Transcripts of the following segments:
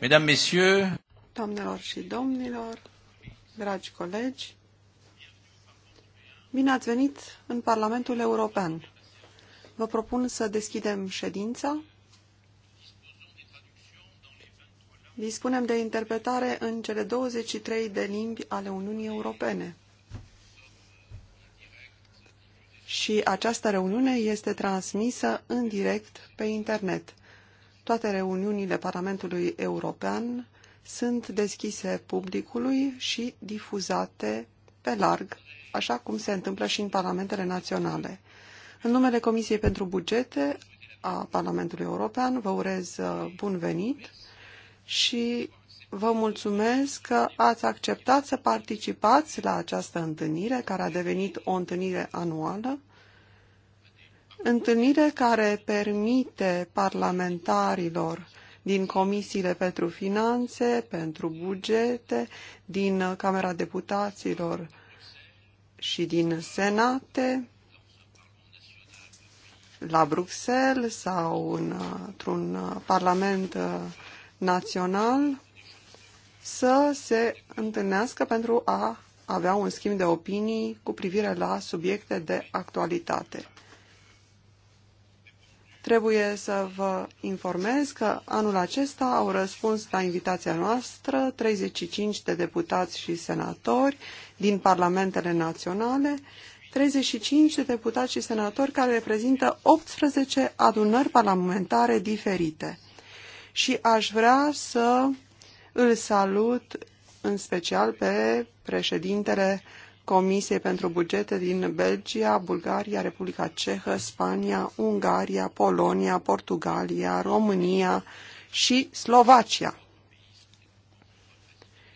Mesdames, Messieurs, Doamnelor și domnilor, dragi colegi, bine ați venit în Parlamentul European. Vă propun să deschidem ședința. Dispunem de interpretare în cele 23 de limbi ale Uniunii Europene. Și această reuniune este transmisă în direct pe internet. Toate reuniunile Parlamentului European sunt deschise publicului și difuzate pe larg, așa cum se întâmplă și în parlamentele naționale. În numele Comisiei pentru Bugete a Parlamentului European vă urez uh, bun venit și vă mulțumesc că ați acceptat să participați la această întâlnire, care a devenit o întâlnire anuală întâlnire care permite parlamentarilor din comisiile pentru finanțe, pentru bugete, din Camera Deputaților și din Senate, la Bruxelles sau într-un parlament național să se întâlnească pentru a avea un schimb de opinii cu privire la subiecte de actualitate. Trebuie să vă informez că anul acesta au răspuns la invitația noastră 35 de deputați și senatori din parlamentele naționale, 35 de deputați și senatori care reprezintă 18 adunări parlamentare diferite. Și aș vrea să îl salut în special pe președintele Comisiei pentru Bugete din Belgia, Bulgaria, Republica Cehă, Spania, Ungaria, Polonia, Portugalia, România și Slovacia.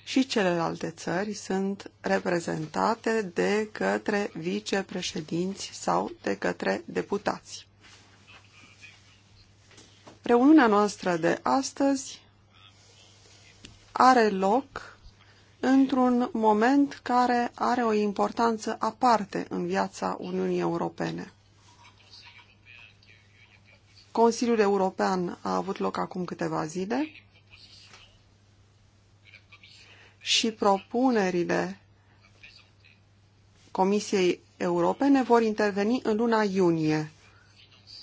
Și celelalte țări sunt reprezentate de către vicepreședinți sau de către deputați. Reuniunea noastră de astăzi are loc într-un moment care are o importanță aparte în viața Uniunii Europene. Consiliul European a avut loc acum câteva zile și propunerile Comisiei Europene vor interveni în luna iunie.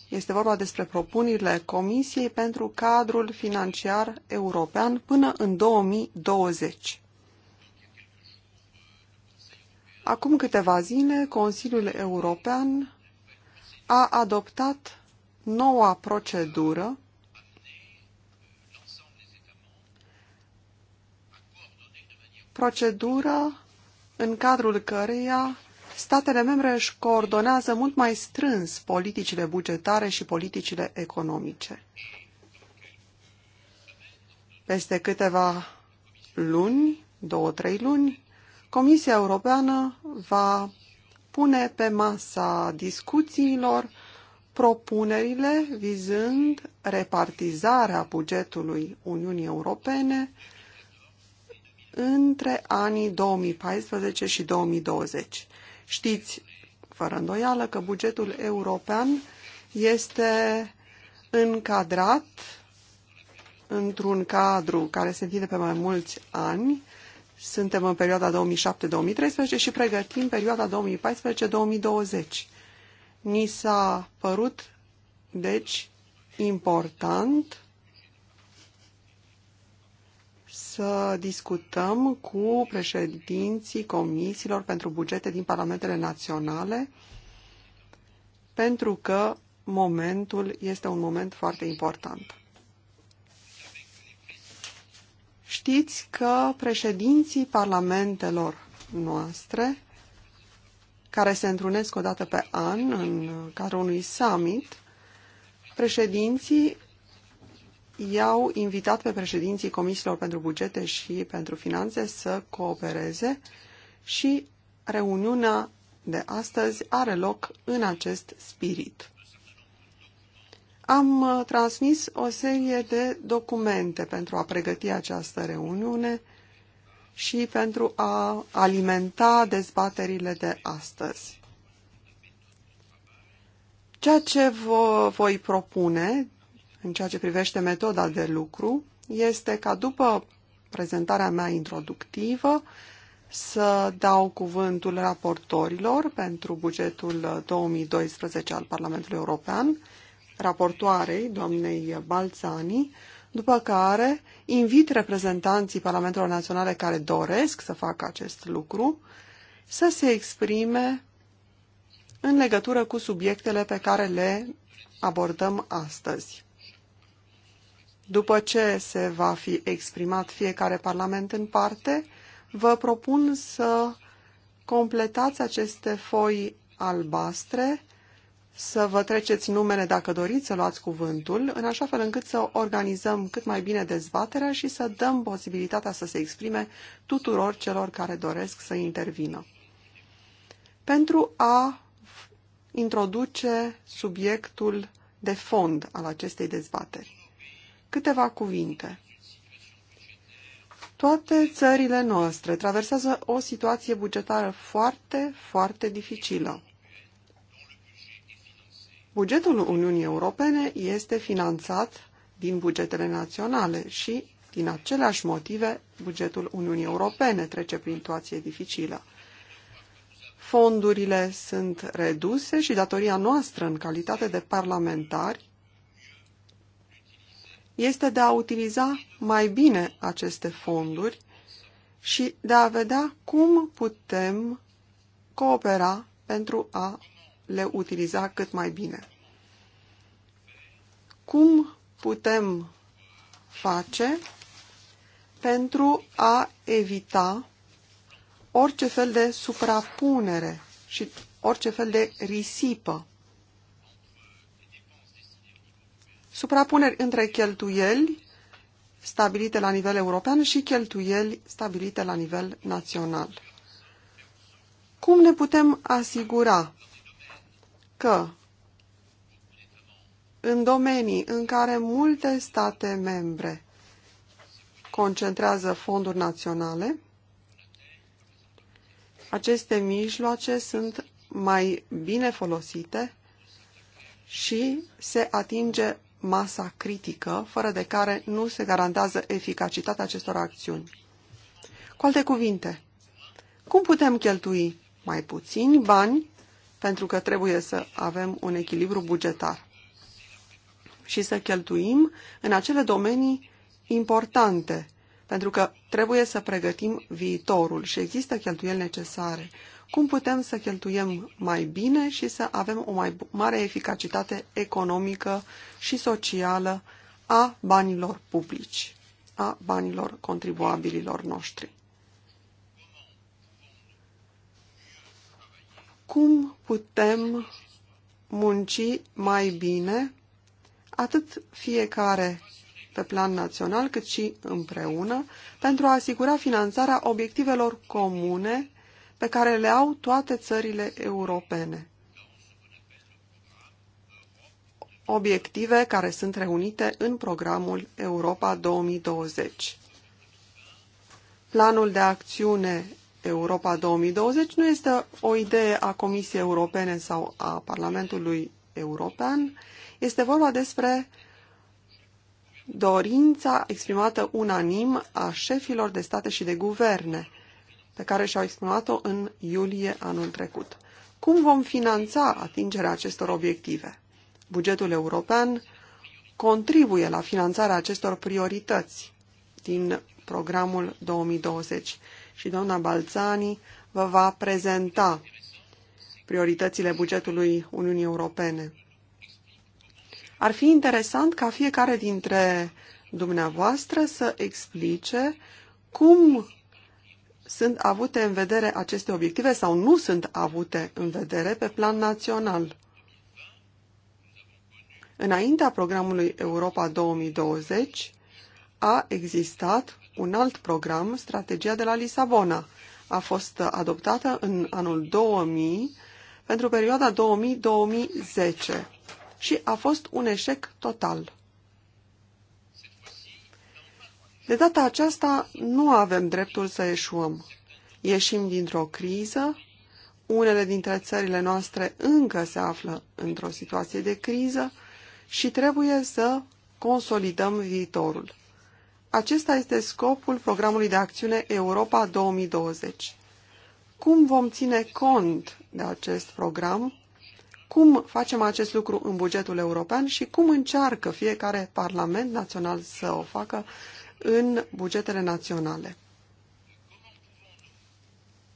Este vorba despre propunerile Comisiei pentru cadrul financiar european până în 2020. Acum câteva zile, Consiliul European a adoptat noua procedură procedură în cadrul căreia statele membre își coordonează mult mai strâns politicile bugetare și politicile economice. Peste câteva luni, două-trei luni, Comisia Europeană va pune pe masa discuțiilor propunerile vizând repartizarea bugetului Uniunii Europene între anii 2014 și 2020. Știți, fără îndoială, că bugetul european este încadrat într-un cadru care se întinde pe mai mulți ani, suntem în perioada 2007-2013 și pregătim perioada 2014-2020. Ni s-a părut, deci, important să discutăm cu președinții comisiilor pentru bugete din parlamentele naționale, pentru că momentul este un moment foarte important. Știți că președinții parlamentelor noastre, care se întrunesc o dată pe an în cadrul unui summit, președinții i-au invitat pe președinții comisiilor pentru bugete și pentru finanțe să coopereze și reuniunea de astăzi are loc în acest spirit. Am uh, transmis o serie de documente pentru a pregăti această reuniune și pentru a alimenta dezbaterile de astăzi. Ceea ce vă voi propune în ceea ce privește metoda de lucru este ca după prezentarea mea introductivă să dau cuvântul raportorilor pentru bugetul 2012 al Parlamentului European raportoarei, doamnei Balțani, după care invit reprezentanții Parlamentelor Naționale care doresc să facă acest lucru să se exprime în legătură cu subiectele pe care le abordăm astăzi. După ce se va fi exprimat fiecare parlament în parte, vă propun să completați aceste foi albastre să vă treceți numele dacă doriți să luați cuvântul, în așa fel încât să organizăm cât mai bine dezbaterea și să dăm posibilitatea să se exprime tuturor celor care doresc să intervină. Pentru a introduce subiectul de fond al acestei dezbateri. Câteva cuvinte. Toate țările noastre traversează o situație bugetară foarte, foarte dificilă. Bugetul Uniunii Europene este finanțat din bugetele naționale și, din aceleași motive, bugetul Uniunii Europene trece prin situație dificilă. Fondurile sunt reduse și datoria noastră în calitate de parlamentari este de a utiliza mai bine aceste fonduri și de a vedea cum putem coopera pentru a le utiliza cât mai bine. Cum putem face pentru a evita orice fel de suprapunere și orice fel de risipă. Suprapuneri între cheltuieli stabilite la nivel european și cheltuieli stabilite la nivel național. Cum ne putem asigura că în domenii în care multe state membre concentrează fonduri naționale, aceste mijloace sunt mai bine folosite și se atinge masa critică, fără de care nu se garantează eficacitatea acestor acțiuni. Cu alte cuvinte, cum putem cheltui mai puțini bani pentru că trebuie să avem un echilibru bugetar și să cheltuim în acele domenii importante, pentru că trebuie să pregătim viitorul și există cheltuieli necesare. Cum putem să cheltuiem mai bine și să avem o mai mare eficacitate economică și socială a banilor publici, a banilor contribuabililor noștri? cum putem munci mai bine, atât fiecare pe plan național, cât și împreună, pentru a asigura finanțarea obiectivelor comune pe care le au toate țările europene. Obiective care sunt reunite în programul Europa 2020. Planul de acțiune Europa 2020 nu este o idee a Comisiei Europene sau a Parlamentului European. Este vorba despre dorința exprimată unanim a șefilor de state și de guverne, pe care și-au exprimat-o în iulie anul trecut. Cum vom finanța atingerea acestor obiective? Bugetul european contribuie la finanțarea acestor priorități din programul 2020 și doamna Balțani vă va prezenta prioritățile bugetului Uniunii Europene. Ar fi interesant ca fiecare dintre dumneavoastră să explice cum sunt avute în vedere aceste obiective sau nu sunt avute în vedere pe plan național. Înaintea programului Europa 2020 a existat un alt program, strategia de la Lisabona. A fost adoptată în anul 2000 pentru perioada 2000-2010 și a fost un eșec total. De data aceasta nu avem dreptul să eșuăm. Ieșim dintr-o criză, unele dintre țările noastre încă se află într-o situație de criză și trebuie să consolidăm viitorul. Acesta este scopul programului de acțiune Europa 2020. Cum vom ține cont de acest program? Cum facem acest lucru în bugetul european și cum încearcă fiecare parlament național să o facă în bugetele naționale?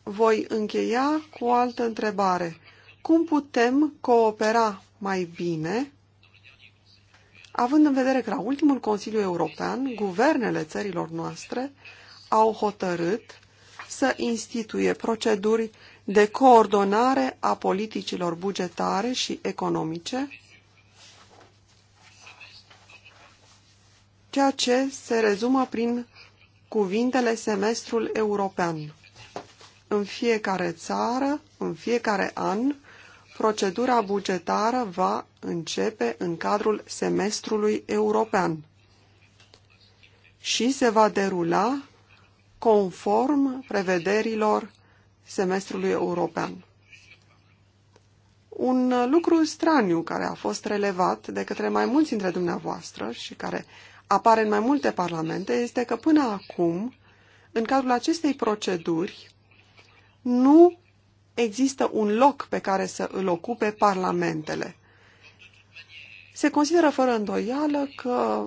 Voi încheia cu o altă întrebare. Cum putem coopera mai bine având în vedere că la ultimul Consiliu European, guvernele țărilor noastre au hotărât să instituie proceduri de coordonare a politicilor bugetare și economice, ceea ce se rezumă prin cuvintele semestrul european. În fiecare țară, în fiecare an, procedura bugetară va începe în cadrul semestrului european și se va derula conform prevederilor semestrului european. Un lucru straniu care a fost relevat de către mai mulți dintre dumneavoastră și care apare în mai multe parlamente este că până acum, în cadrul acestei proceduri, nu există un loc pe care să îl ocupe parlamentele. Se consideră fără îndoială că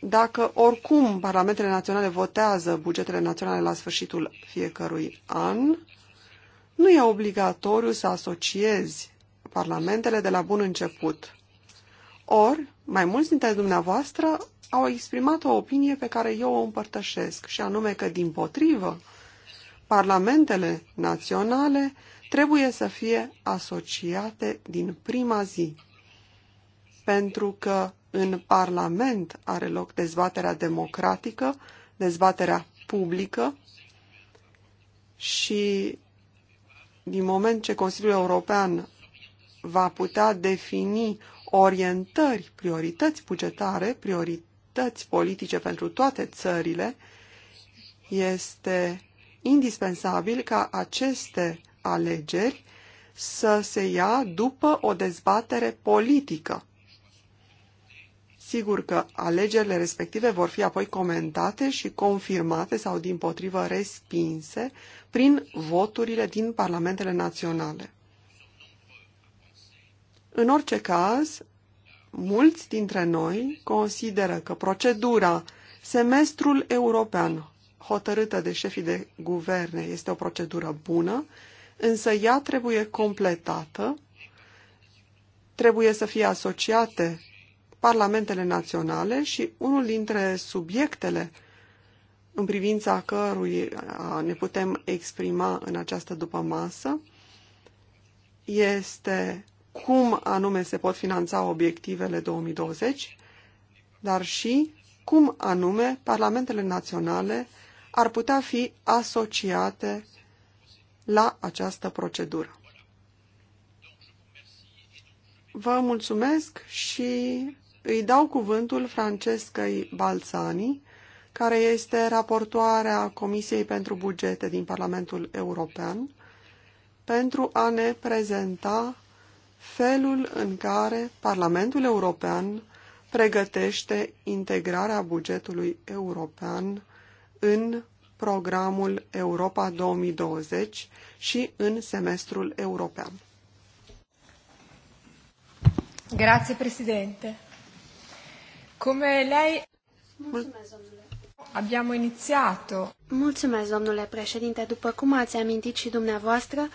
dacă oricum parlamentele naționale votează bugetele naționale la sfârșitul fiecărui an, nu e obligatoriu să asociezi parlamentele de la bun început. Ori, mai mulți dintre dumneavoastră au exprimat o opinie pe care eu o împărtășesc, și anume că, din potrivă, Parlamentele naționale trebuie să fie asociate din prima zi, pentru că în Parlament are loc dezbaterea democratică, dezbaterea publică și din moment ce Consiliul European va putea defini orientări, priorități bugetare, priorități politice pentru toate țările, este indispensabil ca aceste alegeri să se ia după o dezbatere politică. Sigur că alegerile respective vor fi apoi comentate și confirmate sau din potrivă respinse prin voturile din parlamentele naționale. În orice caz, mulți dintre noi consideră că procedura semestrul european hotărâtă de șefii de guverne este o procedură bună, însă ea trebuie completată, trebuie să fie asociate parlamentele naționale și unul dintre subiectele în privința cărui ne putem exprima în această dupămasă este cum anume se pot finanța obiectivele 2020, dar și cum anume parlamentele naționale ar putea fi asociate la această procedură. Vă mulțumesc și îi dau cuvântul Francescăi Balzani, care este raportoarea Comisiei pentru Bugete din Parlamentul European, pentru a ne prezenta felul în care Parlamentul European pregătește integrarea bugetului european în programul Europa 2020 și în semestrul european. Grazie, Presidente. Come lei... Mulțumesc, domnule. Abbiamo iniziato. Mulțumesc, domnule președinte. După cum ați amintit și dumneavoastră,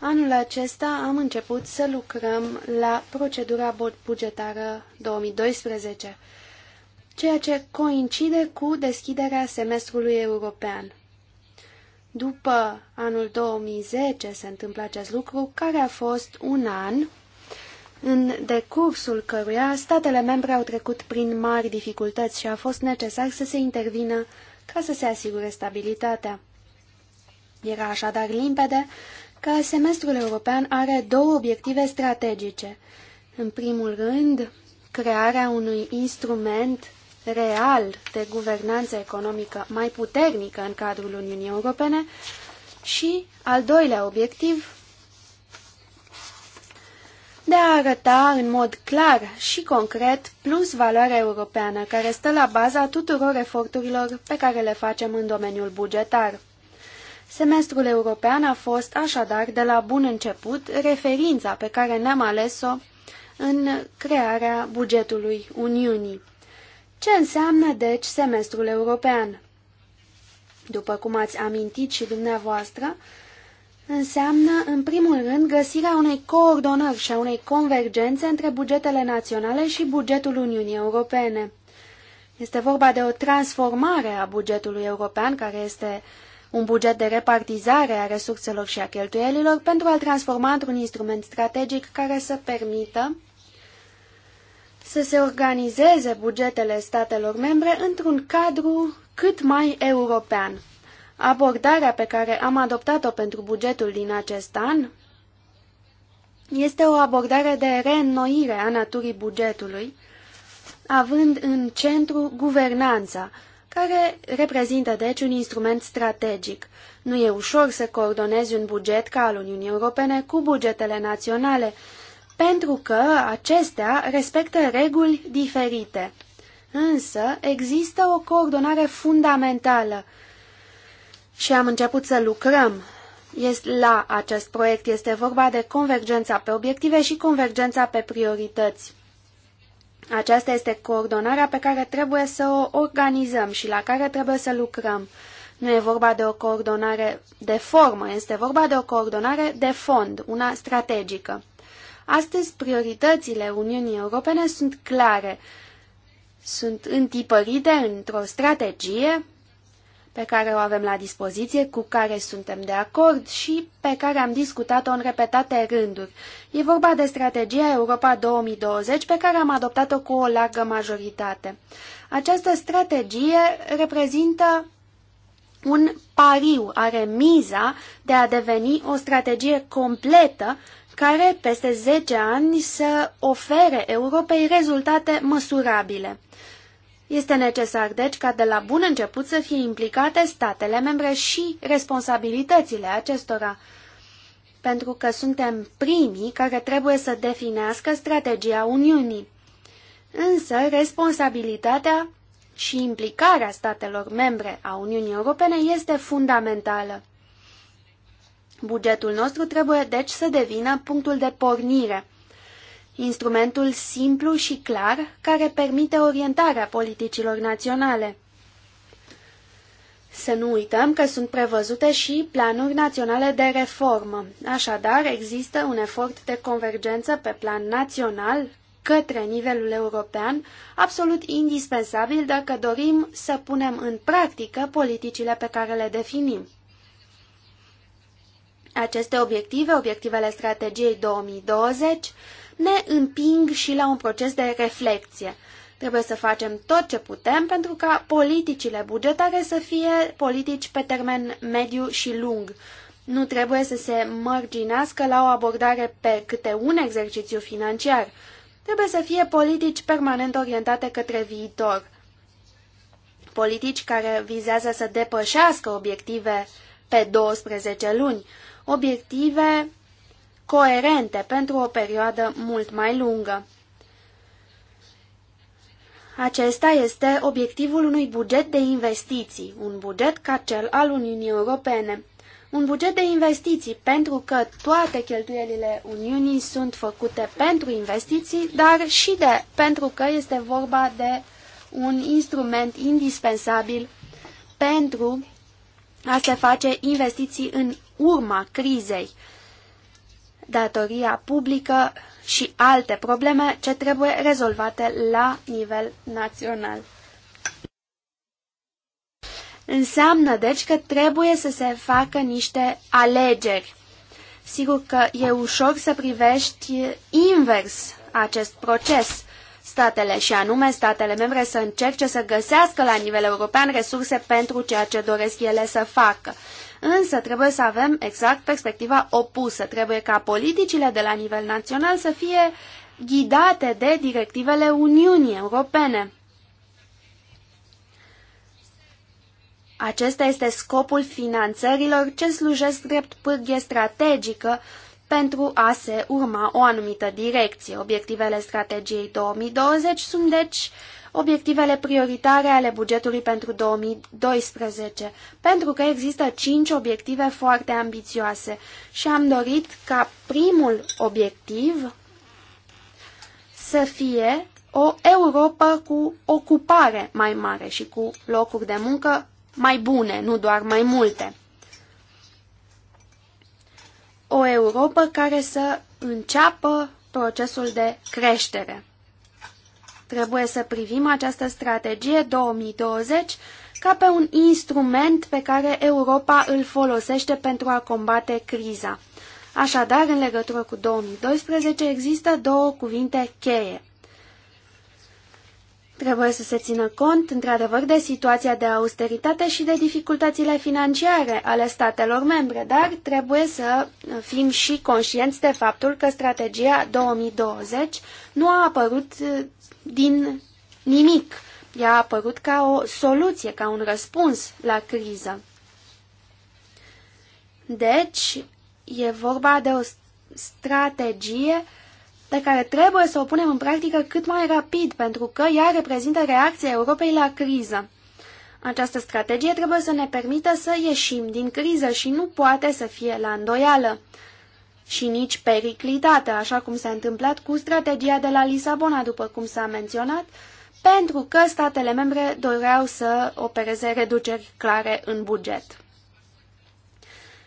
anul acesta am început să lucrăm la procedura bugetară 2012 ceea ce coincide cu deschiderea semestrului european. După anul 2010 se întâmplă acest lucru, care a fost un an în decursul căruia statele membre au trecut prin mari dificultăți și a fost necesar să se intervină ca să se asigure stabilitatea. Era așadar limpede că semestrul european are două obiective strategice. În primul rând, crearea unui instrument real de guvernanță economică mai puternică în cadrul Uniunii Europene și, al doilea obiectiv, de a arăta în mod clar și concret plus valoarea europeană care stă la baza tuturor eforturilor pe care le facem în domeniul bugetar. Semestrul european a fost așadar de la bun început referința pe care ne-am ales-o în crearea bugetului Uniunii. Ce înseamnă, deci, semestrul european? După cum ați amintit și dumneavoastră, înseamnă, în primul rând, găsirea unei coordonări și a unei convergențe între bugetele naționale și bugetul Uniunii Europene. Este vorba de o transformare a bugetului european, care este un buget de repartizare a resurselor și a cheltuielilor, pentru a-l transforma într-un instrument strategic care să permită să se organizeze bugetele statelor membre într-un cadru cât mai european. Abordarea pe care am adoptat-o pentru bugetul din acest an este o abordare de reînnoire a naturii bugetului, având în centru guvernanța, care reprezintă deci un instrument strategic. Nu e ușor să coordonezi un buget ca al Uniunii Europene cu bugetele naționale, pentru că acestea respectă reguli diferite. Însă există o coordonare fundamentală și am început să lucrăm este la acest proiect. Este vorba de convergența pe obiective și convergența pe priorități. Aceasta este coordonarea pe care trebuie să o organizăm și la care trebuie să lucrăm. Nu e vorba de o coordonare de formă, este vorba de o coordonare de fond, una strategică. Astăzi, prioritățile Uniunii Europene sunt clare, sunt întipărite într-o strategie pe care o avem la dispoziție, cu care suntem de acord și pe care am discutat-o în repetate rânduri. E vorba de strategia Europa 2020 pe care am adoptat-o cu o largă majoritate. Această strategie reprezintă un pariu, are miza de a deveni o strategie completă care peste 10 ani să ofere Europei rezultate măsurabile. Este necesar, deci, ca de la bun început să fie implicate statele membre și responsabilitățile acestora, pentru că suntem primii care trebuie să definească strategia Uniunii. Însă, responsabilitatea și implicarea statelor membre a Uniunii Europene este fundamentală. Bugetul nostru trebuie deci să devină punctul de pornire, instrumentul simplu și clar care permite orientarea politicilor naționale. Să nu uităm că sunt prevăzute și planuri naționale de reformă. Așadar, există un efort de convergență pe plan național către nivelul european, absolut indispensabil dacă dorim să punem în practică politicile pe care le definim. Aceste obiective, obiectivele strategiei 2020, ne împing și la un proces de reflexie. Trebuie să facem tot ce putem pentru ca politicile bugetare să fie politici pe termen mediu și lung. Nu trebuie să se mărginească la o abordare pe câte un exercițiu financiar. Trebuie să fie politici permanent orientate către viitor. Politici care vizează să depășească obiective pe 12 luni obiective coerente pentru o perioadă mult mai lungă. Acesta este obiectivul unui buget de investiții, un buget ca cel al Uniunii Europene. Un buget de investiții pentru că toate cheltuielile Uniunii sunt făcute pentru investiții, dar și de pentru că este vorba de un instrument indispensabil pentru a se face investiții în urma crizei, datoria publică și alte probleme ce trebuie rezolvate la nivel național. Înseamnă, deci, că trebuie să se facă niște alegeri. Sigur că e ușor să privești invers acest proces. Statele și anume statele membre să încerce să găsească la nivel european resurse pentru ceea ce doresc ele să facă. Însă trebuie să avem exact perspectiva opusă. Trebuie ca politicile de la nivel național să fie ghidate de directivele Uniunii Europene. Acesta este scopul finanțărilor ce slujesc drept pârghie strategică pentru a se urma o anumită direcție. Obiectivele strategiei 2020 sunt deci uh, obiectivele prioritare ale bugetului pentru 2012, pentru că există cinci obiective foarte ambițioase și am dorit ca primul obiectiv să fie o Europa cu ocupare mai mare și cu locuri de muncă mai bune, nu doar mai multe. O Europa care să înceapă procesul de creștere. Trebuie să privim această strategie 2020 ca pe un instrument pe care Europa îl folosește pentru a combate criza. Așadar, în legătură cu 2012 există două cuvinte cheie. Trebuie să se țină cont, într-adevăr, de situația de austeritate și de dificultățile financiare ale statelor membre, dar trebuie să fim și conștienți de faptul că strategia 2020 nu a apărut din nimic. Ea a apărut ca o soluție, ca un răspuns la criză. Deci, e vorba de o strategie pe care trebuie să o punem în practică cât mai rapid, pentru că ea reprezintă reacția Europei la criză. Această strategie trebuie să ne permită să ieșim din criză și nu poate să fie la îndoială și nici periclitate, așa cum s-a întâmplat cu strategia de la Lisabona, după cum s-a menționat, pentru că statele membre doreau să opereze reduceri clare în buget.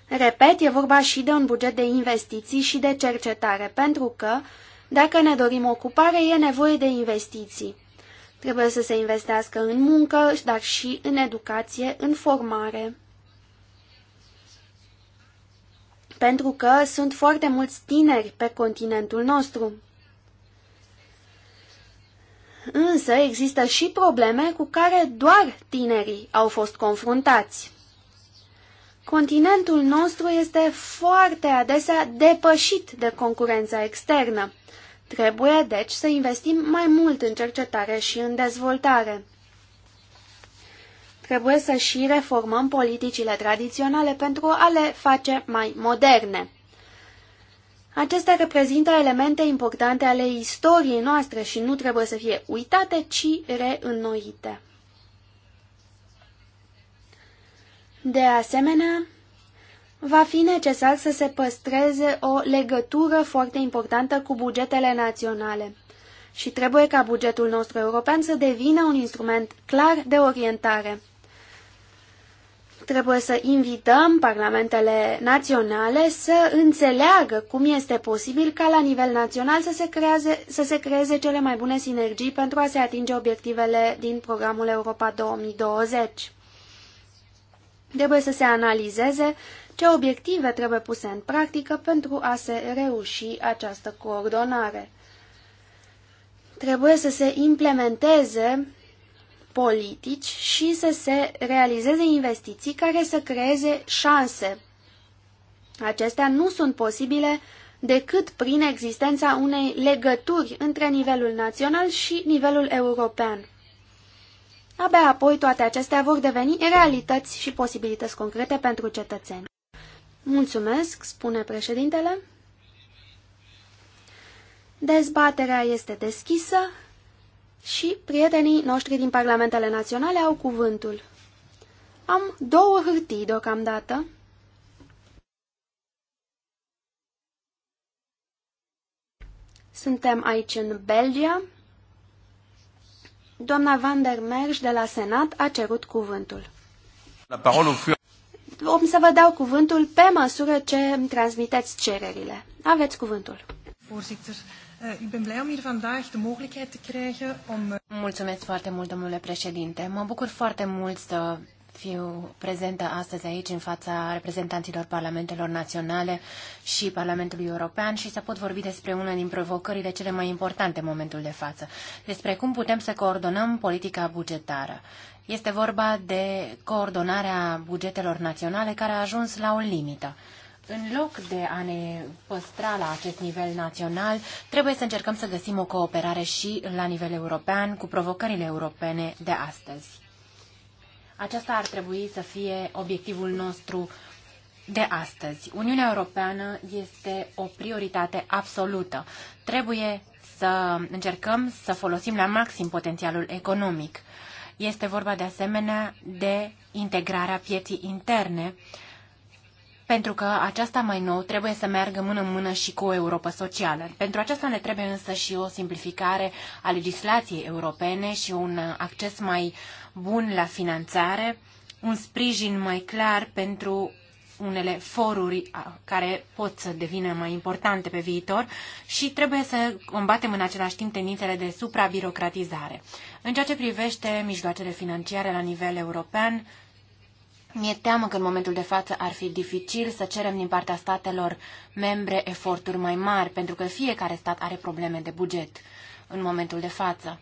Repet, e vorba și de un buget de investiții și de cercetare, pentru că, dacă ne dorim ocupare, e nevoie de investiții. Trebuie să se investească în muncă, dar și în educație, în formare. pentru că sunt foarte mulți tineri pe continentul nostru. Însă există și probleme cu care doar tinerii au fost confruntați. Continentul nostru este foarte adesea depășit de concurența externă. Trebuie, deci, să investim mai mult în cercetare și în dezvoltare. Trebuie să și reformăm politicile tradiționale pentru a le face mai moderne. Acestea reprezintă elemente importante ale istoriei noastre și nu trebuie să fie uitate, ci reînnoite. De asemenea, va fi necesar să se păstreze o legătură foarte importantă cu bugetele naționale și trebuie ca bugetul nostru european să devină un instrument clar de orientare. Trebuie să invităm parlamentele naționale să înțeleagă cum este posibil ca la nivel național să se, creeze, să se creeze cele mai bune sinergii pentru a se atinge obiectivele din programul Europa 2020. Trebuie să se analizeze ce obiective trebuie puse în practică pentru a se reuși această coordonare. Trebuie să se implementeze politici și să se realizeze investiții care să creeze șanse. Acestea nu sunt posibile decât prin existența unei legături între nivelul național și nivelul european. Abia apoi toate acestea vor deveni realități și posibilități concrete pentru cetățeni. Mulțumesc, spune președintele. Dezbaterea este deschisă și prietenii noștri din parlamentele naționale au cuvântul. Am două hârtii deocamdată. Suntem aici în Belgia. Doamna Van der Merge de la Senat a cerut cuvântul. La parole Om să vă dau cuvântul pe măsură ce transmiteți cererile. Aveți cuvântul. Voorzitter, Eh, ik ben blij om hier vandaag de mogelijkheid te krijgen om... Eh, Mulțumesc foarte mult, domnule președinte. Mă bucur foarte mult să fiu prezentă astăzi aici în fața reprezentanților parlamentelor naționale și Parlamentului European și să pot vorbi despre una din provocările cele mai importante în momentul de față, despre cum putem să coordonăm politica bugetară. Este vorba de coordonarea bugetelor naționale care a ajuns la o limită în loc de a ne păstra la acest nivel național, trebuie să încercăm să găsim o cooperare și la nivel european cu provocările europene de astăzi. Aceasta ar trebui să fie obiectivul nostru de astăzi. Uniunea Europeană este o prioritate absolută. Trebuie să încercăm să folosim la maxim potențialul economic. Este vorba de asemenea de integrarea pieții interne pentru că aceasta mai nou trebuie să meargă mână-mână și cu o Europa socială. Pentru aceasta ne trebuie însă și o simplificare a legislației europene și un acces mai bun la finanțare, un sprijin mai clar pentru unele foruri care pot să devină mai importante pe viitor și trebuie să combatem în același timp tendințele de suprabirocratizare. În ceea ce privește mijloacele financiare la nivel european, mi-e teamă că în momentul de față ar fi dificil să cerem din partea statelor membre eforturi mai mari, pentru că fiecare stat are probleme de buget în momentul de față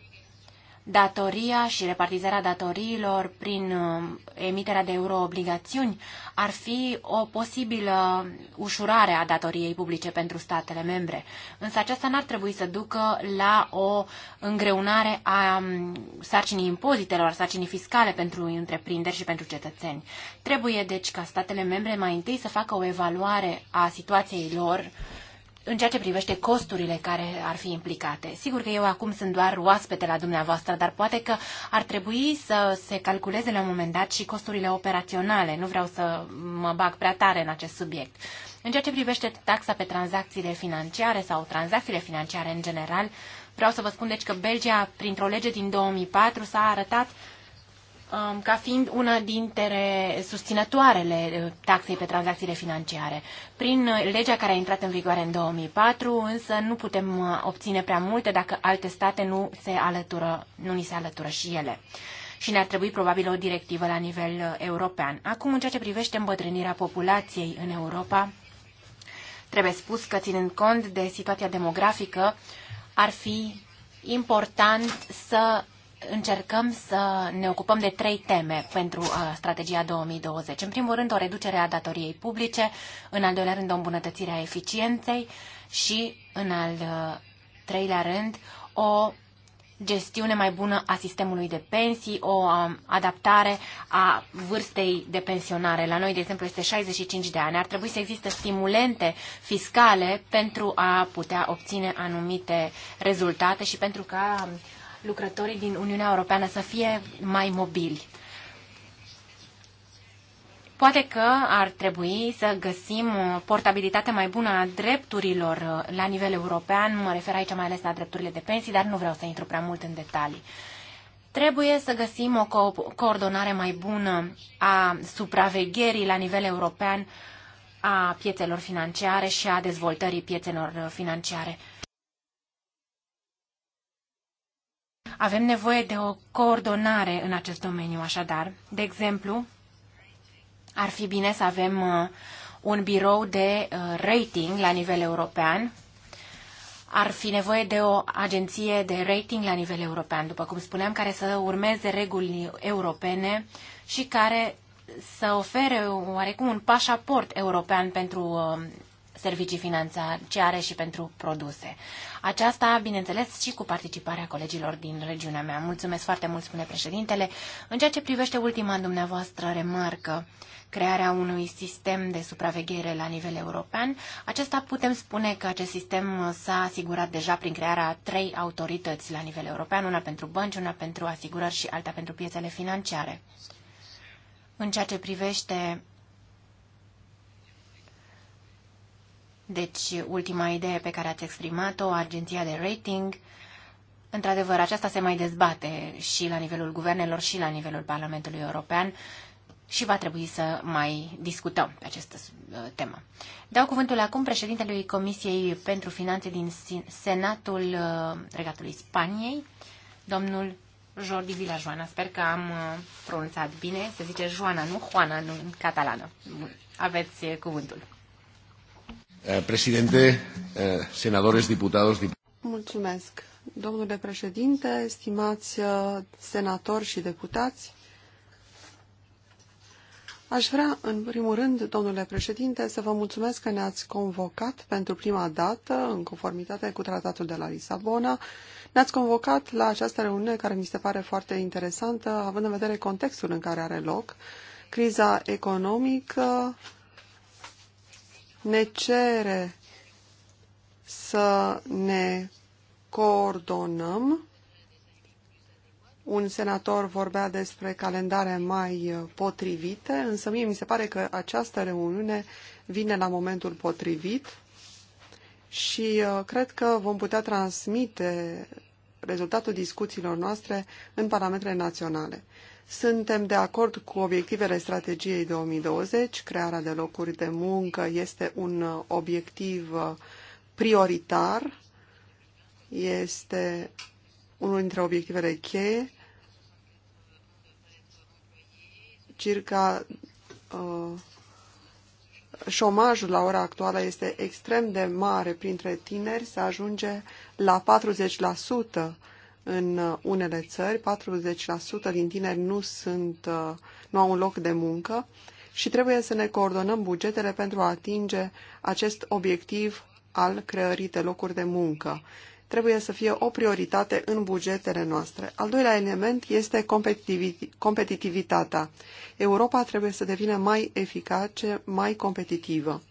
datoria și repartizarea datoriilor prin uh, emiterea de euroobligațiuni ar fi o posibilă ușurare a datoriei publice pentru statele membre. Însă aceasta n-ar trebui să ducă la o îngreunare a um, sarcinii impozitelor, sarcinii fiscale pentru întreprinderi și pentru cetățeni. Trebuie deci ca statele membre mai întâi să facă o evaluare a situației lor în ceea ce privește costurile care ar fi implicate. Sigur că eu acum sunt doar oaspete la dumneavoastră, dar poate că ar trebui să se calculeze la un moment dat și costurile operaționale. Nu vreau să mă bag prea tare în acest subiect. În ceea ce privește taxa pe tranzacțiile financiare sau tranzacțiile financiare în general, vreau să vă spun deci că Belgia, printr-o lege din 2004, s-a arătat Um, ca fiind una dintre susținătoarele uh, taxei pe tranzacțiile financiare. Prin uh, legea care a intrat în vigoare în 2004, însă nu putem uh, obține prea multe dacă alte state nu se alătură, nu ni se alătură și ele. Și ne-ar trebui probabil o directivă la nivel european. Acum, în ceea ce privește îmbătrânirea populației în Europa, trebuie spus că, ținând cont de situația demografică, ar fi important să încercăm să ne ocupăm de trei teme pentru uh, strategia 2020. În primul rând, o reducere a datoriei publice, în al doilea rând, o îmbunătățire a eficienței și, în al uh, treilea rând, o gestiune mai bună a sistemului de pensii, o um, adaptare a vârstei de pensionare. La noi, de exemplu, este 65 de ani. Ar trebui să existe stimulente fiscale pentru a putea obține anumite rezultate și pentru ca lucrătorii din Uniunea Europeană să fie mai mobili. Poate că ar trebui să găsim o portabilitate mai bună a drepturilor uh, la nivel european, mă refer aici mai ales la drepturile de pensii, dar nu vreau să intru prea mult în detalii. Trebuie să găsim o co- coordonare mai bună a supravegherii la nivel european a piețelor financiare și a dezvoltării piețelor uh, financiare. Avem nevoie de o coordonare în acest domeniu, așadar. De exemplu, ar fi bine să avem uh, un birou de uh, rating la nivel european. Ar fi nevoie de o agenție de rating la nivel european, după cum spuneam, care să urmeze reguli europene și care să ofere oarecum un pașaport european pentru uh, servicii financiare și pentru produse. Aceasta, bineînțeles, și cu participarea colegilor din regiunea mea. Mulțumesc foarte mult, spune președintele. În ceea ce privește ultima dumneavoastră remarcă, crearea unui sistem de supraveghere la nivel european. Acesta putem spune că acest sistem s-a asigurat deja prin crearea a trei autorități la nivel european, una pentru bănci, una pentru asigurări și alta pentru piețele financiare. În ceea ce privește Deci, ultima idee pe care ați exprimat-o, agenția de rating, într-adevăr, aceasta se mai dezbate și la nivelul guvernelor și la nivelul Parlamentului European și va trebui să mai discutăm pe această uh, temă. Dau cuvântul acum președintelui Comisiei pentru Finanțe din Senatul uh, Regatului Spaniei, domnul Jordi Villajoana. Sper că am uh, pronunțat bine, se zice Joana, nu Juana, nu în catalană. Aveți cuvântul. Eh, președinte, eh, senadores, diputados, dip Mulțumesc. Domnule președinte, stimați eh, senatori și deputați, Aș vrea, în primul rând, domnule președinte, să vă mulțumesc că ne-ați convocat pentru prima dată, în conformitate cu tratatul de la Lisabona. Ne-ați convocat la această reuniune care mi se pare foarte interesantă, având în vedere contextul în care are loc, criza economică ne cere să ne coordonăm. Un senator vorbea despre calendare mai potrivite, însă mie mi se pare că această reuniune vine la momentul potrivit și uh, cred că vom putea transmite rezultatul discuțiilor noastre în parametre naționale. Suntem de acord cu obiectivele strategiei 2020. Crearea de locuri de muncă este un obiectiv prioritar, este unul dintre obiectivele cheie. Circa uh, șomajul la ora actuală este extrem de mare printre tineri, se ajunge la 40% în uh, unele țări, 40% din tineri nu, sunt, uh, nu au un loc de muncă și trebuie să ne coordonăm bugetele pentru a atinge acest obiectiv al creării de locuri de muncă. Trebuie să fie o prioritate în bugetele noastre. Al doilea element este competitivitatea. Europa trebuie să devină mai eficace, mai competitivă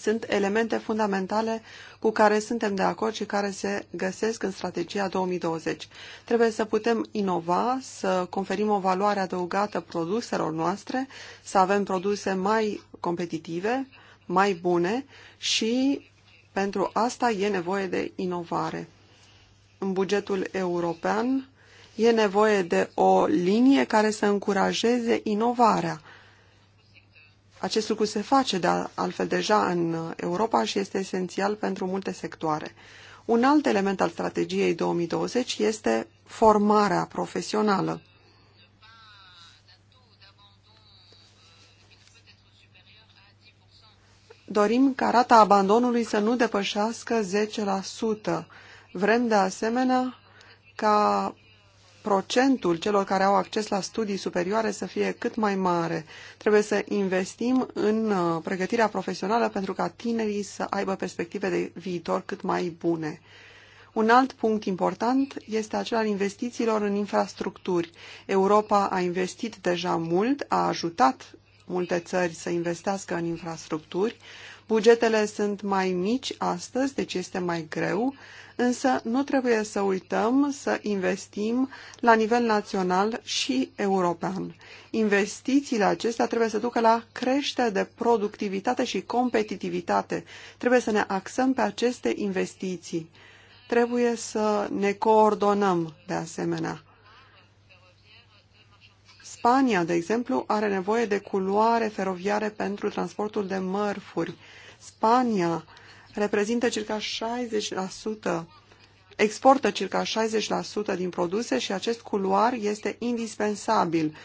sunt elemente fundamentale cu care suntem de acord și care se găsesc în strategia 2020. Trebuie să putem inova, să conferim o valoare adăugată produselor noastre, să avem produse mai competitive, mai bune și pentru asta e nevoie de inovare. În bugetul european e nevoie de o linie care să încurajeze inovarea acest lucru se face de altfel deja în Europa și este esențial pentru multe sectoare. Un alt element al strategiei 2020 este formarea profesională. Dorim ca rata abandonului să nu depășească 10%. Vrem de asemenea ca procentul celor care au acces la studii superioare să fie cât mai mare. Trebuie să investim în uh, pregătirea profesională pentru ca tinerii să aibă perspective de viitor cât mai bune. Un alt punct important este acela al investițiilor în infrastructuri. Europa a investit deja mult, a ajutat multe țări să investească în infrastructuri. Bugetele sunt mai mici astăzi, deci este mai greu, însă nu trebuie să uităm să investim la nivel național și european. Investițiile acestea trebuie să ducă la creștere de productivitate și competitivitate. Trebuie să ne axăm pe aceste investiții. Trebuie să ne coordonăm de asemenea. Spania, de exemplu, are nevoie de culoare feroviare pentru transportul de mărfuri. Spania reprezintă circa 60%, exportă circa 60% din produse și acest culoar este indispensabil.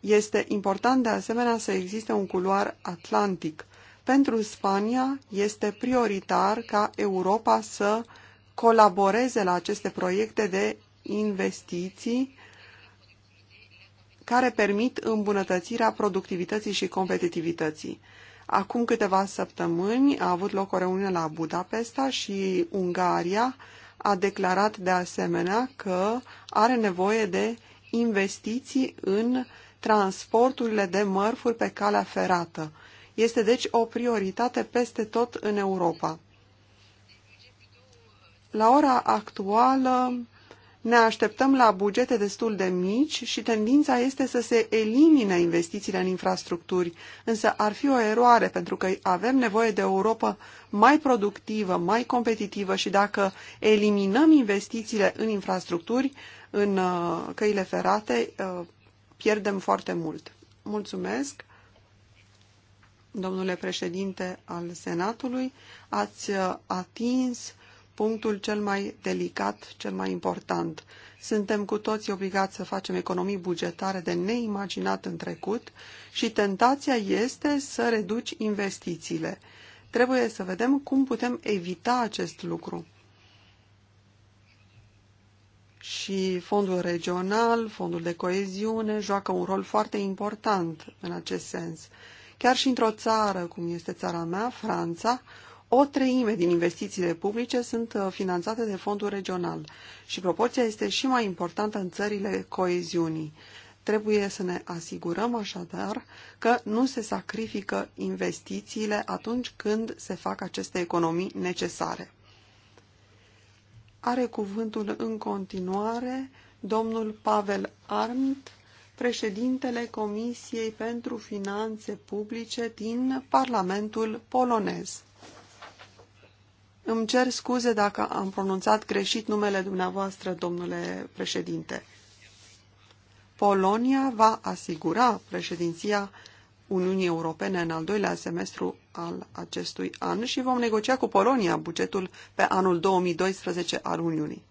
Este important de asemenea să existe un culoar atlantic. Pentru Spania este prioritar ca Europa să colaboreze la aceste proiecte de investiții care permit îmbunătățirea productivității și competitivității. Acum câteva săptămâni a avut loc o reuniune la Budapesta și Ungaria a declarat de asemenea că are nevoie de investiții în transporturile de mărfuri pe calea ferată. Este deci o prioritate peste tot în Europa. La ora actuală, ne așteptăm la bugete destul de mici și tendința este să se elimine investițiile în infrastructuri, însă ar fi o eroare pentru că avem nevoie de Europa mai productivă, mai competitivă și dacă eliminăm investițiile în infrastructuri, în uh, căile ferate, uh, pierdem foarte mult. Mulțumesc! domnule președinte al Senatului, ați uh, atins punctul cel mai delicat, cel mai important. Suntem cu toții obligați să facem economii bugetare de neimaginat în trecut și tentația este să reduci investițiile. Trebuie să vedem cum putem evita acest lucru. Și fondul regional, fondul de coeziune, joacă un rol foarte important în acest sens. Chiar și într-o țară, cum este țara mea, Franța, o treime din investițiile publice sunt uh, finanțate de fondul regional și proporția este și mai importantă în țările coeziunii. Trebuie să ne asigurăm așadar că nu se sacrifică investițiile atunci când se fac aceste economii necesare. Are cuvântul în continuare domnul Pavel Arndt, președintele Comisiei pentru Finanțe Publice din Parlamentul polonez. Îmi cer scuze dacă am pronunțat greșit numele dumneavoastră, domnule președinte. Polonia va asigura președinția Uniunii Europene în al doilea semestru al acestui an și vom negocia cu Polonia bugetul pe anul 2012 al Uniunii.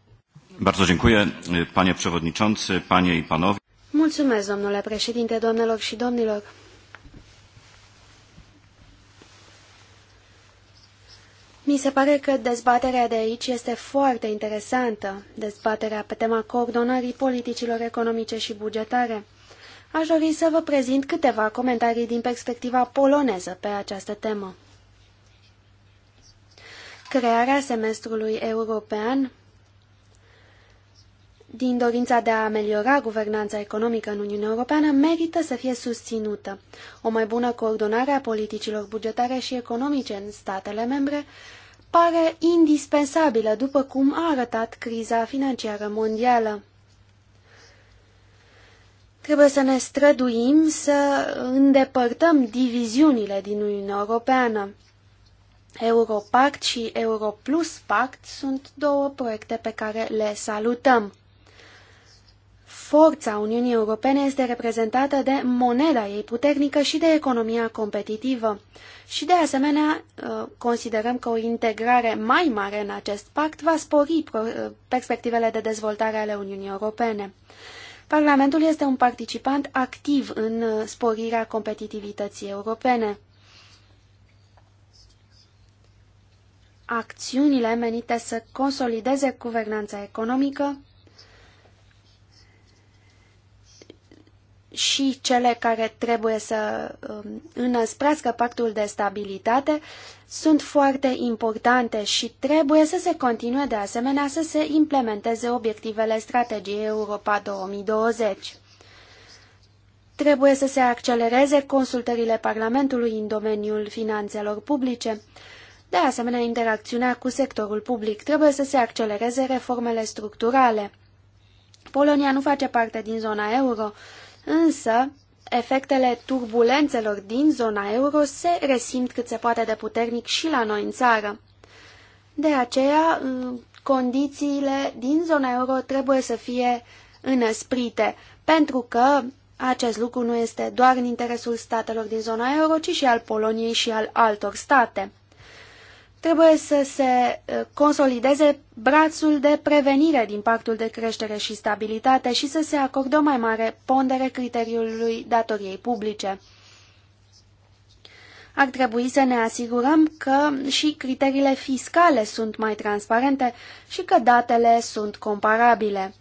Bardzo dziękuję, panie przewodniczący, panie i panowie. Mulțumesc, domnule președinte, doamnelor și domnilor. Mi se pare că dezbaterea de aici este foarte interesantă, dezbaterea pe tema coordonării politicilor economice și bugetare. Aș dori să vă prezint câteva comentarii din perspectiva poloneză pe această temă. Crearea semestrului european din dorința de a ameliora guvernanța economică în Uniunea Europeană merită să fie susținută. O mai bună coordonare a politicilor bugetare și economice în statele membre pare indispensabilă, după cum a arătat criza financiară mondială. Trebuie să ne străduim să îndepărtăm diviziunile din Uniunea Europeană. Europact și Europlus Pact sunt două proiecte pe care le salutăm. Forța Uniunii Europene este reprezentată de moneda ei puternică și de economia competitivă. Și de asemenea, uh, considerăm că o integrare mai mare în acest pact va spori uh, perspectivele de dezvoltare ale Uniunii Europene. Parlamentul este un participant activ în uh, sporirea competitivității europene. Acțiunile menite să consolideze guvernanța economică și cele care trebuie să um, înăsprească pactul de stabilitate sunt foarte importante și trebuie să se continue de asemenea să se implementeze obiectivele strategiei Europa 2020. Trebuie să se accelereze consultările Parlamentului în domeniul finanțelor publice. De asemenea, interacțiunea cu sectorul public trebuie să se accelereze reformele structurale. Polonia nu face parte din zona euro, Însă, efectele turbulențelor din zona euro se resimt cât se poate de puternic și la noi în țară. De aceea, condițiile din zona euro trebuie să fie înăsprite, pentru că acest lucru nu este doar în interesul statelor din zona euro, ci și al Poloniei și al altor state. Trebuie să se eh, consolideze brațul de prevenire din pactul de creștere și stabilitate și să se acorde o mai mare pondere criteriului datoriei publice. Ar trebui să ne asigurăm că și criteriile fiscale sunt mai transparente și că datele sunt comparabile.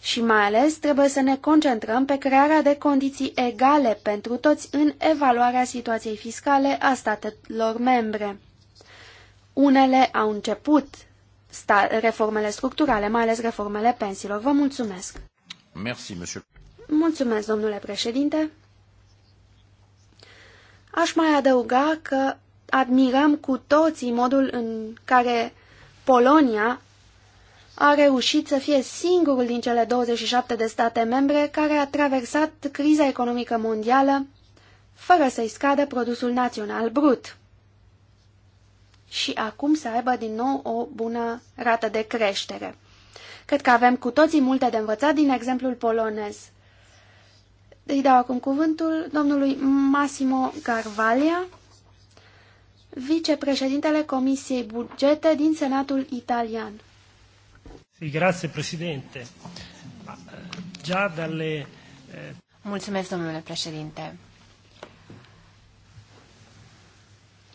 Și mai ales trebuie să ne concentrăm pe crearea de condiții egale pentru toți în evaluarea situației fiscale a statelor membre. Unele au început reformele structurale, mai ales reformele pensiilor. Vă mulțumesc! Merci, monsieur. Mulțumesc, domnule președinte! Aș mai adăuga că admirăm cu toții modul în care Polonia a reușit să fie singurul din cele 27 de state membre care a traversat criza economică mondială fără să-i scadă produsul național brut și acum să aibă din nou o bună rată de creștere. Cred că avem cu toții multe de învățat din exemplul polonez. Îi dau acum cuvântul domnului Massimo Garvalia, vicepreședintele Comisiei Bugete din Senatul Italian. grazie eh, Già dalle... Eh, Mulțumesc, domnule președinte.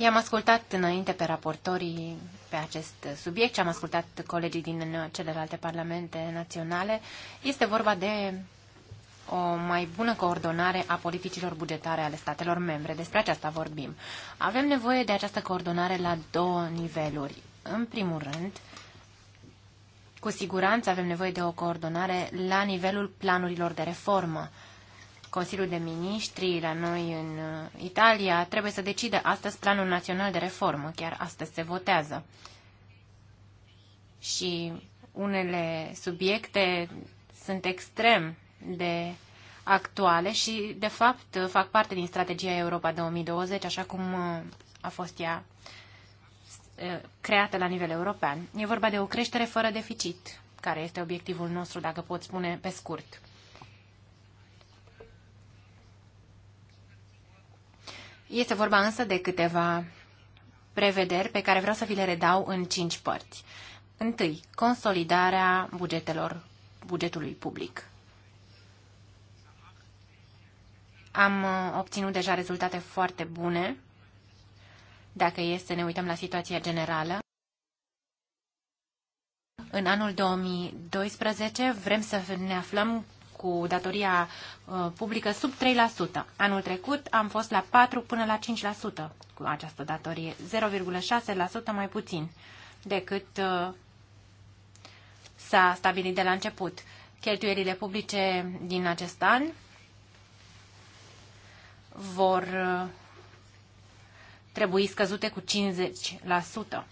I-am ascultat înainte pe raportorii pe acest subiect și am ascultat colegii din celelalte parlamente naționale. Este vorba de o mai bună coordonare a politicilor bugetare ale statelor membre. Despre aceasta vorbim. Avem nevoie de această coordonare la două niveluri. În primul rând, cu siguranță avem nevoie de o coordonare la nivelul planurilor de reformă. Consiliul de Miniștri la noi în uh, Italia trebuie să decide astăzi planul național de reformă, chiar astăzi se votează. Și unele subiecte sunt extrem de actuale și, de fapt, fac parte din strategia Europa 2020, așa cum uh, a fost ea uh, creată la nivel european. E vorba de o creștere fără deficit, care este obiectivul nostru, dacă pot spune pe scurt. Este vorba însă de câteva prevederi pe care vreau să vi le redau în cinci părți. Întâi, consolidarea bugetelor, bugetului public. Am uh, obținut deja rezultate foarte bune, dacă este să ne uităm la situația generală. În anul 2012 vrem să ne aflăm cu datoria uh, publică sub 3%. Anul trecut am fost la 4 până la 5% cu această datorie, 0,6% mai puțin decât uh, s-a stabilit de la început. Cheltuierile publice din acest an vor uh, trebui scăzute cu 50%.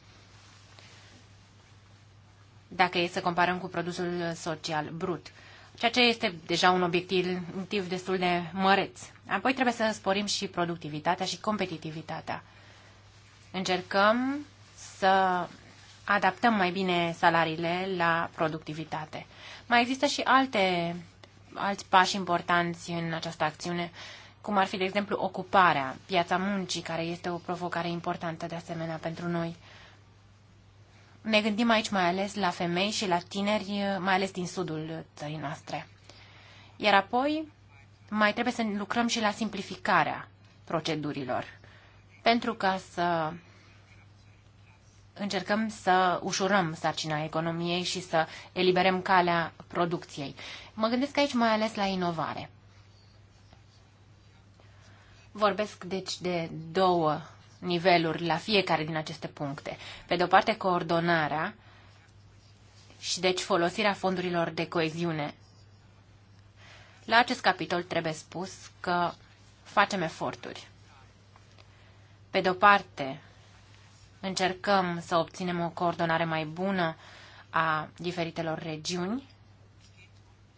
Dacă e să comparăm cu produsul social brut ceea ce este deja un obiectiv, obiectiv destul de măreț. Apoi trebuie să sporim și productivitatea și competitivitatea. Încercăm să adaptăm mai bine salariile la productivitate. Mai există și alte, alți pași importanți în această acțiune, cum ar fi, de exemplu, ocuparea, piața muncii, care este o provocare importantă de asemenea pentru noi. Ne gândim aici mai ales la femei și la tineri, mai ales din sudul țării noastre. Iar apoi mai trebuie să lucrăm și la simplificarea procedurilor, pentru ca să încercăm să ușurăm sarcina economiei și să eliberăm calea producției. Mă gândesc aici mai ales la inovare. Vorbesc deci de două niveluri la fiecare din aceste puncte. Pe de o parte, coordonarea și deci folosirea fondurilor de coeziune. La acest capitol trebuie spus că facem eforturi. Pe de o parte, încercăm să obținem o coordonare mai bună a diferitelor regiuni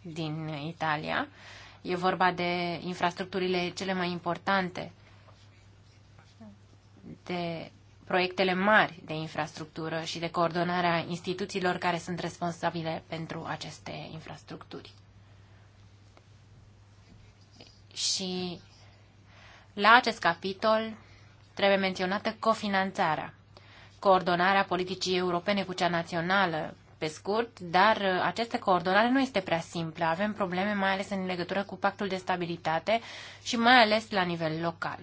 din Italia. E vorba de infrastructurile cele mai importante de proiectele mari de infrastructură și de coordonarea instituțiilor care sunt responsabile pentru aceste infrastructuri. Și la acest capitol trebuie menționată cofinanțarea, coordonarea politicii europene cu cea națională, pe scurt, dar uh, această coordonare nu este prea simplă. Avem probleme mai ales în legătură cu pactul de stabilitate și mai ales la nivel local.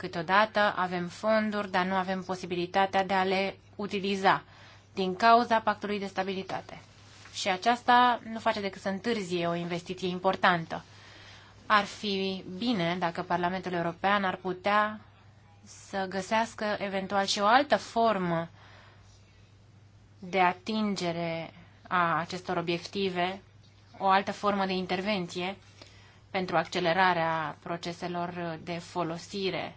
Câteodată avem fonduri, dar nu avem posibilitatea de a le utiliza din cauza pactului de stabilitate. Și aceasta nu face decât să întârzie o investiție importantă. Ar fi bine dacă Parlamentul European ar putea să găsească eventual și o altă formă de atingere a acestor obiective, o altă formă de intervenție pentru accelerarea proceselor de folosire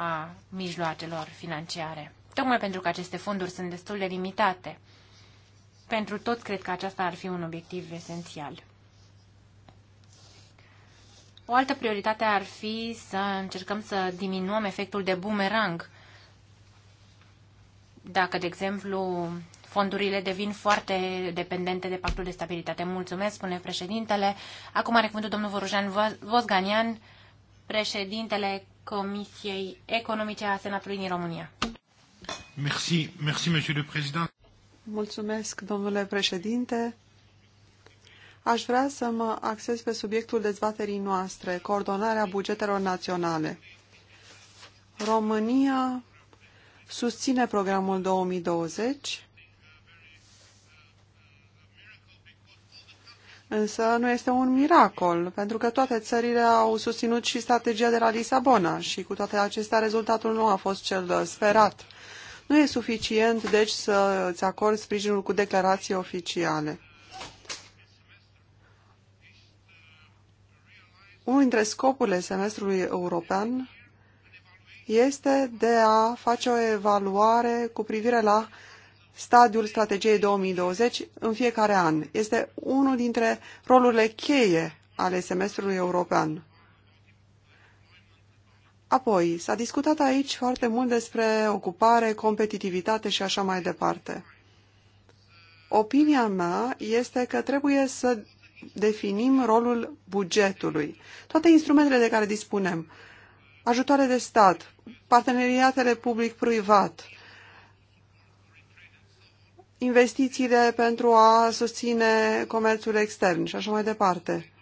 a mijloacelor financiare. Tocmai pentru că aceste fonduri sunt destul de limitate. Pentru toți, cred că aceasta ar fi un obiectiv esențial. O altă prioritate ar fi să încercăm să diminuăm efectul de bumerang. Dacă, de exemplu, fondurile devin foarte dependente de pactul de stabilitate. Mulțumesc, spune președintele. Acum are cuvântul domnul Vorujan Vosganian, președintele Comisiei Economice a Senatului din România. Merci, merci, monsieur le président. Mulțumesc, domnule președinte. Aș vrea să mă acces pe subiectul dezbaterii noastre, coordonarea bugetelor naționale. România susține programul 2020 Însă nu este un miracol, pentru că toate țările au susținut și strategia de la Lisabona și cu toate acestea rezultatul nu a fost cel sperat. Nu e suficient, deci, să îți acorzi sprijinul cu declarații oficiale. Unul dintre scopurile semestrului european este de a face o evaluare cu privire la stadiul strategiei 2020 în fiecare an. Este unul dintre rolurile cheie ale semestrului european. Apoi, s-a discutat aici foarte mult despre ocupare, competitivitate și așa mai departe. Opinia mea este că trebuie să definim rolul bugetului. Toate instrumentele de care dispunem, ajutoare de stat, parteneriatele public-privat, investițiile pentru a susține comerțul extern și așa mai departe.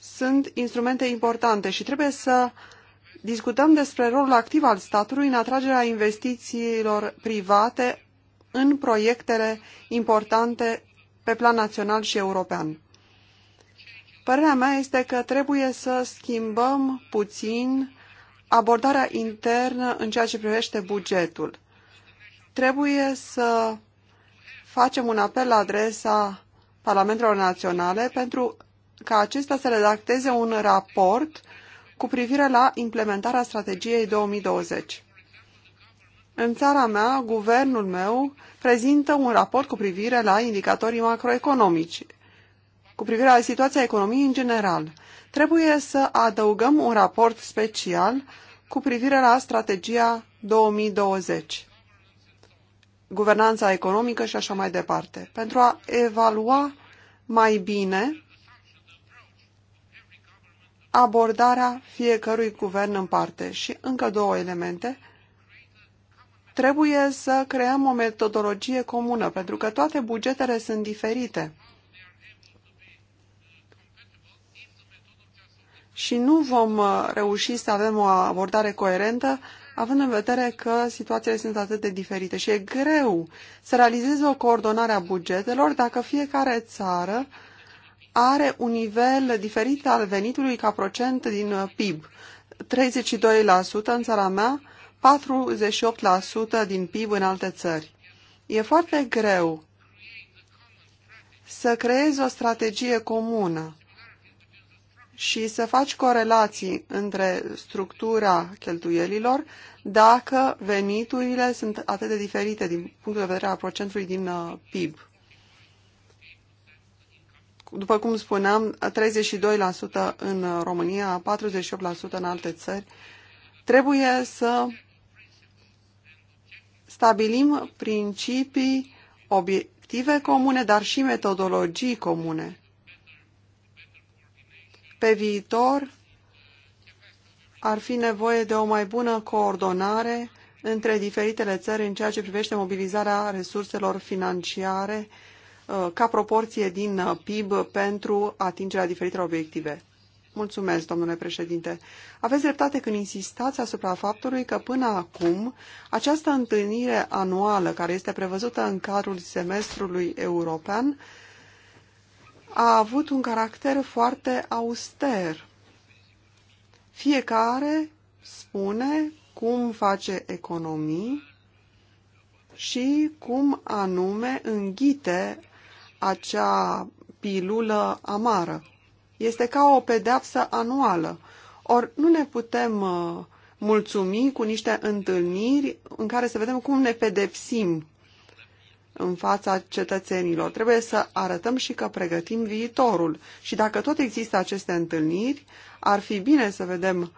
Sunt instrumente importante și trebuie să discutăm despre rolul activ al statului în atragerea investițiilor private în proiectele importante pe plan național și european. Părerea mea este că trebuie să schimbăm puțin abordarea internă în ceea ce privește bugetul. Trebuie să facem un apel la adresa Parlamentelor Naționale pentru ca acesta să redacteze un raport cu privire la implementarea strategiei 2020. În țara mea, guvernul meu prezintă un raport cu privire la indicatorii macroeconomici, cu privire la situația economiei în general. Trebuie să adăugăm un raport special cu privire la strategia 2020 guvernanța economică și așa mai departe, pentru a evalua mai bine abordarea fiecărui guvern în parte. Și încă două elemente. Trebuie să creăm o metodologie comună, pentru că toate bugetele sunt diferite. Și nu vom uh, reuși să avem o abordare coerentă având în vedere că situațiile sunt atât de diferite și e greu să realizezi o coordonare a bugetelor dacă fiecare țară are un nivel diferit al venitului ca procent din PIB. 32% în țara mea, 48% din PIB în alte țări. E foarte greu să creezi o strategie comună și să faci corelații între structura cheltuielilor dacă veniturile sunt atât de diferite din punctul de vedere al procentului din uh, PIB. După cum spuneam, 32% în uh, România, 48% în alte țări. Trebuie să stabilim principii, obiective comune, dar și metodologii comune pe viitor ar fi nevoie de o mai bună coordonare între diferitele țări în ceea ce privește mobilizarea resurselor financiare uh, ca proporție din uh, PIB pentru atingerea diferitelor obiective. Mulțumesc, domnule președinte. Aveți dreptate când insistați asupra faptului că până acum această întâlnire anuală care este prevăzută în cadrul semestrului european a avut un caracter foarte auster. Fiecare spune cum face economii și cum anume înghite acea pilulă amară. Este ca o pedeapsă anuală. Ori nu ne putem uh, mulțumi cu niște întâlniri în care să vedem cum ne pedepsim în fața cetățenilor. Trebuie să arătăm și că pregătim viitorul. Și dacă tot există aceste întâlniri, ar fi bine să vedem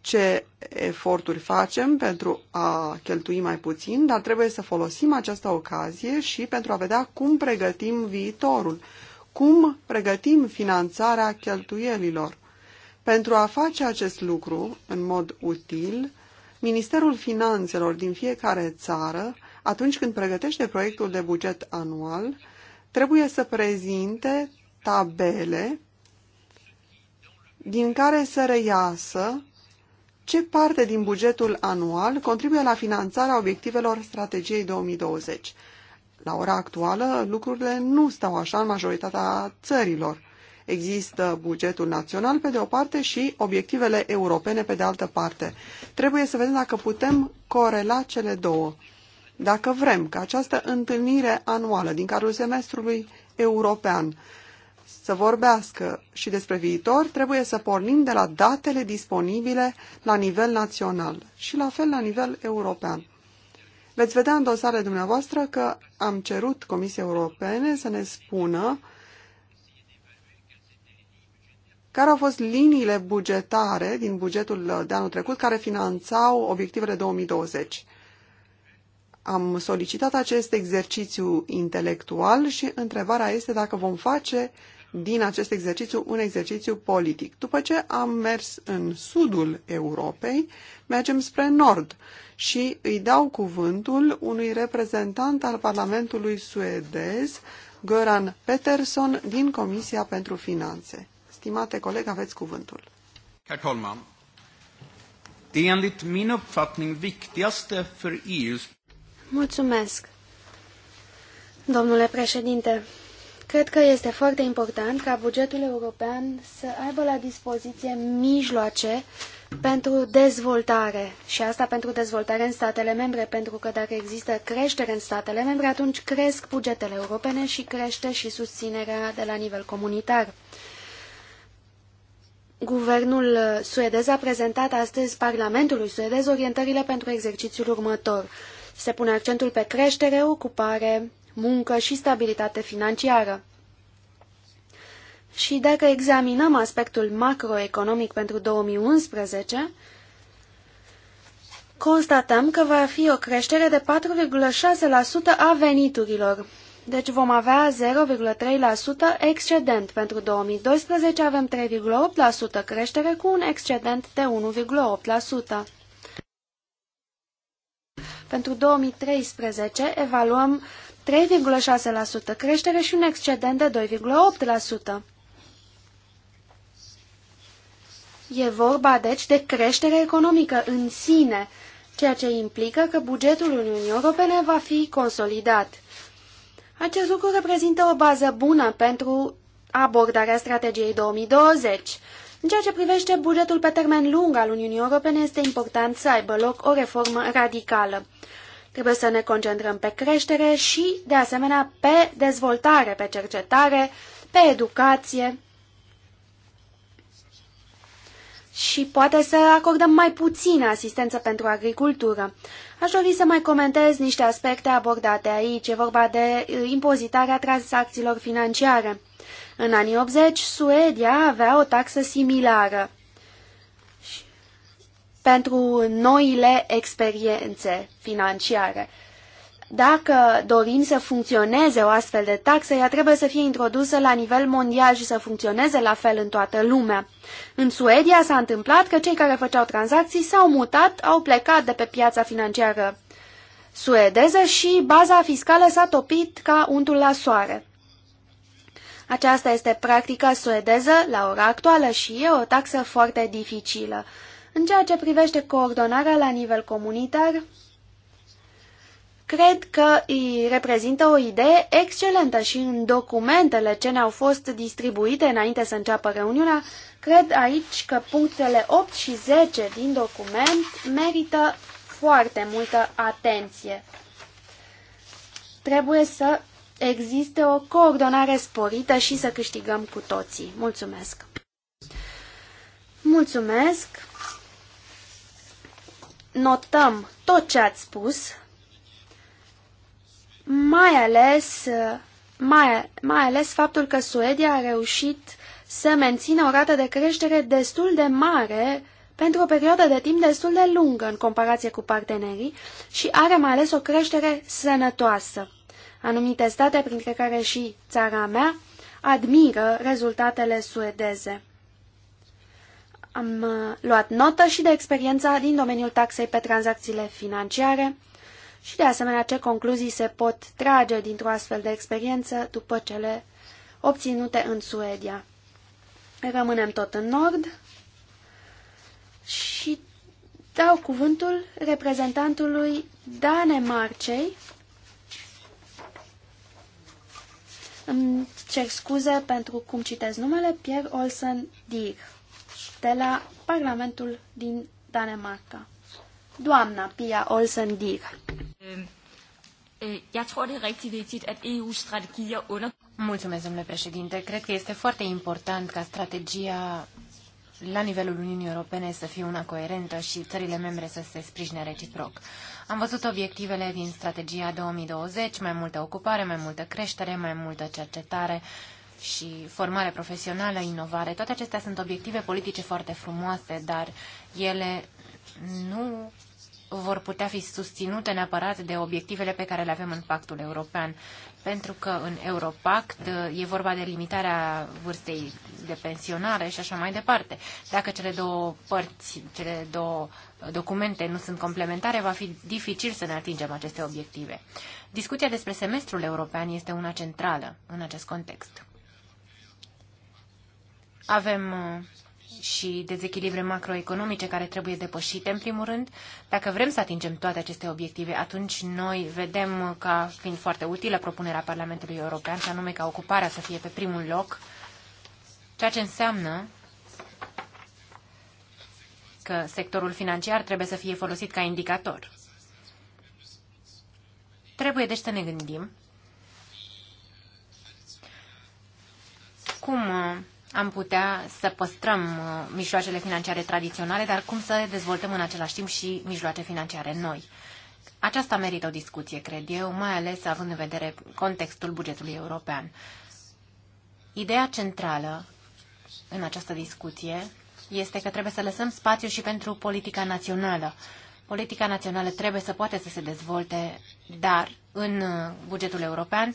ce eforturi facem pentru a cheltui mai puțin, dar trebuie să folosim această ocazie și pentru a vedea cum pregătim viitorul, cum pregătim finanțarea cheltuielilor. Pentru a face acest lucru în mod util, Ministerul Finanțelor din fiecare țară atunci când pregătește proiectul de buget anual, trebuie să prezinte tabele din care să reiasă ce parte din bugetul anual contribuie la finanțarea obiectivelor strategiei 2020. La ora actuală, lucrurile nu stau așa în majoritatea țărilor. Există bugetul național pe de o parte și obiectivele europene pe de altă parte. Trebuie să vedem dacă putem corela cele două. Dacă vrem ca această întâlnire anuală din cadrul semestrului european să vorbească și despre viitor, trebuie să pornim de la datele disponibile la nivel național și la fel la nivel european. Veți vedea în dosarele dumneavoastră că am cerut Comisiei Europene să ne spună care au fost liniile bugetare din bugetul de anul trecut care finanțau obiectivele 2020. Am solicitat acest exercițiu intelectual și întrebarea este dacă vom face din acest exercițiu un exercițiu politic. După ce am mers în sudul Europei, mergem spre nord și îi dau cuvântul unui reprezentant al Parlamentului suedez, Göran Peterson, din Comisia pentru Finanțe. Stimate coleg, aveți cuvântul. Herr talman, det enligt min uppfattning viktigaste för EUs Mulțumesc. Domnule președinte, cred că este foarte important ca bugetul european să aibă la dispoziție mijloace pentru dezvoltare și asta pentru dezvoltare în statele membre, pentru că dacă există creștere în statele membre, atunci cresc bugetele europene și crește și susținerea de la nivel comunitar. Guvernul suedez a prezentat astăzi Parlamentului suedez orientările pentru exercițiul următor. Se pune accentul pe creștere, ocupare, muncă și stabilitate financiară. Și dacă examinăm aspectul macroeconomic pentru 2011, constatăm că va fi o creștere de 4,6% a veniturilor. Deci vom avea 0,3% excedent. Pentru 2012 avem 3,8% creștere cu un excedent de 1,8%. Pentru 2013 evaluăm 3,6% creștere și un excedent de 2,8%. E vorba, deci, de creștere economică în sine, ceea ce implică că bugetul Uniunii Europene va fi consolidat. Acest lucru reprezintă o bază bună pentru abordarea strategiei 2020. În ceea ce privește bugetul pe termen lung al Uniunii Europene, este important să aibă loc o reformă radicală. Trebuie să ne concentrăm pe creștere și, de asemenea, pe dezvoltare, pe cercetare, pe educație, și poate să acordăm mai puțină asistență pentru agricultură. Aș dori să mai comentez niște aspecte abordate aici. E vorba de uh, impozitarea tranzacțiilor financiare. În anii 80, Suedia avea o taxă similară pentru noile experiențe financiare. Dacă dorim să funcționeze o astfel de taxă, ea trebuie să fie introdusă la nivel mondial și să funcționeze la fel în toată lumea. În Suedia s-a întâmplat că cei care făceau tranzacții s-au mutat, au plecat de pe piața financiară suedeză și baza fiscală s-a topit ca untul la soare. Aceasta este practica suedeză la ora actuală și e o taxă foarte dificilă. În ceea ce privește coordonarea la nivel comunitar, Cred că îi reprezintă o idee excelentă și în documentele ce ne-au fost distribuite înainte să înceapă reuniunea, cred aici că punctele 8 și 10 din document merită foarte multă atenție. Trebuie să existe o coordonare sporită și să câștigăm cu toții. Mulțumesc! Mulțumesc! Notăm tot ce ați spus mai ales, mai, mai ales faptul că Suedia a reușit să mențină o rată de creștere destul de mare pentru o perioadă de timp destul de lungă în comparație cu partenerii și are mai ales o creștere sănătoasă. Anumite state, printre care și țara mea, admiră rezultatele suedeze. Am luat notă și de experiența din domeniul taxei pe tranzacțiile financiare, și, de asemenea, ce concluzii se pot trage dintr-o astfel de experiență după cele obținute în Suedia. Rămânem tot în nord și dau cuvântul reprezentantului Danemarcei. Îmi cer scuze pentru cum citesc numele, Pierre Olsen Dir, de la Parlamentul din Danemarca. Doamna Pia Olsen øh, øh, Dig. Er Mulțumesc, domnule președinte. Cred că este foarte important ca strategia la nivelul Uniunii Europene să fie una coerentă și țările membre să se sprijine reciproc. Am văzut obiectivele din strategia 2020, mai multă ocupare, mai multă creștere, mai multă cercetare și formare profesională, inovare. Toate acestea sunt obiective politice foarte frumoase, dar ele nu vor putea fi susținute neapărat de obiectivele pe care le avem în pactul european. Pentru că în Europact e vorba de limitarea vârstei de pensionare și așa mai departe. Dacă cele două părți, cele două documente nu sunt complementare, va fi dificil să ne atingem aceste obiective. Discuția despre semestrul european este una centrală în acest context. Avem și dezechilibre macroeconomice care trebuie depășite, în primul rând. Dacă vrem să atingem toate aceste obiective, atunci noi vedem ca fiind foarte utilă propunerea Parlamentului European, și anume ca ocuparea să fie pe primul loc, ceea ce înseamnă că sectorul financiar trebuie să fie folosit ca indicator. Trebuie deci să ne gândim cum uh, am putea să păstrăm uh, mijloacele financiare tradiționale, dar cum să dezvoltăm în același timp și mijloace financiare noi. Aceasta merită o discuție, cred eu, mai ales având în vedere contextul bugetului european. Ideea centrală în această discuție este că trebuie să lăsăm spațiu și pentru politica națională. Politica națională trebuie să poate să se dezvolte, dar în uh, bugetul european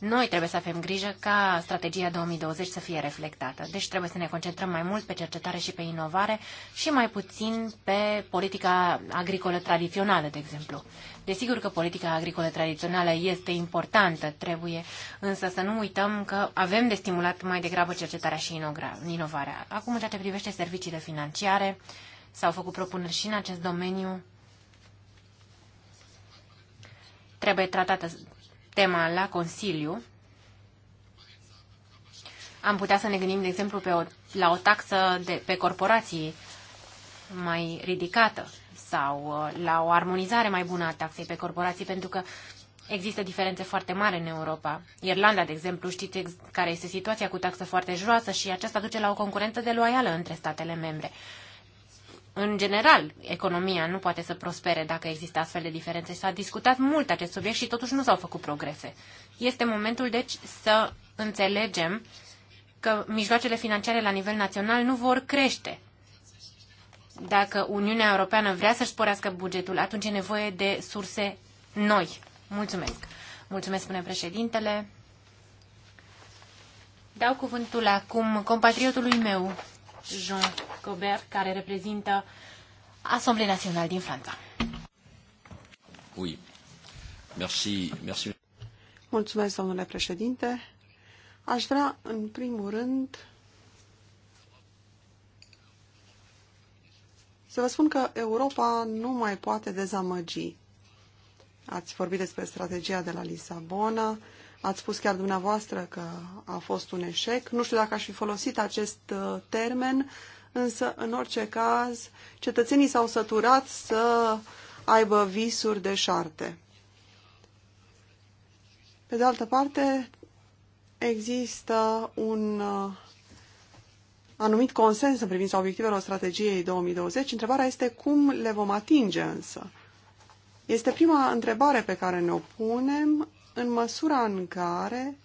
noi trebuie să avem grijă ca strategia 2020 să fie reflectată. Deci trebuie să ne concentrăm mai mult pe cercetare și pe inovare și mai puțin pe politica agricolă tradițională, de exemplu. Desigur că politica agricolă tradițională este importantă, trebuie însă să nu uităm că avem de stimulat mai degrabă cercetarea și inovarea. Acum, în ceea ce privește serviciile financiare, s-au făcut propuneri și în acest domeniu trebuie tratată tema la Consiliu, am putea să ne gândim, de exemplu, pe o, la o taxă de, pe corporații mai ridicată sau uh, la o armonizare mai bună a taxei pe corporații, pentru că există diferențe foarte mari în Europa. Irlanda, de exemplu, știți care este situația cu taxă foarte joasă și aceasta duce la o concurență de loială între statele membre în general, economia nu poate să prospere dacă există astfel de diferențe. S-a discutat mult acest subiect și totuși nu s-au făcut progrese. Este momentul, deci, să înțelegem că mijloacele financiare la nivel național nu vor crește. Dacă Uniunea Europeană vrea să-și sporească bugetul, atunci e nevoie de surse noi. Mulțumesc. Mulțumesc, spune președintele. Dau cuvântul acum compatriotului meu, Jean Cobert, care reprezintă Asamblea Națională din Franța. Oui. Merci, merci. Mulțumesc, domnule președinte. Aș vrea, în primul rând, să vă spun că Europa nu mai poate dezamăgi. Ați vorbit despre strategia de la Lisabona, Ați spus chiar dumneavoastră că a fost un eșec. Nu știu dacă aș fi folosit acest uh, termen, însă, în orice caz, cetățenii s-au săturat să aibă visuri de șarte. Pe de altă parte, există un uh, anumit consens în privința obiectivelor strategiei 2020. Întrebarea este cum le vom atinge însă. Este prima întrebare pe care ne-o punem în măsura în care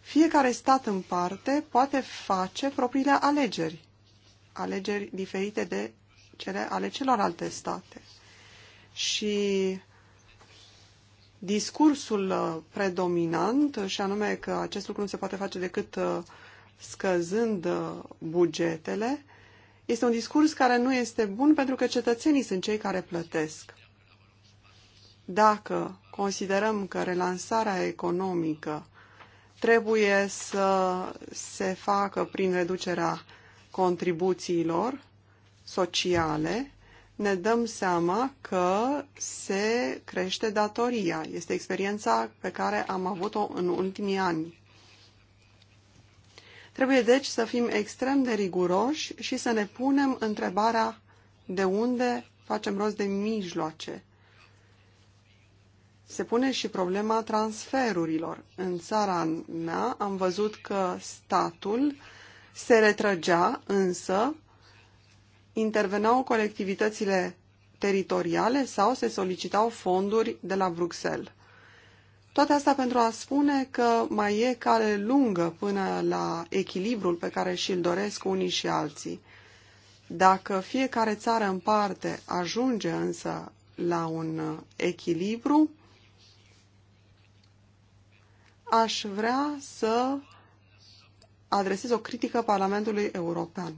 fiecare stat în parte poate face propriile alegeri, alegeri diferite de cele ale celorlalte state. Și discursul uh, predominant, și anume că acest lucru nu se poate face decât uh, scăzând uh, bugetele, este un discurs care nu este bun pentru că cetățenii sunt cei care plătesc. Dacă considerăm că relansarea economică trebuie să se facă prin reducerea contribuțiilor sociale, ne dăm seama că se crește datoria. Este experiența pe care am avut-o în ultimii ani. Trebuie deci să fim extrem de riguroși și să ne punem întrebarea de unde facem rost de mijloace se pune și problema transferurilor. În țara mea am văzut că statul se retrăgea, însă interveneau colectivitățile teritoriale sau se solicitau fonduri de la Bruxelles. Toate asta pentru a spune că mai e cale lungă până la echilibrul pe care și-l doresc unii și alții. Dacă fiecare țară în parte ajunge însă la un echilibru, aș vrea să adresez o critică Parlamentului European.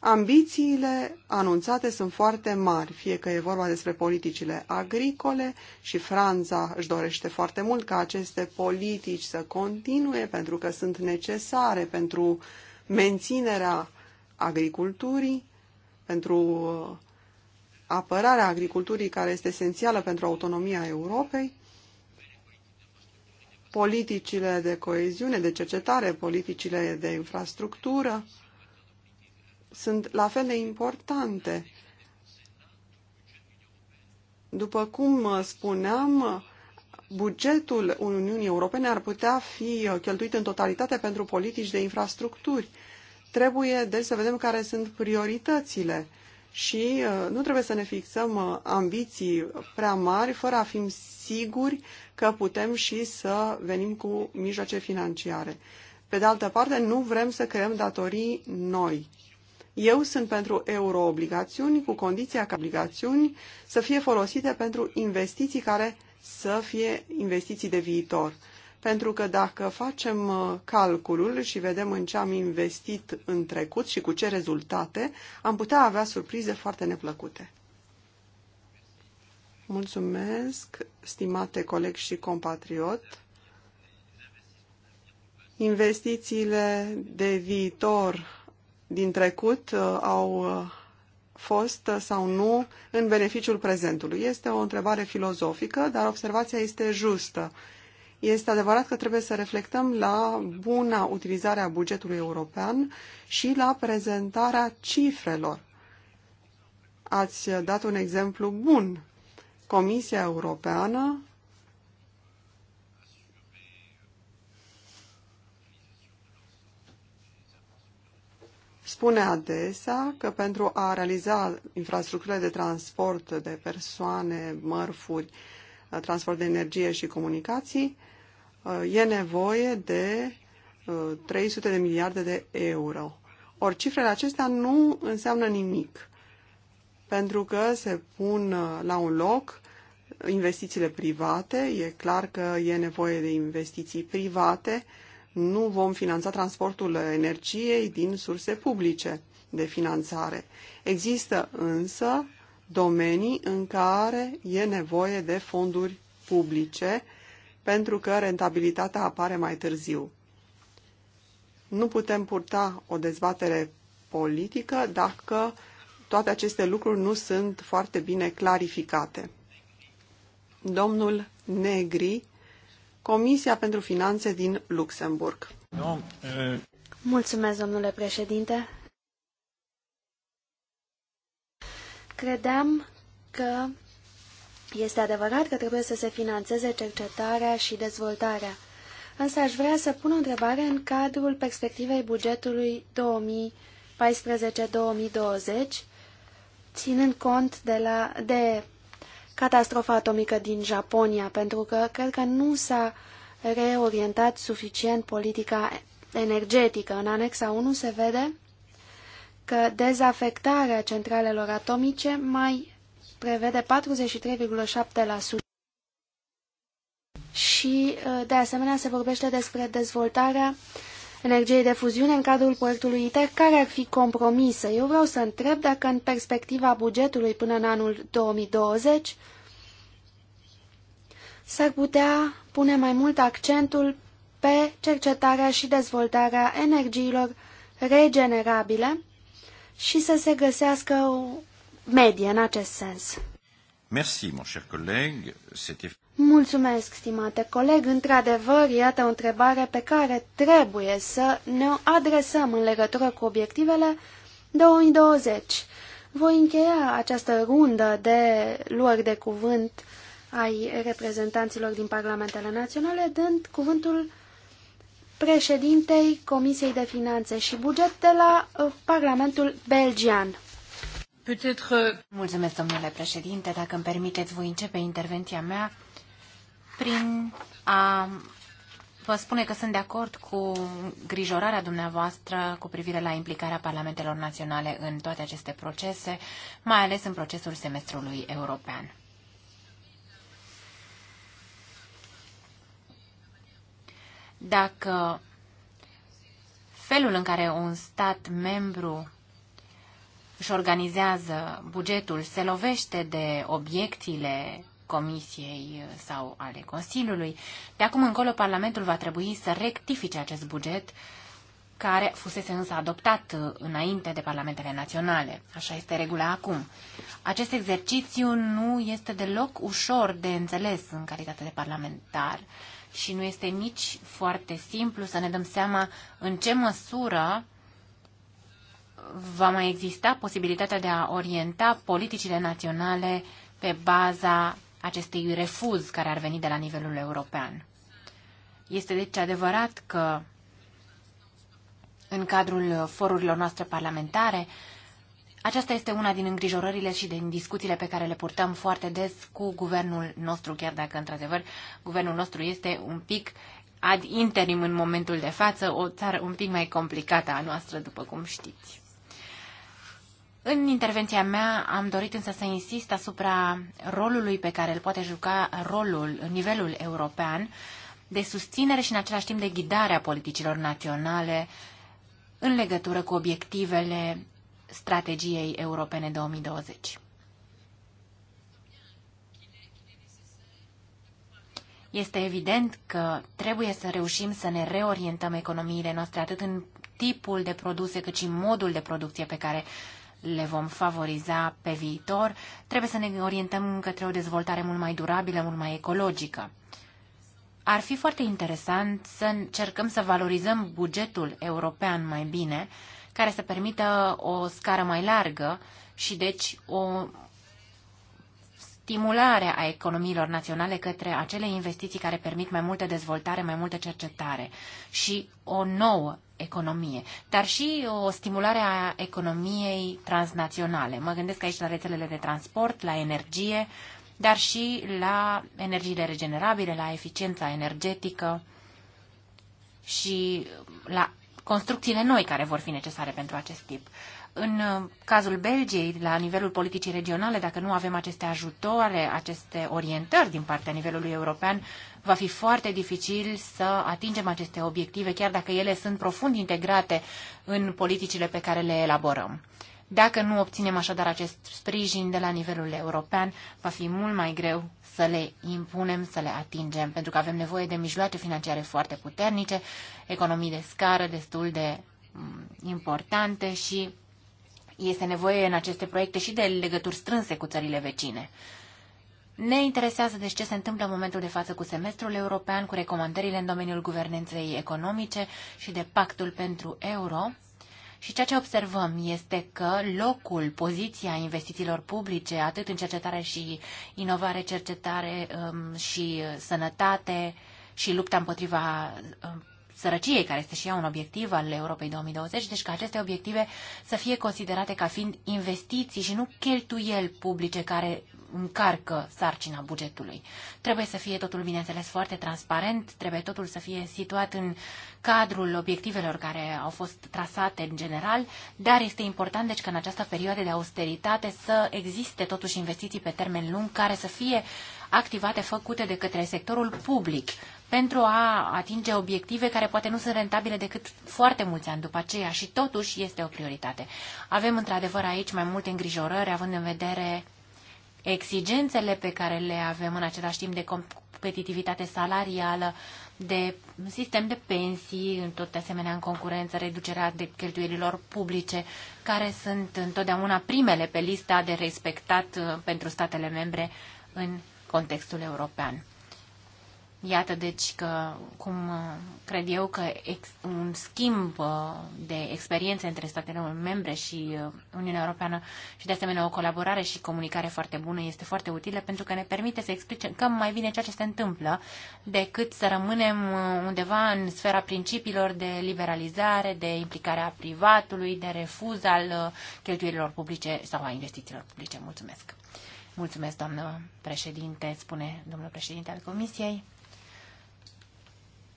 Ambițiile anunțate sunt foarte mari, fie că e vorba despre politicile agricole și Franța își dorește foarte mult ca aceste politici să continue pentru că sunt necesare pentru menținerea agriculturii, pentru uh, apărarea agriculturii care este esențială pentru autonomia Europei politicile de coeziune, de cercetare, politicile de infrastructură sunt la fel de importante. După cum spuneam, bugetul Uniunii Europene ar putea fi cheltuit în totalitate pentru politici de infrastructuri. Trebuie, deci, să vedem care sunt prioritățile și uh, nu trebuie să ne fixăm uh, ambiții prea mari fără a fi siguri că putem și să venim cu mijloace financiare. Pe de altă parte, nu vrem să creăm datorii noi. Eu sunt pentru euroobligațiuni cu condiția ca obligațiuni să fie folosite pentru investiții care să fie investiții de viitor pentru că dacă facem uh, calculul și vedem în ce am investit în trecut și cu ce rezultate, am putea avea surprize foarte neplăcute. Mulțumesc, stimate coleg și compatriot. Investițiile de viitor din trecut uh, au uh, fost sau nu în beneficiul prezentului. Este o întrebare filozofică, dar observația este justă. Este adevărat că trebuie să reflectăm la buna utilizare a bugetului european și la prezentarea cifrelor. Ați dat un exemplu bun. Comisia Europeană spune adesea că pentru a realiza infrastructurile de transport de persoane, mărfuri, transport de energie și comunicații, Uh, e nevoie de 300 uh, de miliarde de euro. Ori cifrele acestea nu înseamnă nimic, pentru că se pun uh, la un loc investițiile private, e clar că e nevoie de investiții private, nu vom finanța transportul energiei din surse publice de finanțare. Există însă domenii în care e nevoie de fonduri publice pentru că rentabilitatea apare mai târziu. Nu putem purta o dezbatere politică dacă toate aceste lucruri nu sunt foarte bine clarificate. Domnul Negri, Comisia pentru Finanțe din Luxemburg. Mulțumesc, domnule președinte. Credeam că este adevărat că trebuie să se financeze cercetarea și dezvoltarea, însă aș vrea să pun o întrebare în cadrul perspectivei bugetului 2014-2020, ținând cont de, la, de catastrofa atomică din Japonia, pentru că cred că nu s-a reorientat suficient politica energetică. În anexa 1 se vede că dezafectarea centralelor atomice mai prevede 43,7% și, uh, de asemenea, se vorbește despre dezvoltarea energiei de fuziune în cadrul proiectului ITER, care ar fi compromisă. Eu vreau să întreb dacă în perspectiva bugetului până în anul 2020 s-ar putea pune mai mult accentul pe cercetarea și dezvoltarea energiilor regenerabile și să se găsească medie în acest sens. Merci, mon cher collègue. Mulțumesc, stimate coleg. Într-adevăr, iată o întrebare pe care trebuie să ne o adresăm în legătură cu obiectivele 2020. Voi încheia această rundă de luări de cuvânt ai reprezentanților din Parlamentele Naționale, dând cuvântul președintei Comisiei de Finanțe și Buget de la uh, Parlamentul Belgian. Mulțumesc, domnule președinte. Dacă îmi permiteți, voi începe intervenția mea prin a vă spune că sunt de acord cu grijorarea dumneavoastră cu privire la implicarea parlamentelor naționale în toate aceste procese, mai ales în procesul semestrului european. Dacă felul în care un stat membru își organizează bugetul se lovește de obiecțiile Comisiei sau ale Consiliului. De acum încolo, Parlamentul va trebui să rectifice acest buget, care fusese însă adoptat înainte de Parlamentele Naționale. Așa este regula acum. Acest exercițiu nu este deloc ușor de înțeles în calitate de parlamentar și nu este nici foarte simplu să ne dăm seama în ce măsură va mai exista posibilitatea de a orienta politicile naționale pe baza acestui refuz care ar veni de la nivelul european. Este deci adevărat că în cadrul forurilor noastre parlamentare, aceasta este una din îngrijorările și din discuțiile pe care le purtăm foarte des cu guvernul nostru, chiar dacă, într-adevăr, guvernul nostru este un pic ad interim în momentul de față, o țară un pic mai complicată a noastră, după cum știți. În intervenția mea am dorit însă să insist asupra rolului pe care îl poate juca rolul, nivelul european de susținere și în același timp de ghidare a politicilor naționale în legătură cu obiectivele strategiei europene 2020. Este evident că trebuie să reușim să ne reorientăm economiile noastre atât în tipul de produse cât și modul de producție pe care le vom favoriza pe viitor, trebuie să ne orientăm către o dezvoltare mult mai durabilă, mult mai ecologică. Ar fi foarte interesant să încercăm să valorizăm bugetul european mai bine, care să permită o scară mai largă și deci o stimulare a economiilor naționale către acele investiții care permit mai multă dezvoltare, mai multă cercetare și o nouă economie, dar și o stimulare a economiei transnaționale. Mă gândesc aici la rețelele de transport, la energie, dar și la energiile regenerabile, la eficiența energetică și la construcțiile noi care vor fi necesare pentru acest tip. În uh, cazul Belgiei, la nivelul politicii regionale, dacă nu avem aceste ajutoare, aceste orientări din partea nivelului european, va fi foarte dificil să atingem aceste obiective, chiar dacă ele sunt profund integrate în politicile pe care le elaborăm. Dacă nu obținem așadar acest sprijin de la nivelul european, va fi mult mai greu să le impunem, să le atingem, pentru că avem nevoie de mijloace financiare foarte puternice, economii de scară destul de mm, importante și este nevoie în aceste proiecte și de legături strânse cu țările vecine. Ne interesează deci ce se întâmplă în momentul de față cu semestrul european, cu recomandările în domeniul guvernanței economice și de pactul pentru euro. Și ceea ce observăm este că locul, poziția investițiilor publice, atât în cercetare și inovare, cercetare um, și uh, sănătate și lupta împotriva um, sărăciei, care este și ea un obiectiv al Europei 2020, deci ca aceste obiective să fie considerate ca fiind investiții și nu cheltuieli publice care încarcă sarcina bugetului. Trebuie să fie totul, bineînțeles, foarte transparent, trebuie totul să fie situat în cadrul obiectivelor care au fost trasate în general, dar este important, deci, că în această perioadă de austeritate să existe totuși investiții pe termen lung care să fie activate, făcute de către sectorul public, pentru a atinge obiective care poate nu sunt rentabile decât foarte mulți ani după aceea și totuși este o prioritate. Avem într-adevăr aici mai multe îngrijorări având în vedere exigențele pe care le avem în același timp de competitivitate salarială, de sistem de pensii, tot de asemenea în concurență, reducerea de cheltuielilor publice, care sunt întotdeauna primele pe lista de respectat uh, pentru statele membre în contextul european. Iată deci că, cum uh, cred eu, că ex, un schimb uh, de experiențe între statele membre și uh, Uniunea Europeană și de asemenea o colaborare și comunicare foarte bună este foarte utilă pentru că ne permite să explicăm mai bine ceea ce se întâmplă decât să rămânem undeva în sfera principiilor de liberalizare, de implicarea privatului, de refuz al cheltuielilor publice sau a investițiilor publice. Mulțumesc! Mulțumesc, doamnă președinte, spune domnul președinte al Comisiei.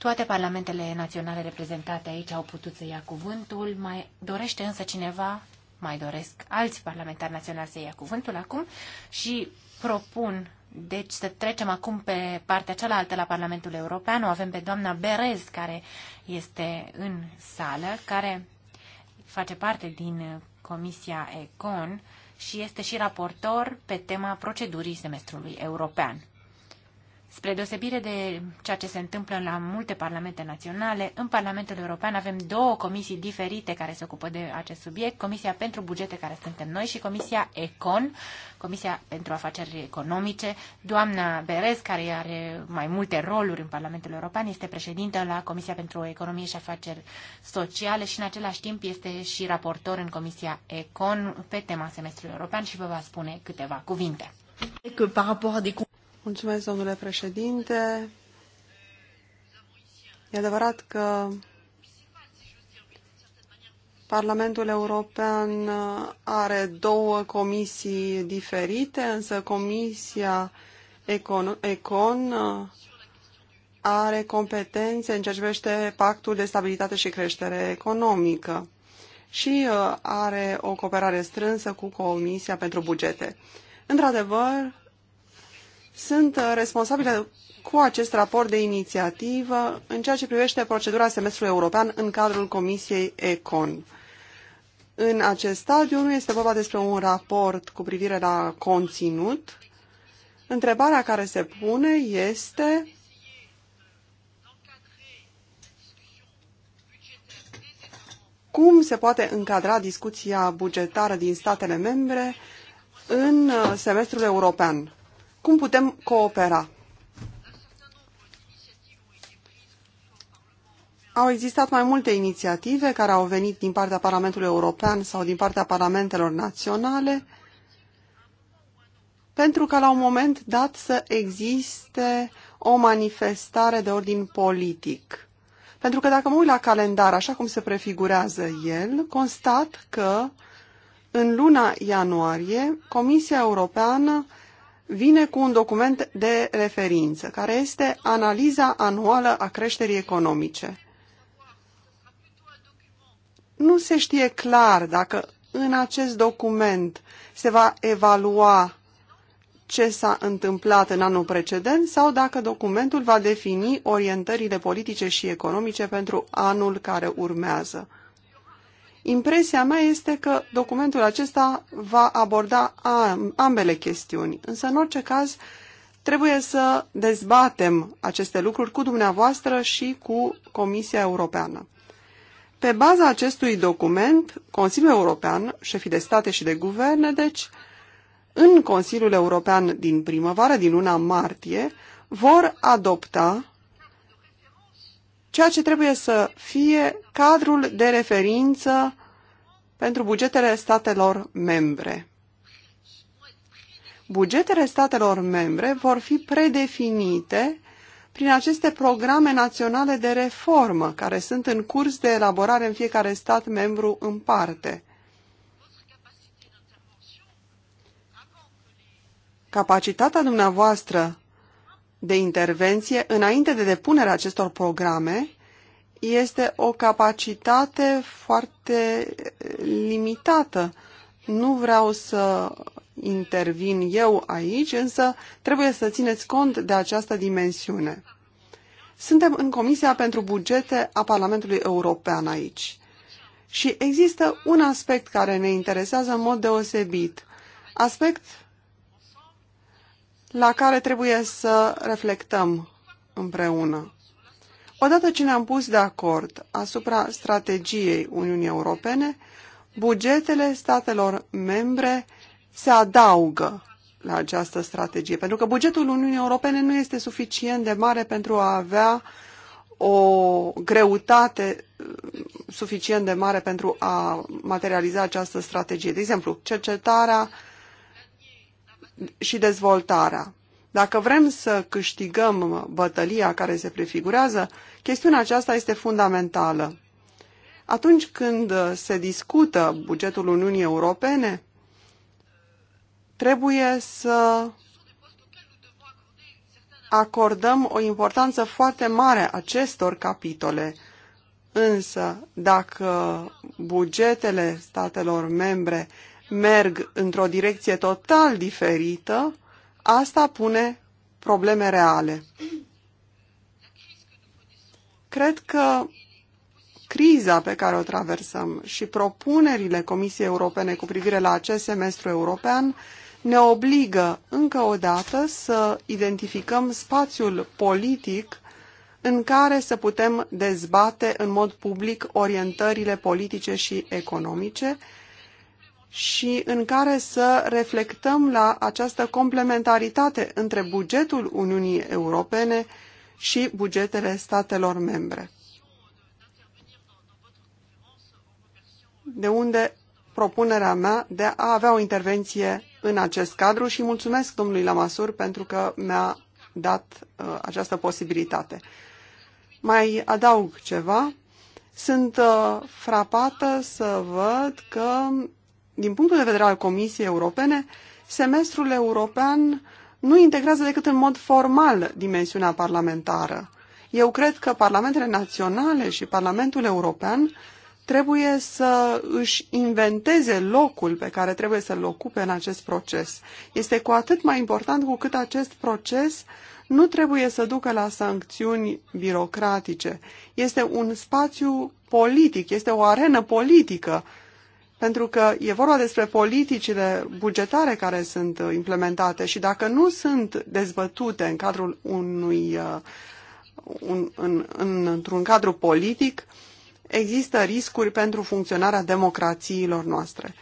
Toate parlamentele naționale reprezentate aici au putut să ia cuvântul. Mai dorește însă cineva, mai doresc alți parlamentari naționali să ia cuvântul acum și propun deci să trecem acum pe partea cealaltă la Parlamentul European. O avem pe doamna Berez, care este în sală, care face parte din Comisia ECON și este și raportor pe tema procedurii semestrului european. Spre deosebire de ceea ce se întâmplă la multe parlamente naționale, în Parlamentul European avem două comisii diferite care se ocupă de acest subiect, Comisia pentru Bugete, care suntem noi, și Comisia ECON, Comisia pentru Afaceri Economice. Doamna Berez, care are mai multe roluri în Parlamentul European, este președintă la Comisia pentru Economie și Afaceri Sociale și în același timp este și raportor în Comisia ECON pe tema semestrului european și vă va spune câteva cuvinte. Mulțumesc, domnule președinte. E adevărat că Parlamentul European are două comisii diferite, însă Comisia Econ, Econ are competențe în ceea ce privește Pactul de Stabilitate și Creștere Economică și uh, are o cooperare strânsă cu Comisia pentru Bugete. Într-adevăr, sunt uh, responsabile cu acest raport de inițiativă în ceea ce privește procedura semestrului european în cadrul Comisiei ECON. În acest stadiu nu este vorba despre un raport cu privire la conținut. Întrebarea care se pune este cum se poate încadra discuția bugetară din statele membre în uh, semestrul european cum putem coopera. Au existat mai multe inițiative care au venit din partea Parlamentului European sau din partea Parlamentelor Naționale pentru ca la un moment dat să existe o manifestare de ordin politic. Pentru că dacă mă uit la calendar așa cum se prefigurează el, constat că în luna ianuarie Comisia Europeană vine cu un document de referință, care este analiza anuală a creșterii economice. Nu se știe clar dacă în acest document se va evalua ce s-a întâmplat în anul precedent sau dacă documentul va defini orientările politice și economice pentru anul care urmează. Impresia mea este că documentul acesta va aborda ambele chestiuni, însă în orice caz trebuie să dezbatem aceste lucruri cu dumneavoastră și cu Comisia Europeană. Pe baza acestui document, Consiliul European, șefii de state și de guverne, deci, în Consiliul European din primăvară, din luna martie, vor adopta ceea ce trebuie să fie cadrul de referință pentru bugetele statelor membre. Bugetele statelor membre vor fi predefinite prin aceste programe naționale de reformă care sunt în curs de elaborare în fiecare stat membru în parte. Capacitatea dumneavoastră de intervenție înainte de depunerea acestor programe este o capacitate foarte limitată. Nu vreau să intervin eu aici, însă trebuie să țineți cont de această dimensiune. Suntem în Comisia pentru Bugete a Parlamentului European aici. Și există un aspect care ne interesează în mod deosebit, aspect la care trebuie să reflectăm împreună. Odată ce ne-am pus de acord asupra strategiei Uniunii Europene, bugetele statelor membre se adaugă la această strategie, pentru că bugetul Uniunii Europene nu este suficient de mare pentru a avea o greutate suficient de mare pentru a materializa această strategie. De exemplu, cercetarea și dezvoltarea. Dacă vrem să câștigăm bătălia care se prefigurează, chestiunea aceasta este fundamentală. Atunci când se discută bugetul Uniunii Europene, trebuie să acordăm o importanță foarte mare acestor capitole. Însă, dacă bugetele statelor membre merg într-o direcție total diferită, asta pune probleme reale. Cred că criza pe care o traversăm și propunerile Comisiei Europene cu privire la acest semestru european ne obligă încă o dată să identificăm spațiul politic în care să putem dezbate în mod public orientările politice și economice și în care să reflectăm la această complementaritate între bugetul Uniunii Europene și bugetele statelor membre. De unde propunerea mea de a avea o intervenție în acest cadru și mulțumesc domnului Lamasur pentru că mi-a dat uh, această posibilitate. Mai adaug ceva. Sunt uh, frapată să văd că din punctul de vedere al Comisiei Europene, semestrul european nu integrează decât în mod formal dimensiunea parlamentară. Eu cred că parlamentele naționale și Parlamentul European trebuie să își inventeze locul pe care trebuie să-l ocupe în acest proces. Este cu atât mai important cu cât acest proces nu trebuie să ducă la sancțiuni birocratice. Este un spațiu politic, este o arenă politică pentru că e vorba despre politicile bugetare care sunt uh, implementate și dacă nu sunt dezbătute în cadrul unui uh, un, în, în, într-un cadru politic, există riscuri pentru funcționarea democrațiilor noastre.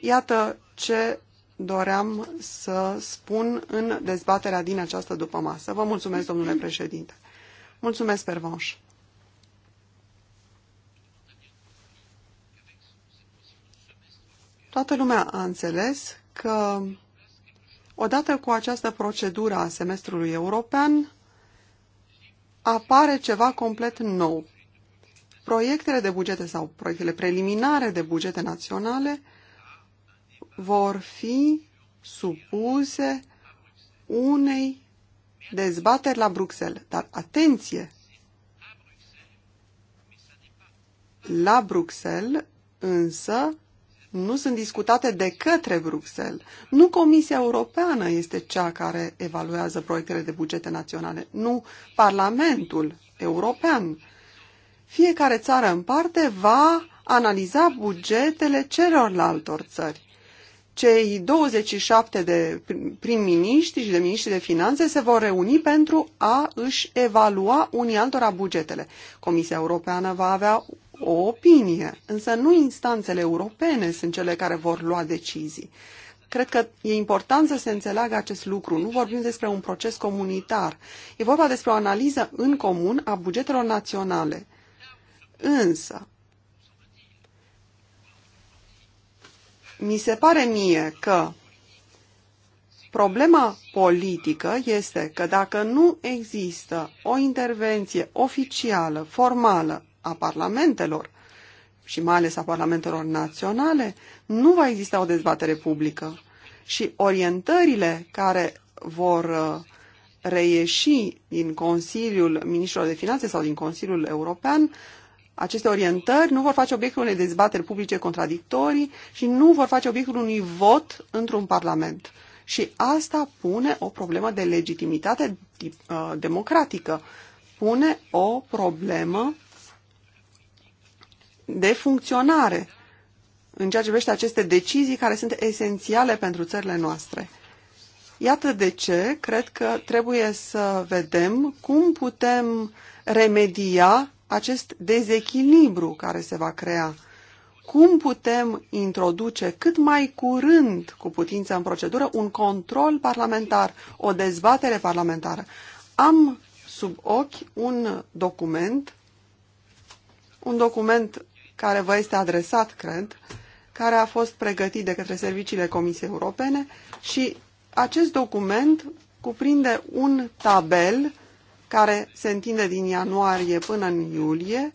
Iată ce doream să spun în dezbaterea din această dupămasă. Vă mulțumesc, domnule președinte. Mulțumesc, Pervanș. Toată lumea a înțeles că odată cu această procedură a semestrului european apare ceva complet nou. Proiectele de bugete sau proiectele preliminare de bugete naționale vor fi supuse unei dezbateri la Bruxelles. Dar atenție! La Bruxelles însă nu sunt discutate de către Bruxelles. Nu Comisia Europeană este cea care evaluează proiectele de bugete naționale, nu Parlamentul European. Fiecare țară în parte va analiza bugetele celorlaltor țări. Cei 27 de prim-miniștri și de miniștri de finanțe se vor reuni pentru a își evalua unii altora bugetele. Comisia Europeană va avea o opinie, însă nu instanțele europene sunt cele care vor lua decizii. Cred că e important să se înțeleagă acest lucru. Nu vorbim despre un proces comunitar. E vorba despre o analiză în comun a bugetelor naționale. Însă, mi se pare mie că problema politică este că dacă nu există o intervenție oficială, formală, a parlamentelor și mai ales a parlamentelor naționale, nu va exista o dezbatere publică. Și orientările care vor uh, reieși din Consiliul Ministrilor de Finanțe sau din Consiliul European, aceste orientări nu vor face obiectul unei dezbateri publice contradictorii și nu vor face obiectul unui vot într-un parlament. Și asta pune o problemă de legitimitate uh, democratică, pune o problemă de funcționare în ceea ce privește aceste decizii care sunt esențiale pentru țările noastre. Iată de ce cred că trebuie să vedem cum putem remedia acest dezechilibru care se va crea. Cum putem introduce cât mai curând, cu putință în procedură, un control parlamentar, o dezbatere parlamentară. Am sub ochi un document, un document care vă este adresat, cred, care a fost pregătit de către serviciile Comisiei Europene și acest document cuprinde un tabel care se întinde din ianuarie până în iulie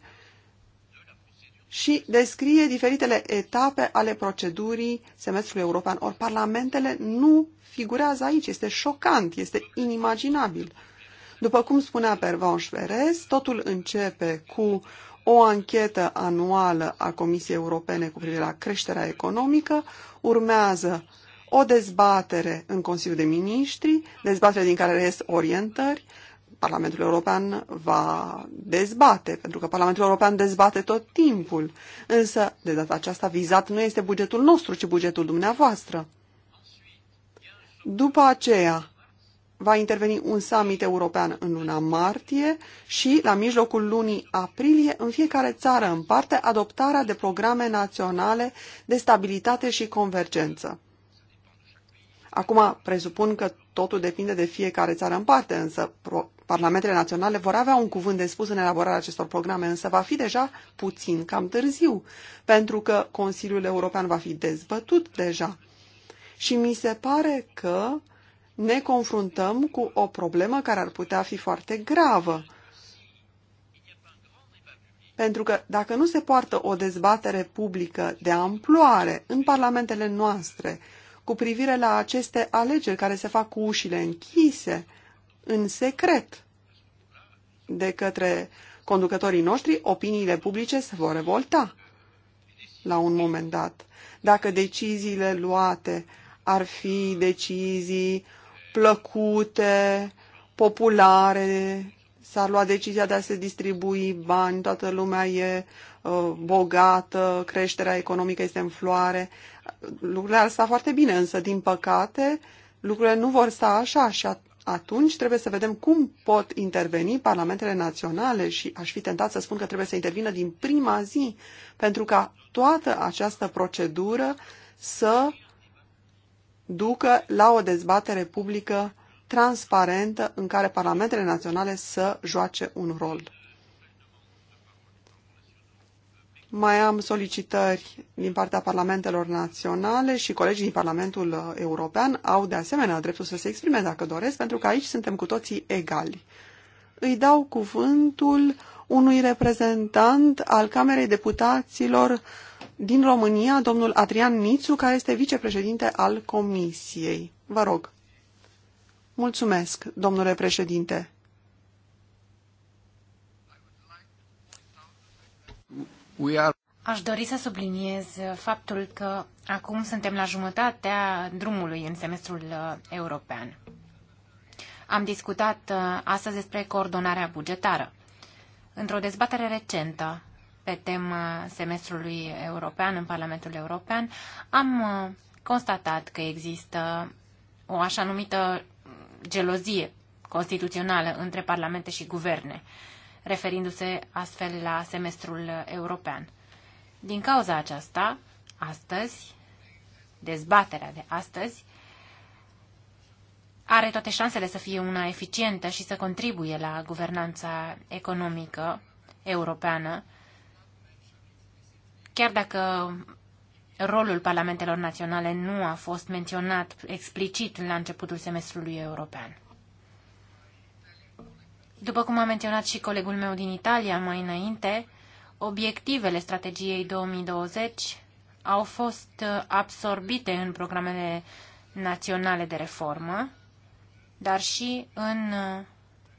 și descrie diferitele etape ale procedurii semestrului european. Ori parlamentele nu figurează aici. Este șocant, este inimaginabil. După cum spunea Pervanș Șverez, totul începe cu o anchetă anuală a Comisiei Europene cu privire la creșterea economică, urmează o dezbatere în Consiliul de Miniștri, dezbatere din care ies orientări. Parlamentul European va dezbate, pentru că Parlamentul European dezbate tot timpul. Însă, de data aceasta, vizat nu este bugetul nostru, ci bugetul dumneavoastră. După aceea, va interveni un summit european în luna martie și, la mijlocul lunii aprilie, în fiecare țară în parte, adoptarea de programe naționale de stabilitate și convergență. Acum, presupun că totul depinde de fiecare țară în parte, însă parlamentele naționale vor avea un cuvânt de spus în elaborarea acestor programe, însă va fi deja puțin cam târziu, pentru că Consiliul European va fi dezbătut deja. Și mi se pare că ne confruntăm cu o problemă care ar putea fi foarte gravă. Pentru că dacă nu se poartă o dezbatere publică de amploare în parlamentele noastre cu privire la aceste alegeri care se fac cu ușile închise, în secret, de către conducătorii noștri, opiniile publice se vor revolta la un moment dat. Dacă deciziile luate ar fi decizii plăcute, populare, s-a luat decizia de a se distribui bani, toată lumea e uh, bogată, creșterea economică este în floare. Lucrurile ar sta foarte bine, însă, din păcate, lucrurile nu vor sta așa și atunci trebuie să vedem cum pot interveni parlamentele naționale și aș fi tentat să spun că trebuie să intervină din prima zi pentru ca toată această procedură să ducă la o dezbatere publică transparentă în care parlamentele naționale să joace un rol. Mai am solicitări din partea parlamentelor naționale și colegii din Parlamentul uh, European au de asemenea dreptul să se exprime dacă doresc, pentru că aici suntem cu toții egali. Îi dau cuvântul unui reprezentant al Camerei Deputaților din România, domnul Adrian Nițu, care este vicepreședinte al Comisiei. Vă rog. Mulțumesc, domnule președinte. Aș dori să subliniez faptul că acum suntem la jumătatea drumului în semestrul uh, european. Am discutat uh, astăzi despre coordonarea bugetară. Într-o dezbatere recentă pe tema semestrului european în Parlamentul European, am uh, constatat că există o așa numită gelozie constituțională între parlamente și guverne, referindu-se astfel la semestrul european. Din cauza aceasta, astăzi, dezbaterea de astăzi, are toate șansele să fie una eficientă și să contribuie la guvernanța economică europeană chiar dacă rolul parlamentelor naționale nu a fost menționat explicit la începutul semestrului european. După cum a menționat și colegul meu din Italia mai înainte, obiectivele strategiei 2020 au fost uh, absorbite în programele naționale de reformă, dar și în uh,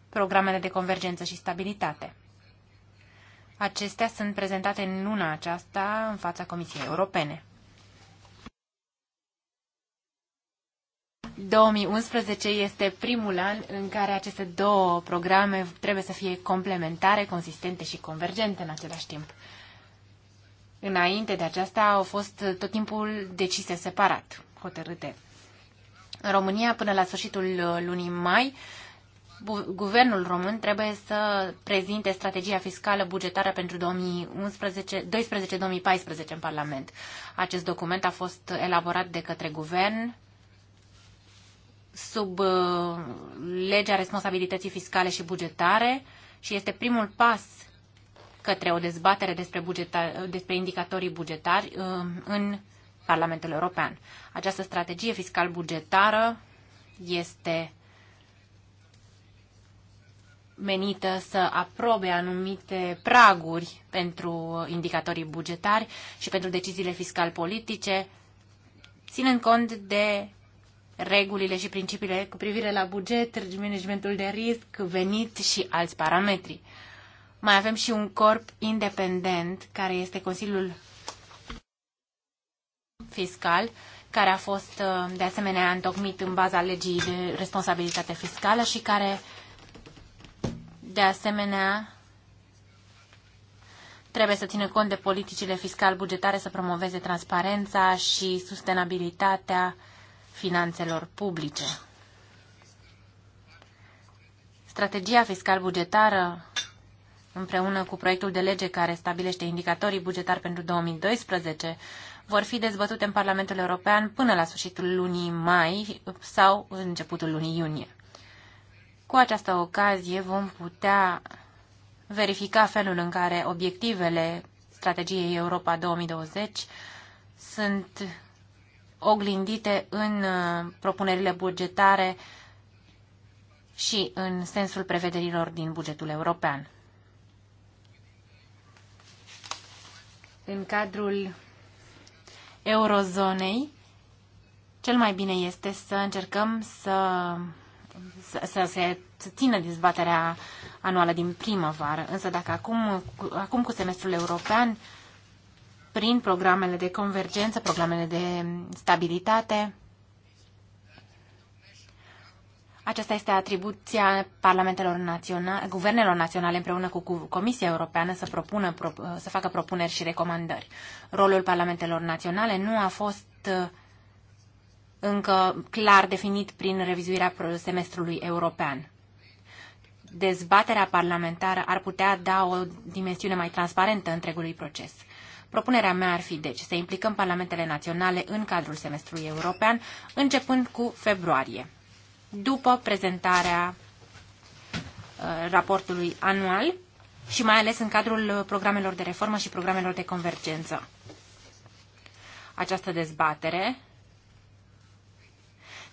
programele de convergență și stabilitate. Acestea sunt prezentate în luna aceasta în fața Comisiei Europene. 2011 este primul an în care aceste două programe trebuie să fie complementare, consistente și convergente în același timp. Înainte de aceasta au fost tot timpul decise separat, hotărâte. În România, până la sfârșitul lunii mai, guvernul român trebuie să prezinte strategia fiscală bugetară pentru 2011, 2012-2014 în Parlament. Acest document a fost elaborat de către guvern sub uh, legea responsabilității fiscale și bugetare și este primul pas către o dezbatere despre, bugeta, despre indicatorii bugetari uh, în Parlamentul European. Această strategie fiscal-bugetară este menită să aprobe anumite praguri pentru indicatorii bugetari și pentru deciziile fiscal-politice, ținând cont de regulile și principiile cu privire la buget, managementul de risc, venit și alți parametri. Mai avem și un corp independent, care este Consiliul Fiscal, care a fost de asemenea întocmit în baza legii de responsabilitate fiscală și care de asemenea, trebuie să țină cont de politicile fiscal-bugetare să promoveze transparența și sustenabilitatea finanțelor publice. Strategia fiscal-bugetară, împreună cu proiectul de lege care stabilește indicatorii bugetari pentru 2012, vor fi dezbătute în Parlamentul European până la sfârșitul lunii mai sau începutul lunii iunie. Cu această ocazie vom putea verifica felul în care obiectivele strategiei Europa 2020 sunt oglindite în uh, propunerile bugetare și în sensul prevederilor din bugetul european. În cadrul eurozonei, cel mai bine este să încercăm să să, să se țină dezbaterea anuală din primăvară. Însă dacă acum, acum cu semestrul european, prin programele de convergență, programele de stabilitate, aceasta este atribuția parlamentelor naționale, guvernelor naționale împreună cu Comisia Europeană să, propună, să facă propuneri și recomandări. Rolul parlamentelor naționale nu a fost uh, încă clar definit prin revizuirea semestrului european. Dezbaterea parlamentară ar putea da o dimensiune mai transparentă întregului proces. Propunerea mea ar fi, deci, să implicăm parlamentele naționale în cadrul semestrului european, începând cu februarie, după prezentarea uh, raportului anual și mai ales în cadrul programelor de reformă și programelor de convergență. Această dezbatere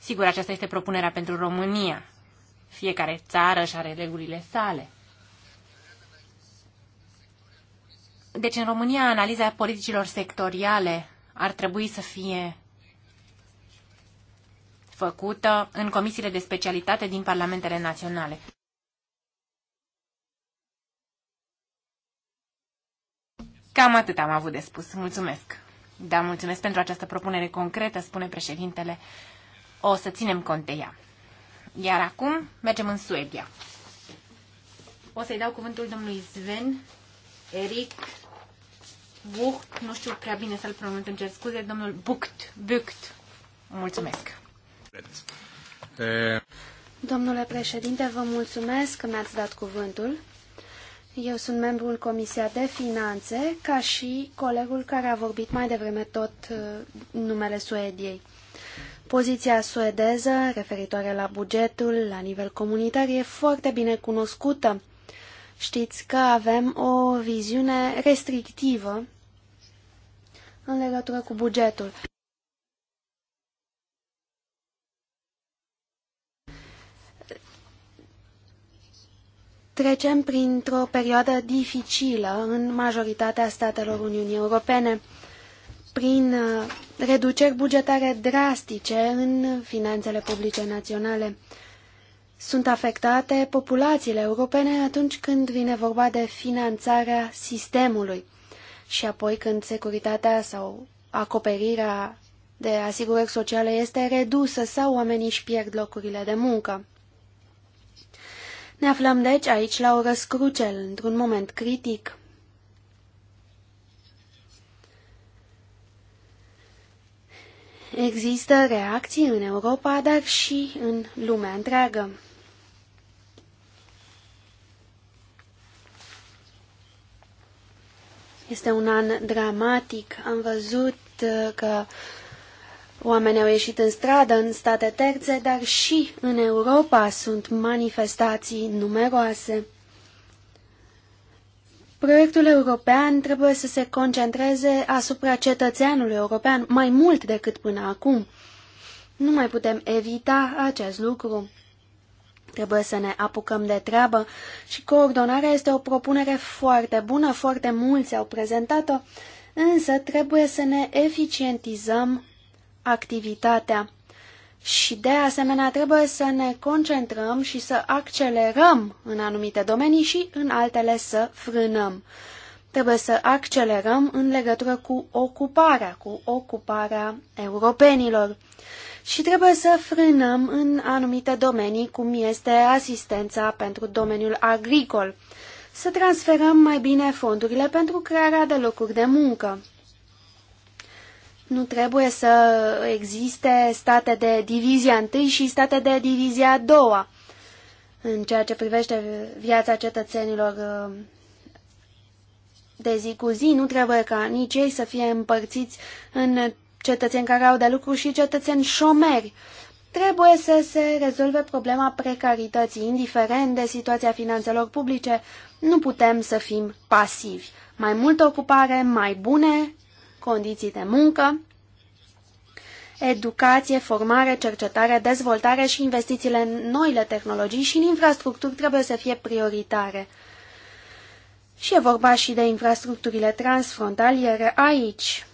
Sigur, aceasta este propunerea pentru România. Fiecare țară și are regulile sale. Deci, în România, analiza politicilor sectoriale ar trebui să fie făcută în comisiile de specialitate din parlamentele naționale. Cam atât am avut de spus. Mulțumesc. Da, mulțumesc pentru această propunere concretă, spune președintele o să ținem cont de ea. Iar acum mergem în Suedia. O să-i dau cuvântul domnului Sven Eric Bucht, nu știu prea bine să-l pronunț, îmi cer scuze, domnul Bucht, Bucht. Mulțumesc. Domnule președinte, vă mulțumesc că mi-ați dat cuvântul. Eu sunt membrul Comisia de Finanțe, ca și colegul care a vorbit mai devreme tot uh, numele Suediei. Poziția suedeză referitoare la bugetul la nivel comunitar e foarte bine cunoscută. Știți că avem o viziune restrictivă în legătură cu bugetul. Trecem printr-o perioadă dificilă în majoritatea statelor Uniunii Europene prin uh, reduceri bugetare drastice în finanțele publice naționale. Sunt afectate populațiile europene atunci când vine vorba de finanțarea sistemului și apoi când securitatea sau acoperirea de asigurări sociale este redusă sau oamenii își pierd locurile de muncă. Ne aflăm deci aici la o răscruce într-un moment critic. Există reacții în Europa, dar și în lumea întreagă. Este un an dramatic. Am văzut uh, că oamenii au ieșit în stradă în state terțe, dar și în Europa sunt manifestații numeroase. Proiectul european trebuie să se concentreze asupra cetățeanului european mai mult decât până acum. Nu mai putem evita acest lucru. Trebuie să ne apucăm de treabă și coordonarea este o propunere foarte bună, foarte mulți au prezentat-o, însă trebuie să ne eficientizăm activitatea. Și de asemenea trebuie să ne concentrăm și să accelerăm în anumite domenii și în altele să frânăm. Trebuie să accelerăm în legătură cu ocuparea, cu ocuparea europenilor. Și trebuie să frânăm în anumite domenii, cum este asistența pentru domeniul agricol. Să transferăm mai bine fondurile pentru crearea de locuri de muncă nu trebuie să existe state de divizia întâi și state de divizia a doua în ceea ce privește viața cetățenilor uh, de zi cu zi. Nu trebuie ca nici ei să fie împărțiți în cetățeni care au de lucru și cetățeni șomeri. Trebuie să se rezolve problema precarității, indiferent de situația finanțelor publice, nu putem să fim pasivi. Mai multă ocupare, mai bune condiții de muncă, educație, formare, cercetare, dezvoltare și investițiile în noile tehnologii și în infrastructuri trebuie să fie prioritare. Și e vorba și de infrastructurile transfrontaliere aici.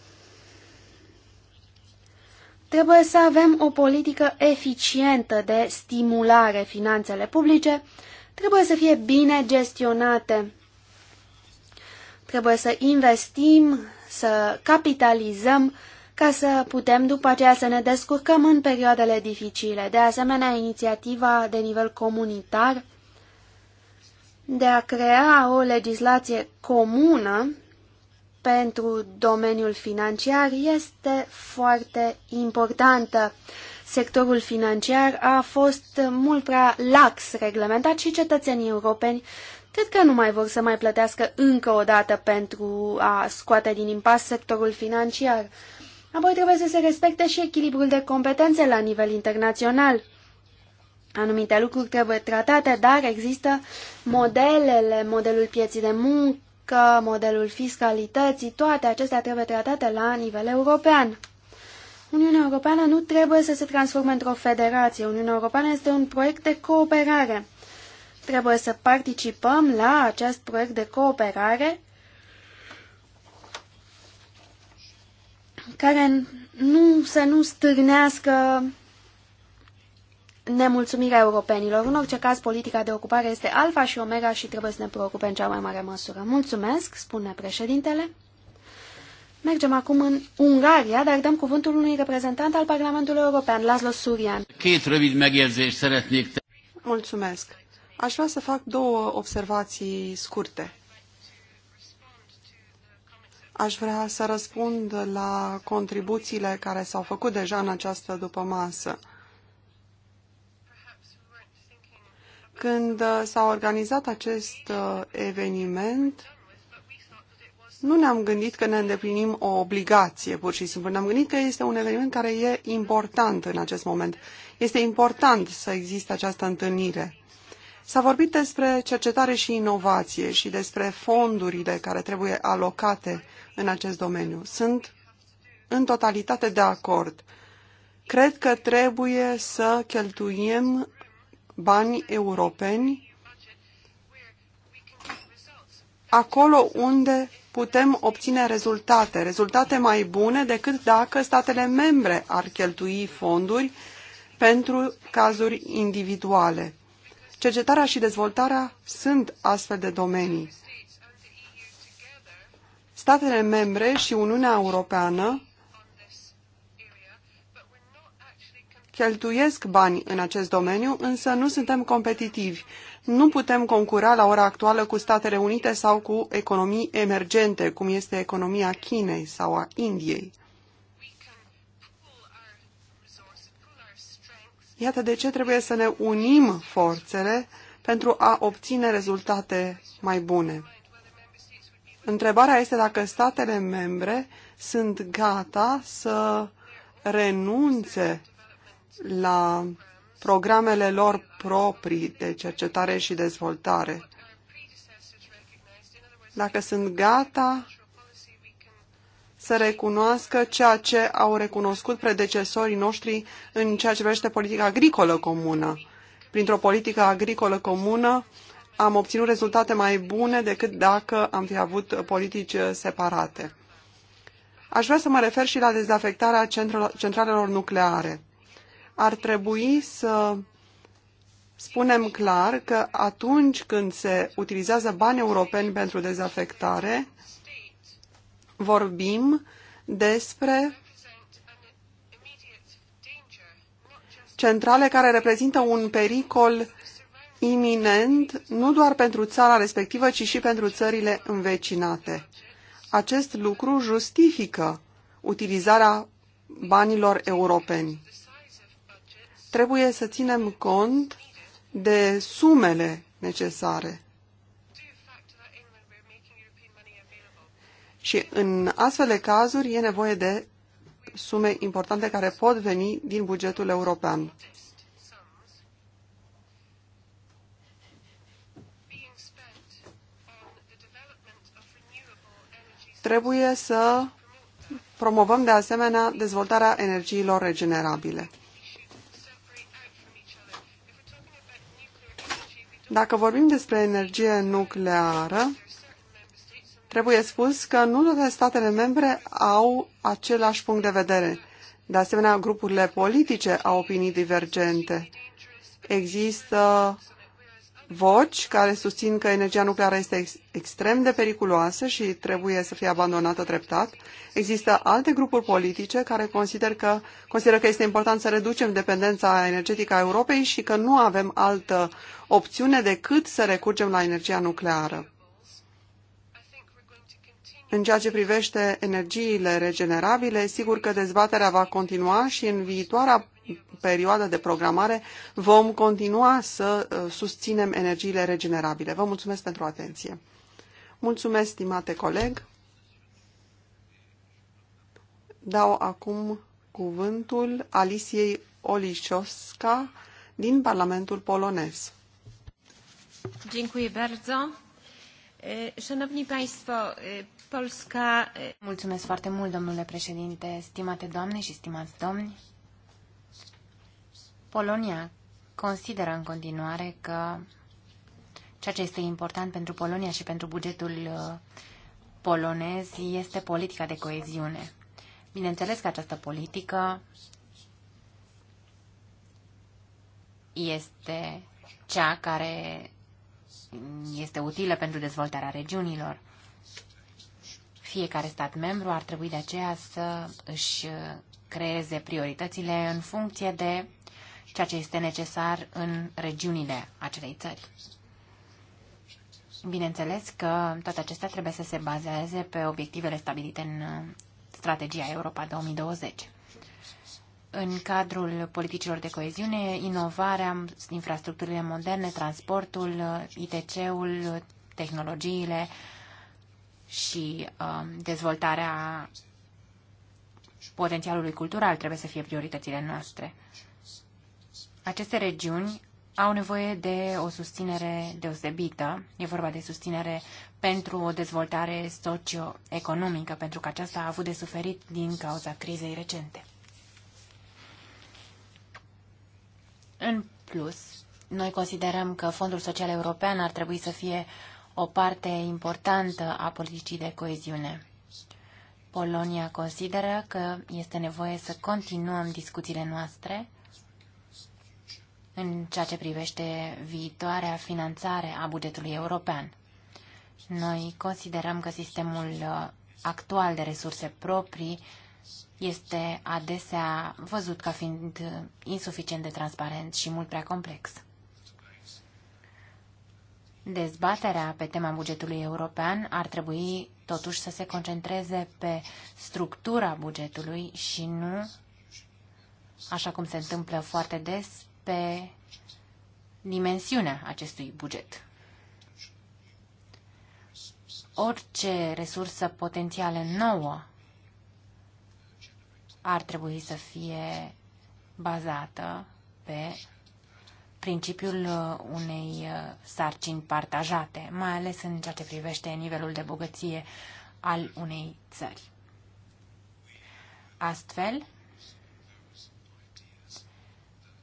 Trebuie să avem o politică eficientă de stimulare. Finanțele publice trebuie să fie bine gestionate. Trebuie să investim să capitalizăm ca să putem după aceea să ne descurcăm în perioadele dificile. De asemenea, inițiativa de nivel comunitar de a crea o legislație comună pentru domeniul financiar este foarte importantă. Sectorul financiar a fost mult prea lax reglementat și cetățenii europeni Cred că nu mai vor să mai plătească încă o dată pentru a scoate din impas sectorul financiar. Apoi trebuie să se respecte și echilibrul de competențe la nivel internațional. Anumite lucruri trebuie tratate, dar există modelele, modelul pieții de muncă, modelul fiscalității, toate acestea trebuie tratate la nivel european. Uniunea Europeană nu trebuie să se transforme într-o federație. Uniunea Europeană este un proiect de cooperare. Trebuie să participăm la acest proiect de cooperare care nu, să nu stârnească nemulțumirea europenilor. În orice caz, politica de ocupare este alfa și omega și trebuie să ne preocupe în cea mai mare măsură. Mulțumesc, spune președintele. Mergem acum în Ungaria, dar dăm cuvântul unui reprezentant al Parlamentului European, Laszlo Surian. Mulțumesc. Aș vrea să fac două observații scurte. Aș vrea să răspund la contribuțiile care s-au făcut deja în această dupămasă. Când s-a organizat acest uh, eveniment, nu ne-am gândit că ne îndeplinim o obligație, pur și simplu. Ne-am gândit că este un eveniment care e important în acest moment. Este important să existe această întâlnire. S-a vorbit despre cercetare și inovație și despre fondurile care trebuie alocate în acest domeniu. Sunt în totalitate de acord. Cred că trebuie să cheltuim bani europeni acolo unde putem obține rezultate, rezultate mai bune decât dacă statele membre ar cheltui fonduri pentru cazuri individuale. Cercetarea și dezvoltarea sunt astfel de domenii. Statele membre și Uniunea Europeană cheltuiesc bani în acest domeniu, însă nu suntem competitivi. Nu putem concura la ora actuală cu Statele Unite sau cu economii emergente, cum este economia Chinei sau a Indiei. Iată de ce trebuie să ne unim forțele pentru a obține rezultate mai bune. Întrebarea este dacă statele membre sunt gata să renunțe la programele lor proprii de cercetare și dezvoltare. Dacă sunt gata să recunoască ceea ce au recunoscut predecesorii noștri în ceea ce privește politica agricolă comună. Printr-o politică agricolă comună am obținut rezultate mai bune decât dacă am fi avut politici separate. Aș vrea să mă refer și la dezafectarea centralelor nucleare. Ar trebui să spunem clar că atunci când se utilizează bani europeni pentru dezafectare, vorbim despre centrale care reprezintă un pericol iminent nu doar pentru țara respectivă, ci și pentru țările învecinate. Acest lucru justifică utilizarea banilor europeni. Trebuie să ținem cont de sumele necesare. Și în astfel de cazuri e nevoie de sume importante care pot veni din bugetul european. Trebuie să promovăm de asemenea dezvoltarea energiilor regenerabile. Dacă vorbim despre energie nucleară, Trebuie spus că nu toate statele membre au același punct de vedere. De asemenea, grupurile politice au opinii divergente. Există voci care susțin că energia nucleară este ex extrem de periculoasă și trebuie să fie abandonată treptat. Există alte grupuri politice care consider că, consideră că este important să reducem dependența energetică a Europei și că nu avem altă opțiune decât să recurgem la energia nucleară. În ceea ce privește energiile regenerabile, sigur că dezbaterea va continua și în viitoarea perioadă de programare vom continua să uh, susținem energiile regenerabile. Vă mulțumesc pentru atenție. Mulțumesc, stimate coleg. Dau acum cuvântul Alisiei Olișosca din Parlamentul polonez. Dziękuję bardzo. Szanowni Państwo, Polska... Mulțumesc foarte mult, domnule președinte, stimate doamne și stimați domni. Polonia consideră în continuare că ceea ce este important pentru Polonia și pentru bugetul uh, polonez este politica de coeziune. Bineînțeles că această politică este cea care este utilă pentru dezvoltarea regiunilor. Fiecare stat membru ar trebui de aceea să își creeze prioritățile în funcție de ceea ce este necesar în regiunile acelei țări. Bineînțeles că toate acestea trebuie să se bazeze pe obiectivele stabilite în strategia Europa 2020. În cadrul politicilor de coeziune, inovarea, infrastructurile moderne, transportul, ITC-ul, tehnologiile, și um, dezvoltarea potențialului cultural trebuie să fie prioritățile noastre. Aceste regiuni au nevoie de o susținere deosebită. E vorba de susținere pentru o dezvoltare socioeconomică, pentru că aceasta a avut de suferit din cauza crizei recente. În plus, noi considerăm că Fondul Social European ar trebui să fie uh, o parte importantă a politicii de coeziune. Polonia consideră că este nevoie să continuăm discuțiile noastre în ceea ce privește viitoarea finanțare a bugetului european. Noi considerăm că sistemul uh, actual de resurse proprii este adesea văzut ca fiind uh, insuficient de transparent și mult prea complex. Dezbaterea pe tema bugetului european ar trebui totuși să se concentreze pe structura bugetului și nu, așa cum se întâmplă foarte des, pe dimensiunea acestui buget. Orice resursă potențială nouă ar trebui să fie bazată pe principiul uh, unei uh, sarcini partajate, mai ales în ceea ce privește nivelul de bogăție al unei țări. Astfel,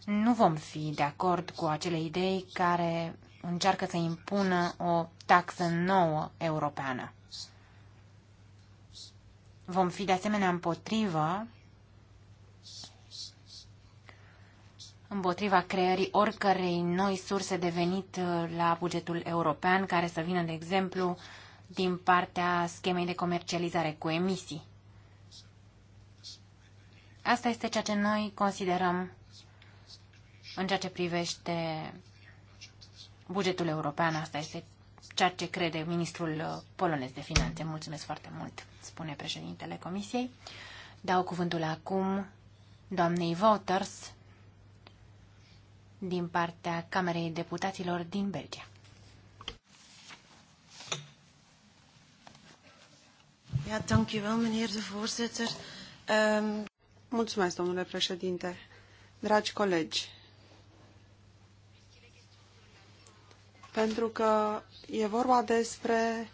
nu vom fi de acord cu acele idei care încearcă să impună o taxă nouă europeană. Vom fi de asemenea împotrivă împotriva creării oricărei noi surse de venit uh, la bugetul european, care să vină, de exemplu, din partea schemei de comercializare cu emisii. Asta este ceea ce noi considerăm în ceea ce privește bugetul european. Asta este ceea ce crede ministrul uh, polonez de finanțe. Mulțumesc foarte mult, spune președintele Comisiei. Dau cuvântul acum doamnei Voters din partea Camerei Deputaților din Belgia. Ja, dankjewel, meneer de voorzitter. Um... Mulțumesc, domnule președinte. Dragi colegi, pentru că e vorba despre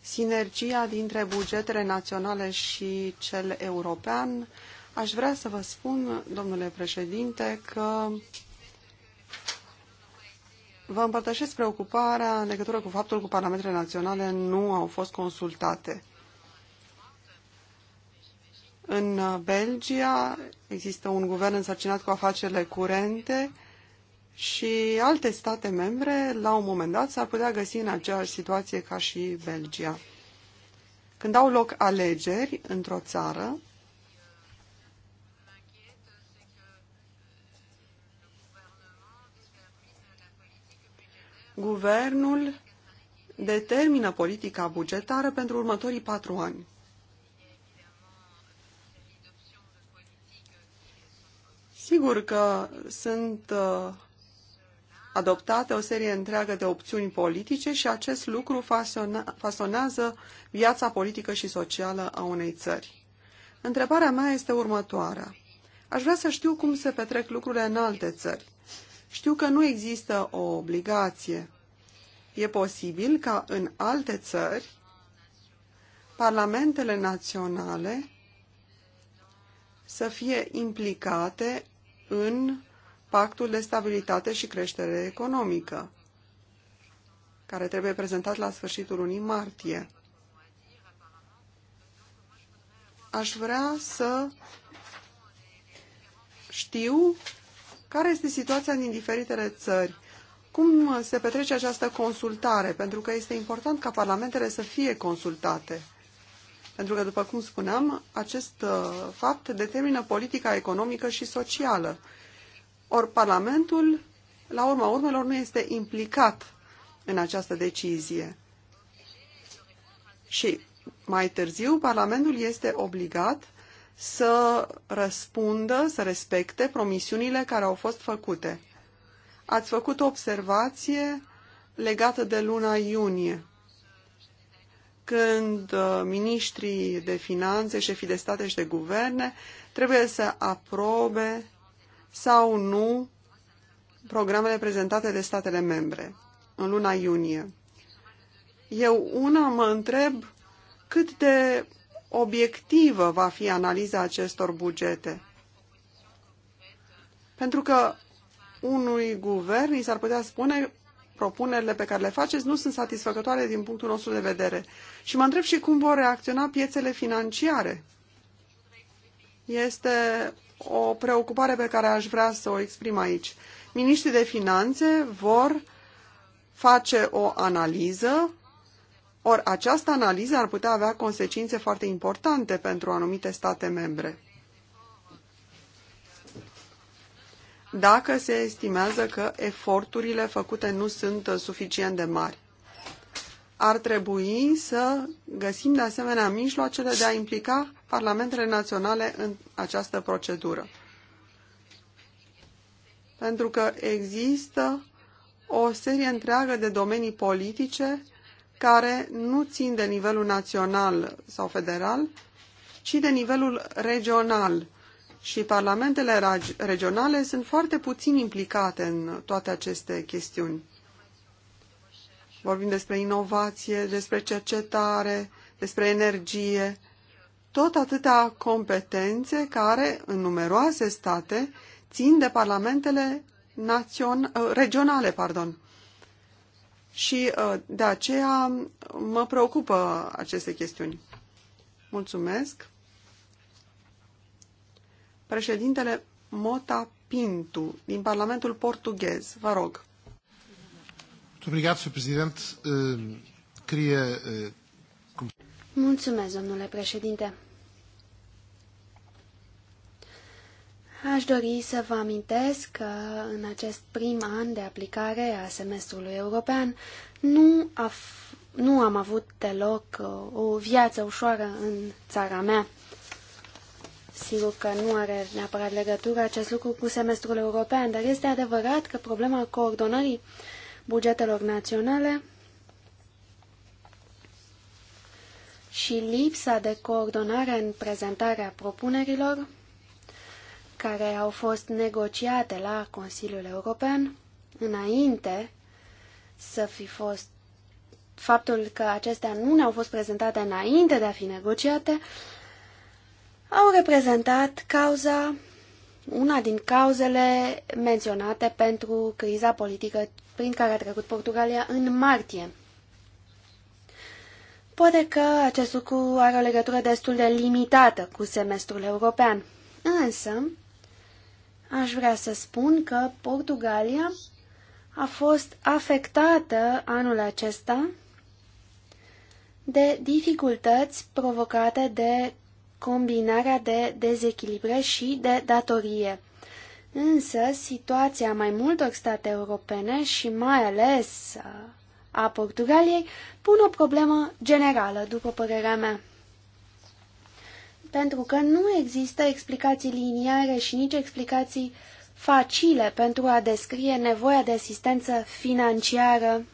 sinergia dintre bugetele naționale și cel european, aș vrea să vă spun, domnule președinte, că Vă împărtășesc preocuparea în legătură cu faptul că parlamentele naționale nu au fost consultate. În Belgia există un guvern însărcinat cu afacerile curente și alte state membre, la un moment dat, s-ar putea găsi în aceeași situație ca și Belgia. Când au loc alegeri într-o țară, Guvernul determină politica bugetară pentru următorii patru ani. Sigur că sunt uh, adoptate o serie întreagă de opțiuni politice și acest lucru fasonează viața politică și socială a unei țări. Întrebarea mea este următoarea. Aș vrea să știu cum se petrec lucrurile în alte țări. Știu că nu există o obligație. E posibil ca în alte țări, parlamentele naționale să fie implicate în pactul de stabilitate și creștere economică, care trebuie prezentat la sfârșitul lunii martie. Aș vrea să știu care este situația din diferitele țări? Cum se petrece această consultare? Pentru că este important ca parlamentele să fie consultate. Pentru că, după cum spuneam, acest uh, fapt determină politica economică și socială. Ori Parlamentul, la urma urmelor, nu este implicat în această decizie. Și mai târziu, Parlamentul este obligat să răspundă, să respecte promisiunile care au fost făcute. Ați făcut o observație legată de luna iunie, când uh, ministrii de finanțe, șefii de state și de guverne trebuie să aprobe sau nu programele prezentate de statele membre în luna iunie. Eu una mă întreb cât de obiectivă va fi analiza acestor bugete. Pentru că unui guvern i s-ar putea spune propunerile pe care le faceți nu sunt satisfăcătoare din punctul nostru de vedere. Și mă întreb și cum vor reacționa piețele financiare. Este o preocupare pe care aș vrea să o exprim aici. Miniștrii de finanțe vor face o analiză Or, această analiză ar putea avea consecințe foarte importante pentru anumite state membre. Dacă se estimează că eforturile făcute nu sunt suficient de mari, ar trebui să găsim de asemenea mijloacele de a implica parlamentele naționale în această procedură. Pentru că există o serie întreagă de domenii politice care nu țin de nivelul național sau federal, ci de nivelul regional. Și parlamentele regionale sunt foarte puțin implicate în toate aceste chestiuni. Vorbim despre inovație, despre cercetare, despre energie, tot atâtea competențe care, în numeroase state, țin de parlamentele regionale. Pardon și uh, de aceea mă preocupă aceste chestiuni. Mulțumesc. Președintele Mota Pintu, din Parlamentul Portughez. Vă rog. Eh, eh, Mulțumesc, domnule președinte. Aș dori să vă amintesc că în acest prim an de aplicare a semestrului european nu, a nu am avut deloc uh, o viață ușoară în țara mea. Sigur că nu are neapărat legătură acest lucru cu semestrul european, dar este adevărat că problema coordonării bugetelor naționale și lipsa de coordonare în prezentarea propunerilor care au fost negociate la Consiliul European înainte să fi fost faptul că acestea nu ne-au fost prezentate înainte de a fi negociate, au reprezentat cauza, una din cauzele menționate pentru criza politică prin care a trecut Portugalia în martie. Poate că acest lucru are o legătură destul de limitată cu semestrul european, însă aș vrea să spun că Portugalia a fost afectată anul acesta de dificultăți provocate de combinarea de dezechilibre și de datorie. Însă, situația mai multor state europene și mai ales a Portugaliei pun o problemă generală, după părerea mea pentru că nu există explicații liniare și nici explicații facile pentru a descrie nevoia de asistență financiară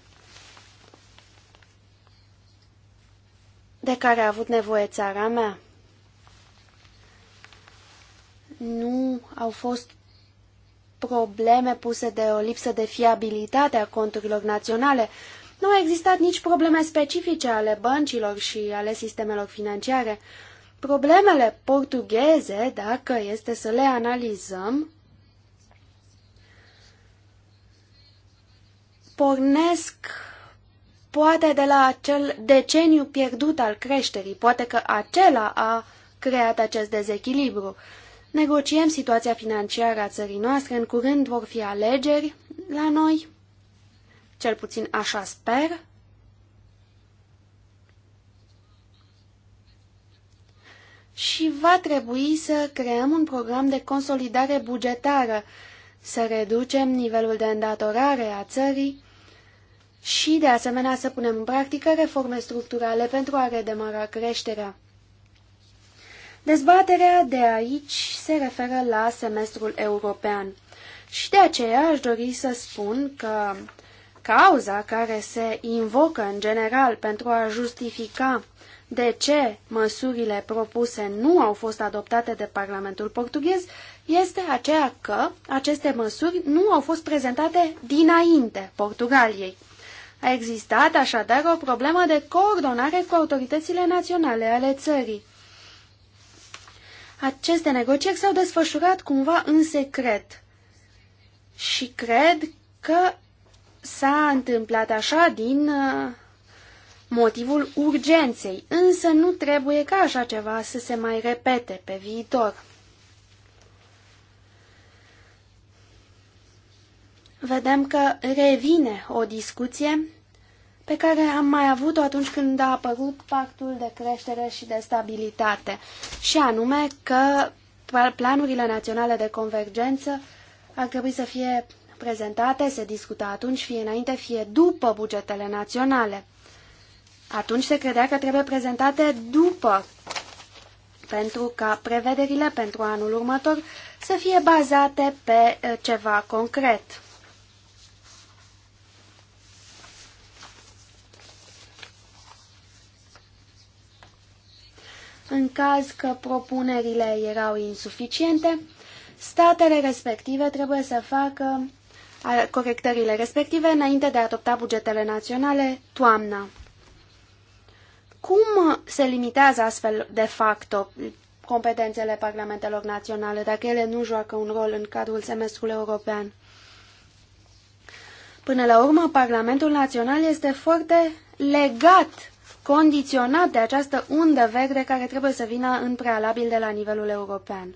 de care a avut nevoie țara mea. Nu au fost probleme puse de o lipsă de fiabilitate a conturilor naționale. Nu au existat nici probleme specifice ale băncilor și ale sistemelor financiare. Problemele portugheze, dacă este să le analizăm, pornesc poate de la acel deceniu pierdut al creșterii, poate că acela a creat acest dezechilibru. Negociem situația financiară a țării noastre, în curând vor fi alegeri la noi, cel puțin așa sper, și va trebui să creăm un program de consolidare bugetară, să reducem nivelul de îndatorare a țării și, de asemenea, să punem în practică reforme structurale pentru a redemara creșterea. Dezbaterea de aici se referă la semestrul european și de aceea aș dori să spun că cauza care se invocă în general pentru a justifica de ce măsurile propuse nu au fost adoptate de Parlamentul portughez este aceea că aceste măsuri nu au fost prezentate dinainte Portugaliei. A existat așadar o problemă de coordonare cu autoritățile naționale ale țării. Aceste negocieri s-au desfășurat cumva în secret și cred că s-a întâmplat așa din uh, motivul urgenței, însă nu trebuie ca așa ceva să se mai repete pe viitor. Vedem că revine o discuție pe care am mai avut-o atunci când a apărut pactul de creștere și de stabilitate, și anume că planurile naționale de convergență ar trebui să fie prezentate, se discută atunci, fie înainte, fie după bugetele naționale atunci se credea că trebuie prezentate după, pentru ca prevederile pentru anul următor să fie bazate pe eh, ceva concret. În caz că propunerile erau insuficiente, statele respective trebuie să facă corectările respective înainte de a adopta bugetele naționale toamna. Cum se limitează astfel de facto competențele parlamentelor naționale dacă ele nu joacă un rol în cadrul semestrului european? Până la urmă, Parlamentul Național este foarte legat, condiționat de această undă verde care trebuie să vină în prealabil de la nivelul european.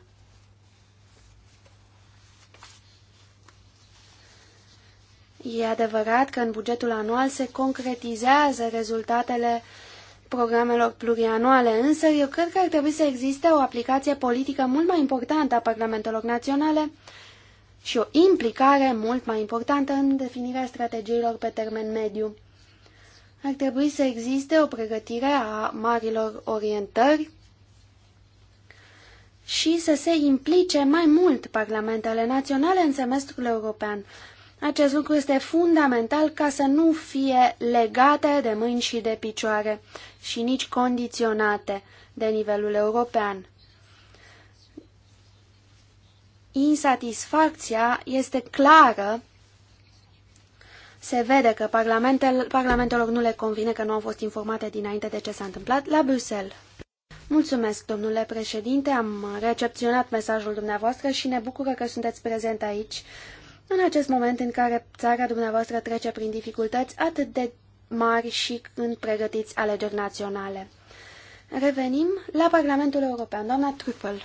E adevărat că în bugetul anual se concretizează rezultatele uh, programelor plurianuale, însă eu cred că ar trebui să existe o aplicație politică mult mai importantă a parlamentelor naționale și o implicare mult mai importantă în definirea strategiilor pe termen mediu. Ar trebui să existe o pregătire a marilor orientări și să se implice mai mult parlamentele naționale în semestrul european. Acest lucru este fundamental ca să nu fie legate de mâini și de picioare și nici condiționate de nivelul european. Insatisfacția este clară. Se vede că parlamentelor nu le convine că nu au fost informate dinainte de ce s-a întâmplat la Bruxelles. Mulțumesc, domnule președinte, am recepționat mesajul dumneavoastră și ne bucură că sunteți prezent aici în acest moment în care țara dumneavoastră trece prin dificultăți atât de mari și când pregătiți alegeri naționale. Revenim la Parlamentul European. Doamna Trupel.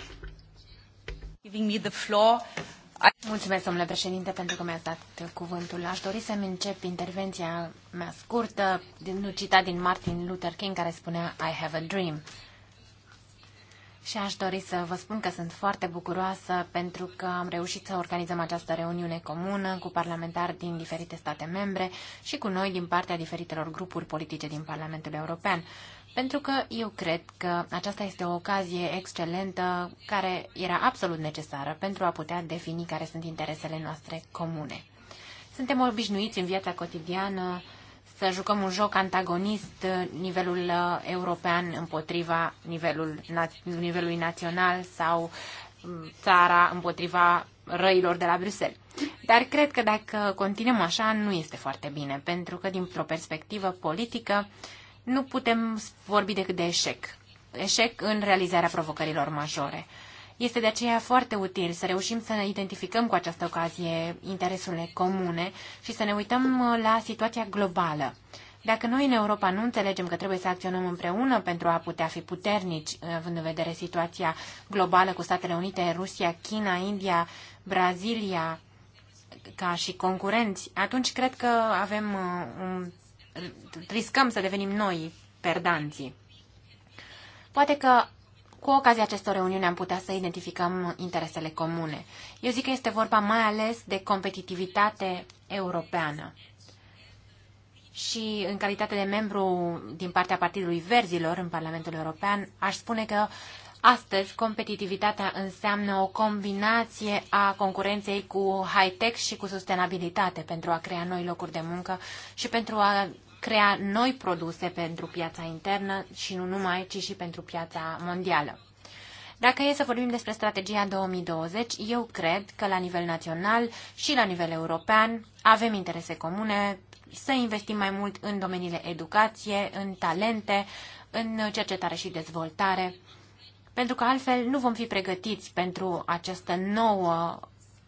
Mulțumesc, domnule președinte, pentru că mi-ați dat cuvântul. Aș dori să-mi încep intervenția mea scurtă, din, citat din Martin Luther King, care spunea I have a dream. Și aș dori să vă spun că sunt foarte bucuroasă pentru că am reușit să organizăm această reuniune comună cu parlamentari din diferite state membre și cu noi din partea diferitelor grupuri politice din Parlamentul European. Pentru că eu cred că aceasta este o ocazie excelentă care era absolut necesară pentru a putea defini care sunt interesele noastre comune. Suntem obișnuiți în viața cotidiană să jucăm un joc antagonist nivelul uh, european împotriva nivelul, nivelului național sau mm, țara împotriva răilor de la Bruxelles. Dar cred că dacă continuăm așa, nu este foarte bine, pentru că, dintr-o perspectivă politică, nu putem vorbi decât de eșec. Eșec în realizarea provocărilor majore. Este de aceea foarte util să reușim să ne identificăm cu această ocazie interesurile comune și să ne uităm uh, la situația globală. Dacă noi în Europa nu înțelegem că trebuie să acționăm împreună pentru a putea fi puternici, uh, având în vedere situația globală cu Statele Unite, Rusia, China, India, Brazilia, ca și concurenți, atunci cred că avem uh, un, riscăm să devenim noi perdanții. Poate că cu ocazia acestor reuniuni am putea să identificăm interesele comune. Eu zic că este vorba mai ales de competitivitate europeană. Și în calitate de membru din partea Partidului Verzilor în Parlamentul European, aș spune că astăzi competitivitatea înseamnă o combinație a concurenței cu high-tech și cu sustenabilitate pentru a crea noi locuri de muncă și pentru a crea noi produse pentru piața internă și nu numai, ci și pentru piața mondială. Dacă e să vorbim despre strategia 2020, eu cred că la nivel național și la nivel european avem interese comune să investim mai mult în domeniile educație, în talente, în cercetare și dezvoltare, pentru că altfel nu vom fi pregătiți pentru această nouă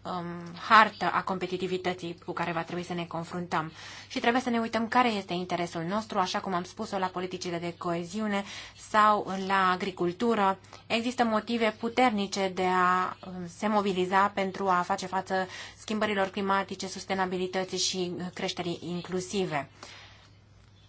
um, hartă a competitivității cu care va trebui să ne confruntăm. Și trebuie să ne uităm care este interesul nostru, așa cum am spus-o la politicile de coeziune sau la agricultură. Există motive puternice de a um, se mobiliza pentru a face față schimbărilor climatice, sustenabilității și uh, creșterii inclusive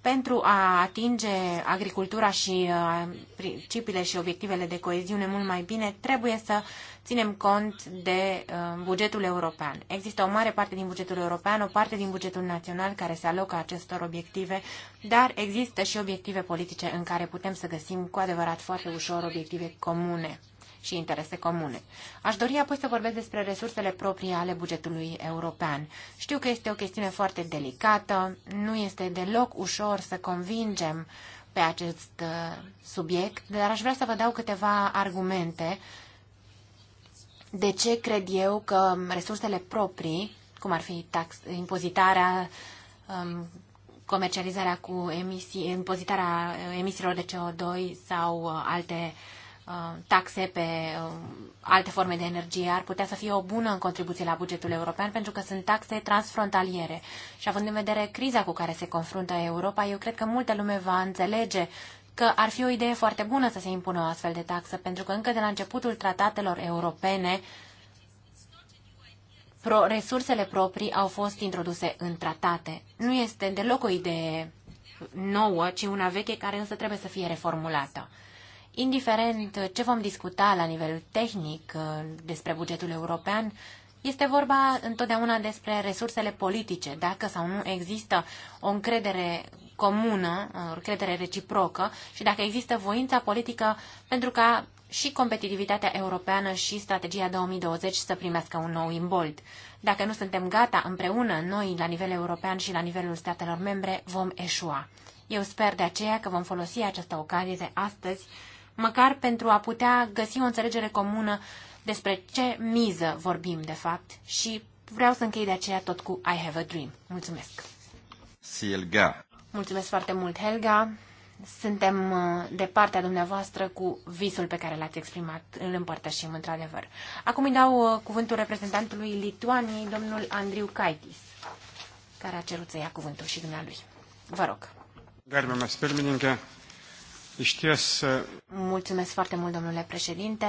pentru a atinge agricultura și uh, principiile și obiectivele de coeziune mult mai bine, trebuie să ținem cont de uh, bugetul european. Există o mare parte din bugetul european, o parte din bugetul național care se alocă acestor obiective, dar există și obiective politice în care putem să găsim cu adevărat foarte ușor obiective comune și interese comune. Aș dori apoi să vorbesc despre resursele proprii ale bugetului european. Știu că este o chestiune foarte delicată, nu este deloc ușor să convingem pe acest uh, subiect, dar aș vrea să vă dau câteva argumente de ce cred eu că resursele proprii, cum ar fi tax, impozitarea, um, comercializarea cu emisii, impozitarea emisiilor de CO2 sau uh, alte Uh, taxe pe uh, alte forme de energie ar putea să fie o bună contribuție la bugetul european pentru că sunt taxe transfrontaliere. Și având în vedere criza cu care se confruntă Europa, eu cred că multă lume va înțelege că ar fi o idee foarte bună să se impună o astfel de taxă, pentru că încă de la începutul tratatelor europene, pro resursele proprii au fost introduse în tratate. Nu este deloc o idee nouă, ci una veche care însă trebuie să fie reformulată indiferent ce vom discuta la nivel tehnic uh, despre bugetul european, este vorba întotdeauna despre resursele politice, dacă sau nu există o încredere comună, o încredere reciprocă și dacă există voința politică pentru ca și competitivitatea europeană și strategia 2020 să primească un nou imbold. Dacă nu suntem gata împreună, noi, la nivel european și la nivelul statelor membre, vom eșua. Eu sper de aceea că vom folosi această ocazie de astăzi măcar pentru a putea găsi o înțelegere comună despre ce miză vorbim, de fapt, și vreau să închei de aceea tot cu I have a dream. Mulțumesc! Silga. Mulțumesc foarte mult, Helga! Suntem uh, de partea dumneavoastră cu visul pe care l-ați exprimat, îl împărtășim într-adevăr. Acum îi dau uh, cuvântul reprezentantului Lituaniei, domnul Andriu Kaitis, care a cerut să ia cuvântul și dumnealui. Vă rog. Gerbiamas pirmininkė, Išties. Deci Mulțumesc foarte mult, domnule președinte.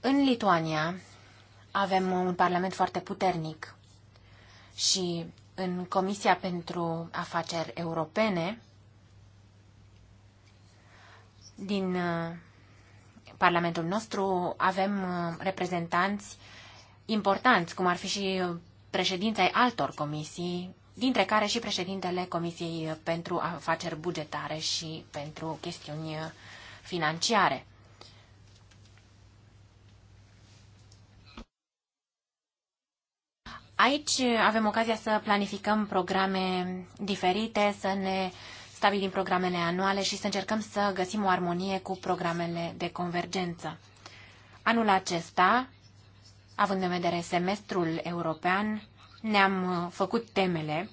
În Lituania avem un parlament foarte puternic și în Comisia pentru Afaceri Europene din uh, Parlamentul nostru avem uh, reprezentanți importanți, cum ar fi și președinței altor comisii, dintre care și președintele Comisiei pentru Afaceri Bugetare și pentru chestiuni financiare. Aici avem ocazia să planificăm programe diferite, să ne stabilim programele anuale și să încercăm să găsim o armonie cu programele de convergență. Anul acesta având în vedere semestrul european, ne-am uh, făcut temele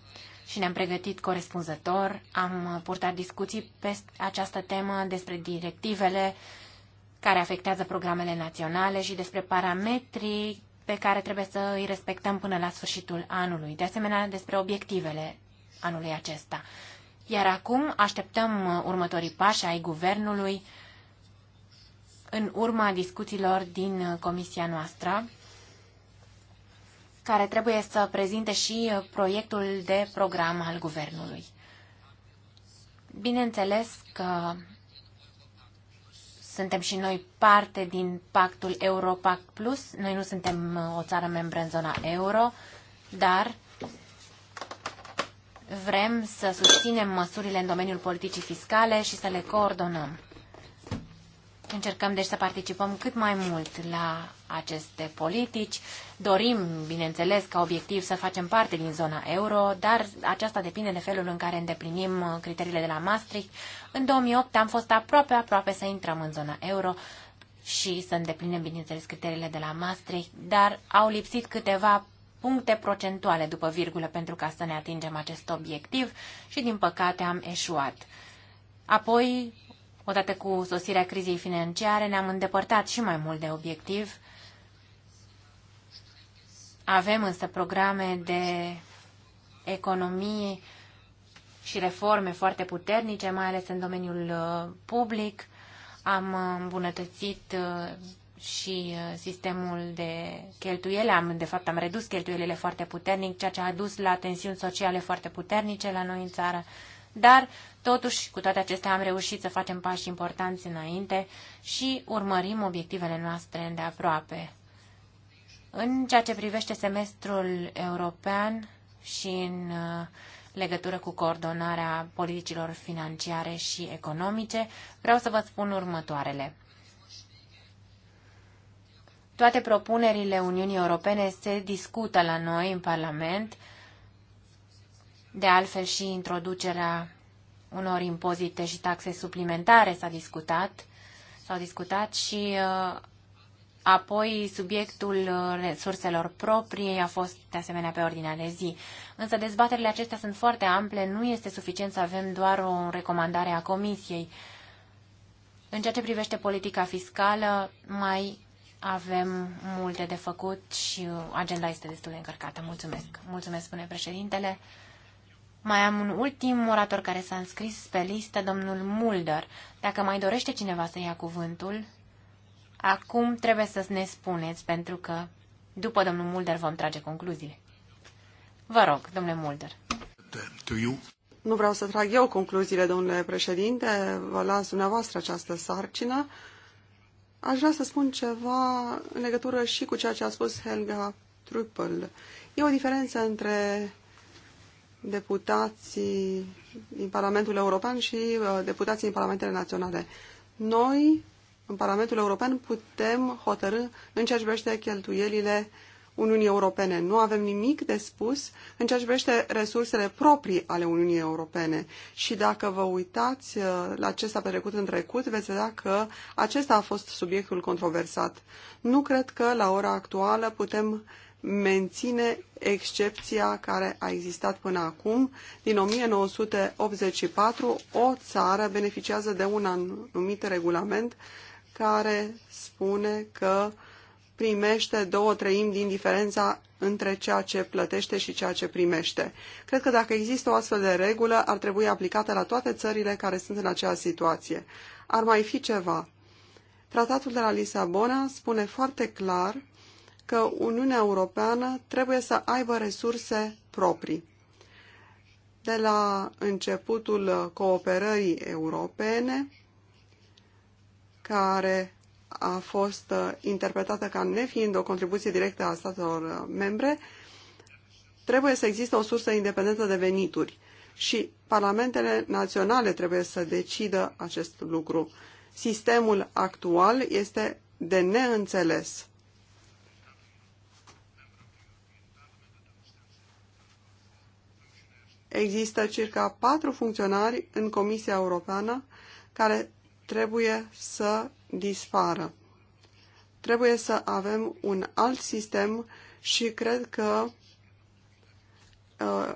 și ne-am pregătit corespunzător. Am uh, purtat discuții pe această temă despre directivele care afectează programele naționale și despre parametrii pe care trebuie să îi respectăm până la sfârșitul anului. De asemenea, despre obiectivele anului acesta. Iar acum așteptăm uh, următorii pași ai guvernului în urma discuțiilor din comisia noastră care trebuie să prezinte și uh, proiectul de program al guvernului. Bineînțeles că suntem și noi parte din pactul Europact Plus. Noi nu suntem uh, o țară membră în zona euro, dar vrem să susținem măsurile în domeniul politicii fiscale și să le coordonăm. Încercăm deci să participăm cât mai mult la aceste politici. Dorim, bineînțeles, ca obiectiv să facem parte din zona euro, dar aceasta depinde de felul în care îndeplinim uh, criteriile de la Maastricht. În 2008 am fost aproape, aproape să intrăm în zona euro și să îndeplinim, bineînțeles, criteriile de la Maastricht, dar au lipsit câteva puncte procentuale după virgulă pentru ca să ne atingem acest obiectiv și, din păcate, am eșuat. Apoi, odată cu sosirea crizei financiare, ne-am îndepărtat și mai mult de obiectiv avem însă programe de economie și reforme foarte puternice, mai ales în domeniul uh, public. Am uh, îmbunătățit uh, și sistemul de cheltuiele, am, de fapt am redus cheltuielile foarte puternic, ceea ce a dus la tensiuni sociale foarte puternice la noi în țară. Dar, totuși, cu toate acestea am reușit să facem pași importanți înainte și urmărim obiectivele noastre de aproape. În ceea ce privește semestrul european și în uh, legătură cu coordonarea politicilor financiare și economice, vreau să vă spun următoarele. Toate propunerile Uniunii Europene se discută la noi în Parlament, de altfel și introducerea unor impozite și taxe suplimentare s-a discutat, s-au discutat și uh, Apoi, subiectul uh, resurselor proprii a fost de asemenea pe ordinea de zi. Însă dezbaterile acestea sunt foarte ample, nu este suficient să avem doar o recomandare a Comisiei. În ceea ce privește politica fiscală, mai avem multe de făcut și uh, agenda este destul de încărcată. Mulțumesc. Mulțumesc, spune președintele. Mai am un ultim orator care s-a înscris pe listă, domnul Mulder. Dacă mai dorește cineva să ia cuvântul, Acum trebuie să ne spuneți, pentru că după domnul Mulder vom trage concluziile. Vă rog, domnule Mulder. Nu vreau să trag eu concluziile, domnule președinte, vă las dumneavoastră această sarcină. Aș vrea să spun ceva în legătură și cu ceea ce a spus Helga Truppel. E o diferență între deputații din Parlamentul European și uh, deputații din Parlamentele Naționale. Noi în Parlamentul European putem hotărâ în ceea ce privește cheltuielile Uniunii Europene. Nu avem nimic de spus în ceea ce privește resursele proprii ale Uniunii Europene. Și dacă vă uitați uh, la ce s-a petrecut în trecut, veți vedea că acesta a fost subiectul controversat. Nu cred că la ora actuală putem menține excepția care a existat până acum. Din 1984, o țară beneficiază de un anumit regulament care spune că primește două treimi din diferența între ceea ce plătește și ceea ce primește. Cred că dacă există o astfel de regulă, ar trebui aplicată la toate țările care sunt în aceeași situație. Ar mai fi ceva. Tratatul de la Lisabona spune foarte clar că Uniunea Europeană trebuie să aibă resurse proprii. De la începutul cooperării europene, care a fost uh, interpretată ca nefiind o contribuție directă a statelor uh, membre, trebuie să existe o sursă independentă de venituri și parlamentele naționale trebuie să decidă acest lucru. Sistemul actual este de neînțeles. Există circa patru funcționari în Comisia Europeană care trebuie să dispară. Trebuie să avem un alt sistem și cred că uh,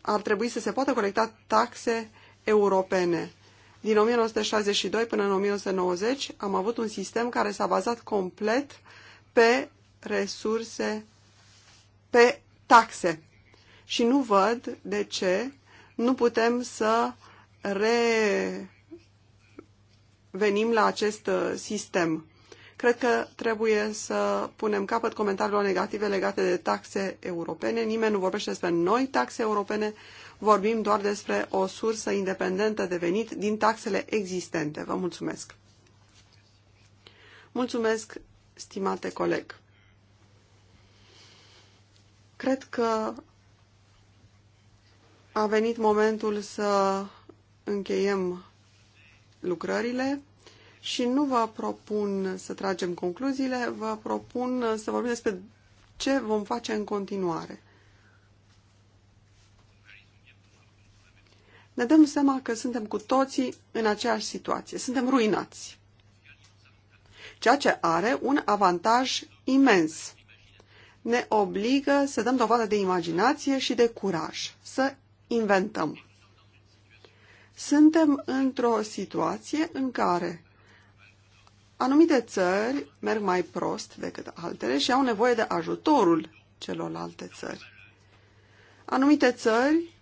ar trebui să se poată colecta taxe europene. Din 1962 până în 1990 am avut un sistem care s-a bazat complet pe resurse, pe taxe. Și nu văd de ce nu putem să re venim la acest uh, sistem. Cred că trebuie să punem capăt comentariilor negative legate de taxe europene. Nimeni nu vorbește despre noi taxe europene, vorbim doar despre o sursă independentă de venit din taxele existente. Vă mulțumesc! Mulțumesc, stimate coleg! Cred că a venit momentul să încheiem lucrările și nu vă propun să tragem concluziile, vă propun să vorbim despre ce vom face în continuare. Ne dăm seama că suntem cu toții în aceeași situație. Suntem ruinați. Ceea ce are un avantaj imens. Ne obligă să dăm dovadă de imaginație și de curaj, să inventăm. Suntem într-o situație în care anumite țări merg mai prost decât altele și au nevoie de ajutorul celorlalte țări. Anumite țări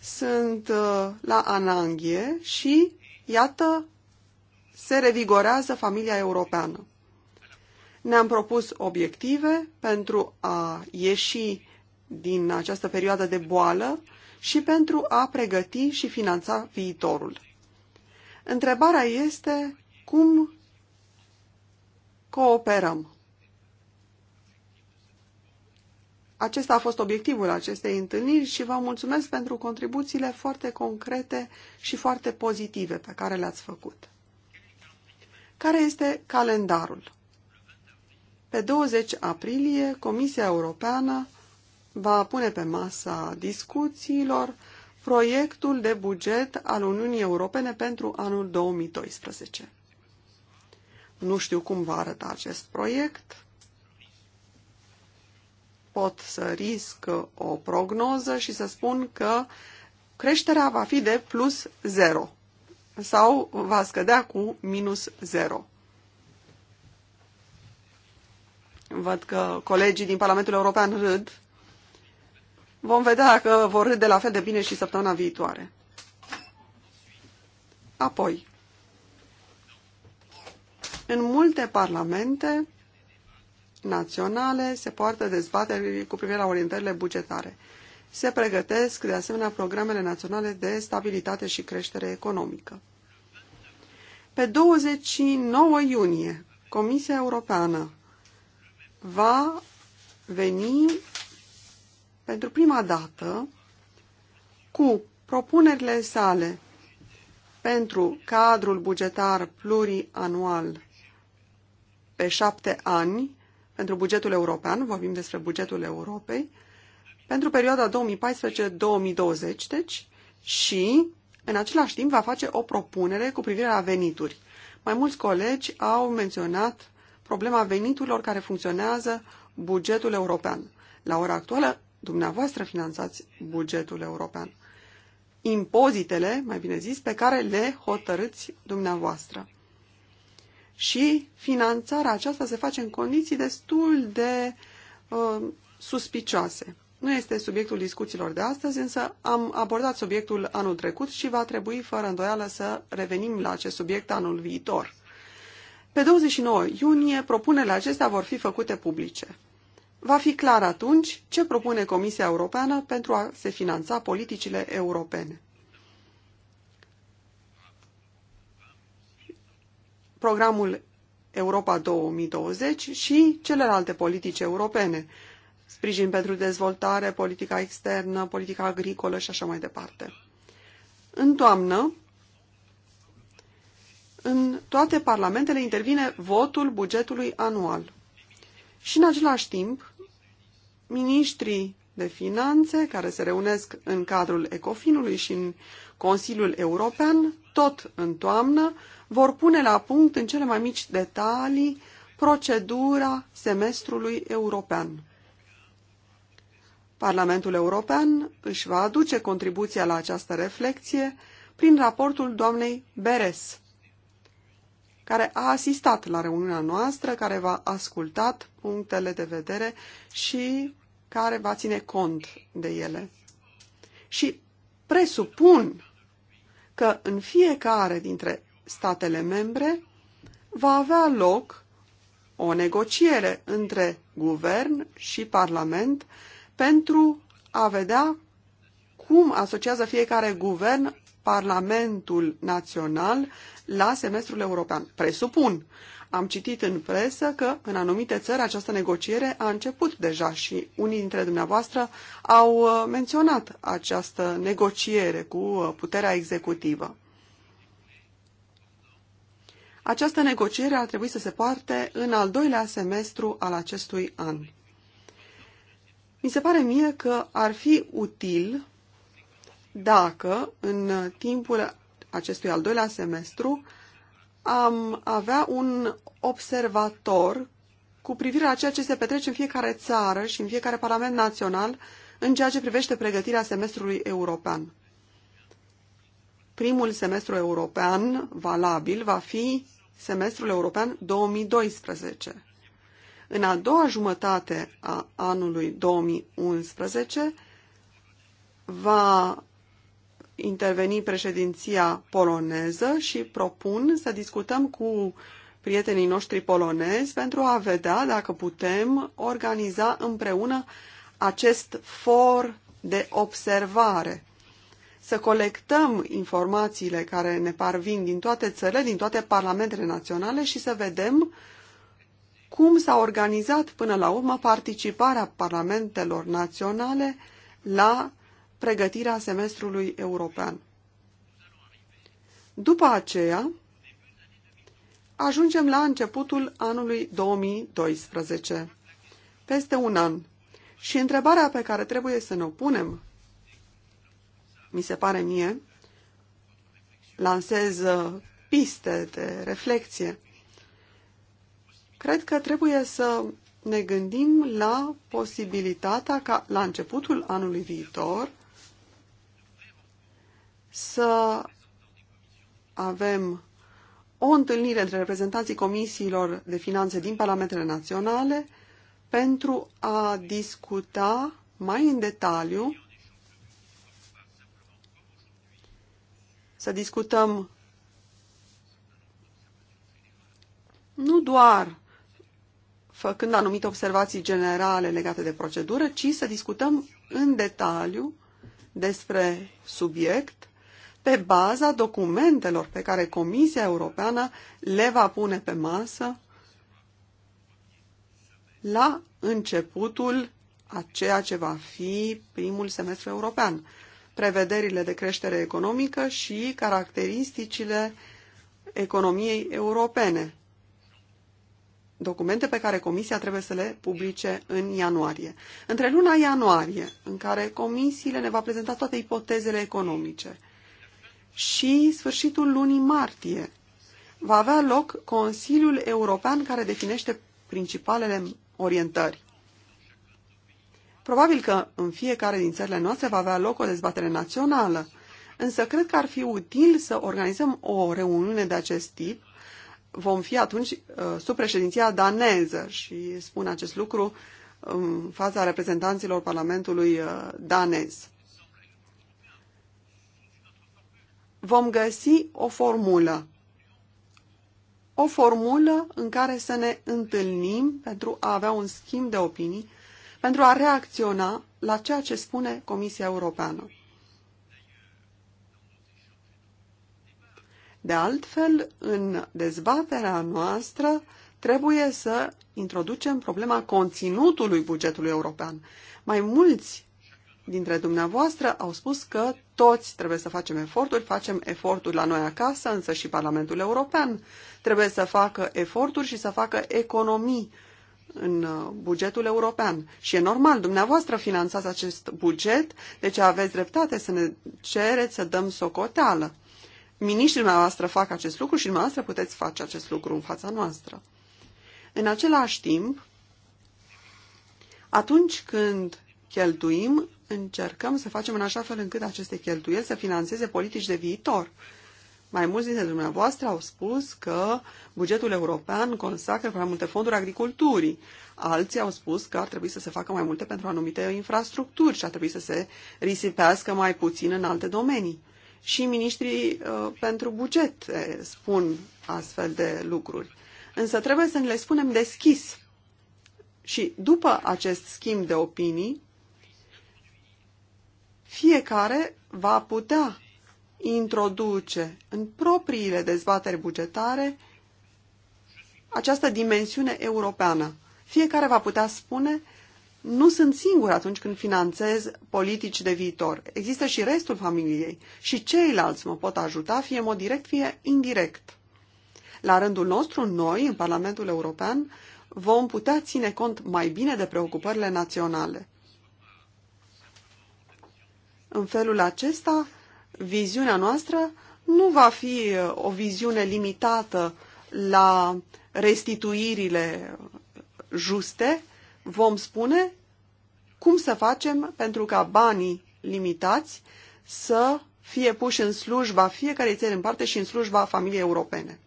sunt uh, la ananghie și, iată, se revigorează familia europeană. Ne-am propus obiective pentru a ieși din această perioadă de boală și pentru a pregăti și finanța viitorul. Întrebarea este cum cooperăm. Acesta a fost obiectivul acestei întâlniri și vă mulțumesc pentru contribuțiile foarte concrete și foarte pozitive pe care le-ați făcut. Care este calendarul? Pe 20 aprilie, Comisia Europeană va pune pe masa discuțiilor proiectul de buget al Uniunii Europene pentru anul 2012. Nu știu cum va arăta acest proiect. Pot să risc o prognoză și să spun că creșterea va fi de plus 0 sau va scădea cu minus 0. Văd că colegii din Parlamentul European râd Vom vedea că vor râde la fel de bine și săptămâna viitoare. Apoi, în multe parlamente naționale se poartă dezbateri cu privire la orientările bugetare. Se pregătesc, de asemenea, programele naționale de stabilitate și creștere economică. Pe 29 iunie, Comisia Europeană va veni pentru prima dată, cu propunerile sale pentru cadrul bugetar plurianual pe șapte ani, pentru bugetul european, vorbim despre bugetul Europei, pentru perioada 2014-2020, deci, și în același timp va face o propunere cu privire la venituri. Mai mulți colegi au menționat problema veniturilor care funcționează bugetul european. La ora actuală dumneavoastră finanțați bugetul european. Impozitele, mai bine zis, pe care le hotărâți dumneavoastră. Și finanțarea aceasta se face în condiții destul de uh, suspicioase. Nu este subiectul discuțiilor de astăzi, însă am abordat subiectul anul trecut și va trebui fără îndoială să revenim la acest subiect anul viitor. Pe 29 iunie, propunerile acestea vor fi făcute publice. Va fi clar atunci ce propune Comisia Europeană pentru a se finanța politicile europene. Programul Europa 2020 și celelalte politici europene, sprijin pentru dezvoltare, politica externă, politica agricolă și așa mai departe. În toamnă, în toate parlamentele intervine votul bugetului anual. Și în același timp, Ministrii de Finanțe, care se reunesc în cadrul Ecofinului și în Consiliul European, tot în toamnă, vor pune la punct în cele mai mici detalii procedura semestrului european. Parlamentul European își va aduce contribuția la această reflexie prin raportul doamnei Beres, care a asistat la reuniunea noastră, care va a ascultat punctele de vedere și care va ține cont de ele. Și presupun că în fiecare dintre statele membre va avea loc o negociere între guvern și parlament pentru a vedea cum asociază fiecare guvern Parlamentul Național la semestrul european. Presupun. Am citit în presă că în anumite țări această negociere a început deja și unii dintre dumneavoastră au uh, menționat această negociere cu uh, puterea executivă. Această negociere ar trebui să se poarte în al doilea semestru al acestui an. Mi se pare mie că ar fi util dacă în timpul acestui al doilea semestru am avea un observator cu privire la ceea ce se petrece în fiecare țară și în fiecare parlament național în ceea ce privește pregătirea semestrului european. Primul semestru european valabil va fi semestrul european 2012. În a doua jumătate a anului 2011 va interveni președinția poloneză și propun să discutăm cu prietenii noștri polonezi pentru a vedea dacă putem organiza împreună acest for de observare. Să colectăm informațiile care ne parvin din toate țările, din toate parlamentele naționale și să vedem cum s-a organizat până la urmă participarea parlamentelor naționale la pregătirea semestrului european. După aceea, ajungem la începutul anului 2012, peste un an. Și întrebarea pe care trebuie să ne punem, mi se pare mie, lansez uh, piste de reflexie. Cred că trebuie să ne gândim la posibilitatea ca la începutul anului viitor să avem o întâlnire între reprezentanții comisiilor de finanțe din parlamentele naționale pentru a discuta mai în detaliu, să discutăm nu doar făcând anumite observații generale legate de procedură, ci să discutăm în detaliu despre subiect, pe baza documentelor pe care Comisia Europeană le va pune pe masă la începutul a ceea ce va fi primul semestru european, prevederile de creștere economică și caracteristicile economiei europene, documente pe care Comisia trebuie să le publice în ianuarie. Între luna ianuarie, în care Comisiile ne va prezenta toate ipotezele economice, și sfârșitul lunii martie. Va avea loc Consiliul European care definește principalele orientări. Probabil că în fiecare din țările noastre va avea loc o dezbatere națională, însă cred că ar fi util să organizăm o reuniune de acest tip. Vom fi atunci uh, sub președinția daneză și spun acest lucru în fața reprezentanților Parlamentului uh, danez. vom găsi o formulă. O formulă în care să ne întâlnim pentru a avea un schimb de opinii, pentru a reacționa la ceea ce spune Comisia Europeană. De altfel, în dezbaterea noastră trebuie să introducem problema conținutului bugetului european. Mai mulți dintre dumneavoastră au spus că toți trebuie să facem eforturi, facem eforturi la noi acasă, însă și Parlamentul European trebuie să facă eforturi și să facă economii în uh, bugetul european. Și e normal, dumneavoastră finanțați acest buget, deci aveți dreptate să ne cereți să dăm socoteală. Miniștrii dumneavoastră fac acest lucru și dumneavoastră puteți face acest lucru în fața noastră. În același timp, atunci când cheltuim, încercăm să facem în așa fel încât aceste cheltuieli să financeze politici de viitor. Mai mulți dintre dumneavoastră au spus că bugetul european consacră prea multe fonduri agriculturii. Alții au spus că ar trebui să se facă mai multe pentru anumite infrastructuri și ar trebui să se risipească mai puțin în alte domenii. Și miniștrii uh, pentru buget eh, spun astfel de lucruri. Însă trebuie să ne le spunem deschis. Și după acest schimb de opinii, fiecare va putea introduce în propriile dezbateri bugetare această dimensiune europeană. Fiecare va putea spune, nu sunt singur atunci când finanțez politici de viitor. Există și restul familiei și ceilalți mă pot ajuta, fie în mod direct, fie indirect. La rândul nostru, noi, în Parlamentul European, vom putea ține cont mai bine de preocupările naționale. În felul acesta, viziunea noastră nu va fi uh, o viziune limitată la restituirile juste, vom spune cum să facem pentru ca banii limitați să fie puși în slujba fiecarei țări în parte și în slujba familiei europene.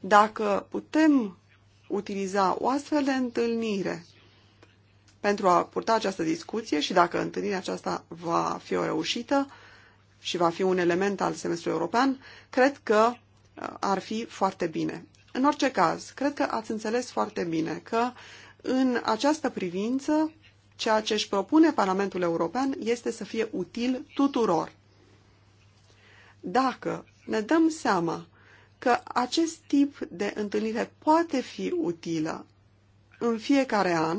Dacă putem utiliza o astfel de întâlnire pentru a purta această discuție și dacă întâlnirea aceasta va fi o reușită și va fi un element al semestrului european, cred că uh, ar fi foarte bine. În orice caz, cred că ați înțeles foarte bine că în această privință, ceea ce își propune Parlamentul European este să fie util tuturor. Dacă ne dăm seama că acest tip de întâlnire poate fi utilă în fiecare an,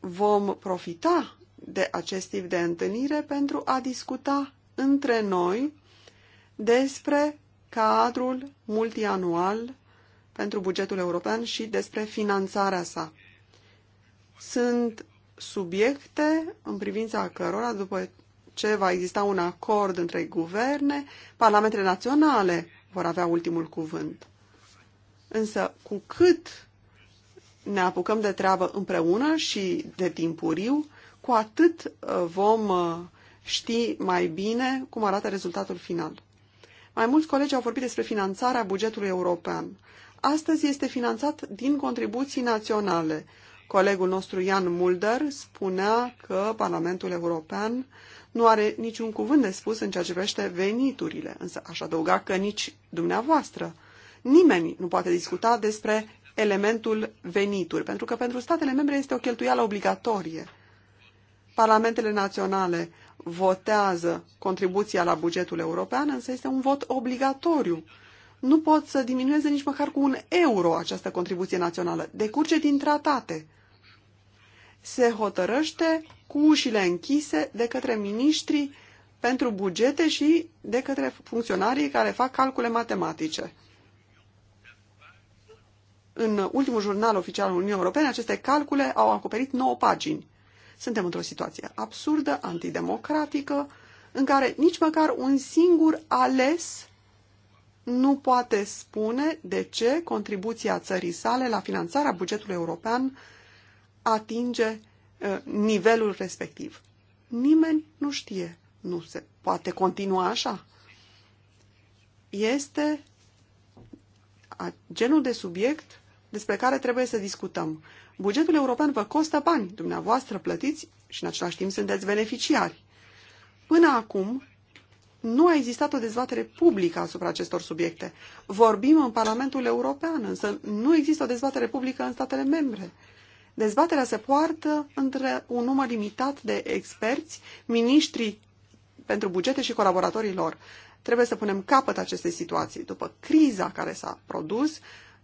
vom profita de acest tip de întâlnire pentru a discuta între noi despre cadrul multianual pentru bugetul european și despre finanțarea sa. Sunt subiecte în privința cărora, după ce va exista un acord între guverne, parlamentele naționale vor avea ultimul cuvânt. Însă, cu cât ne apucăm de treabă împreună și de timpuriu, cu atât uh, vom uh, ști mai bine cum arată rezultatul final. Mai mulți colegi au vorbit despre finanțarea bugetului european. Astăzi este finanțat din contribuții naționale. Colegul nostru Ian Mulder spunea că Parlamentul European nu are niciun cuvânt de spus în ceea ce privește veniturile, însă aș adăuga că nici dumneavoastră. Nimeni nu poate discuta despre elementul venituri, pentru că pentru statele membre este o cheltuială obligatorie. Parlamentele naționale votează contribuția la bugetul european, însă este un vot obligatoriu. Nu pot să diminueze nici măcar cu un euro această contribuție națională. Decurge din tratate. Se hotărăște cu ușile închise de către miniștrii pentru bugete și de către funcționarii care fac calcule matematice în ultimul jurnal oficial al Uniunii Europene, aceste calcule au acoperit 9 pagini. Suntem într-o situație absurdă, antidemocratică, în care nici măcar un singur ales nu poate spune de ce contribuția țării sale la finanțarea bugetului european atinge uh, nivelul respectiv. Nimeni nu știe. Nu se poate continua așa. Este genul de subiect despre care trebuie să discutăm. Bugetul european vă costă bani, dumneavoastră plătiți și în același timp sunteți beneficiari. Până acum, nu a existat o dezbatere publică asupra acestor subiecte. Vorbim în Parlamentul European, însă nu există o dezbatere publică în statele membre. Dezbaterea se poartă între un număr limitat de experți, miniștri pentru bugete și colaboratorii lor. Trebuie să punem capăt acestei situații. După criza care s-a produs,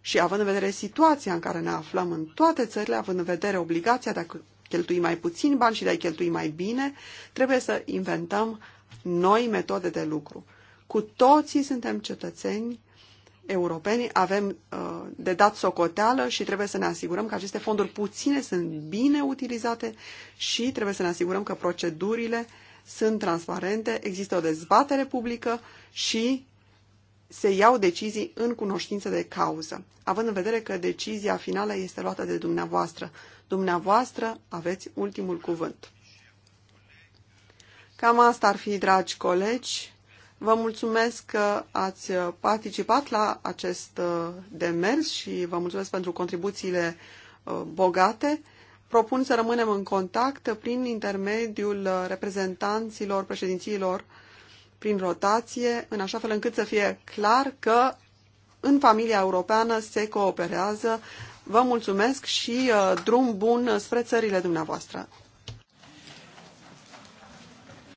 și având în vedere situația în care ne aflăm în toate țările, având în vedere obligația de a cheltui mai puțin bani și de a cheltui mai bine, trebuie să inventăm noi metode de lucru. Cu toții suntem cetățeni europeni, avem uh, de dat socoteală și trebuie să ne asigurăm că aceste fonduri puține sunt bine utilizate și trebuie să ne asigurăm că procedurile sunt transparente, există o dezbatere publică și se iau decizii în cunoștință de cauză, având în vedere că decizia finală este luată de dumneavoastră. Dumneavoastră aveți ultimul cuvânt. Cam asta ar fi, dragi colegi. Vă mulțumesc că ați participat la acest uh, demers și vă mulțumesc pentru contribuțiile uh, bogate. Propun să rămânem în contact prin intermediul uh, reprezentanților președințiilor prin rotație, în așa fel încât să fie clar că în familia europeană se cooperează. Vă mulțumesc și uh, drum bun spre țările dumneavoastră.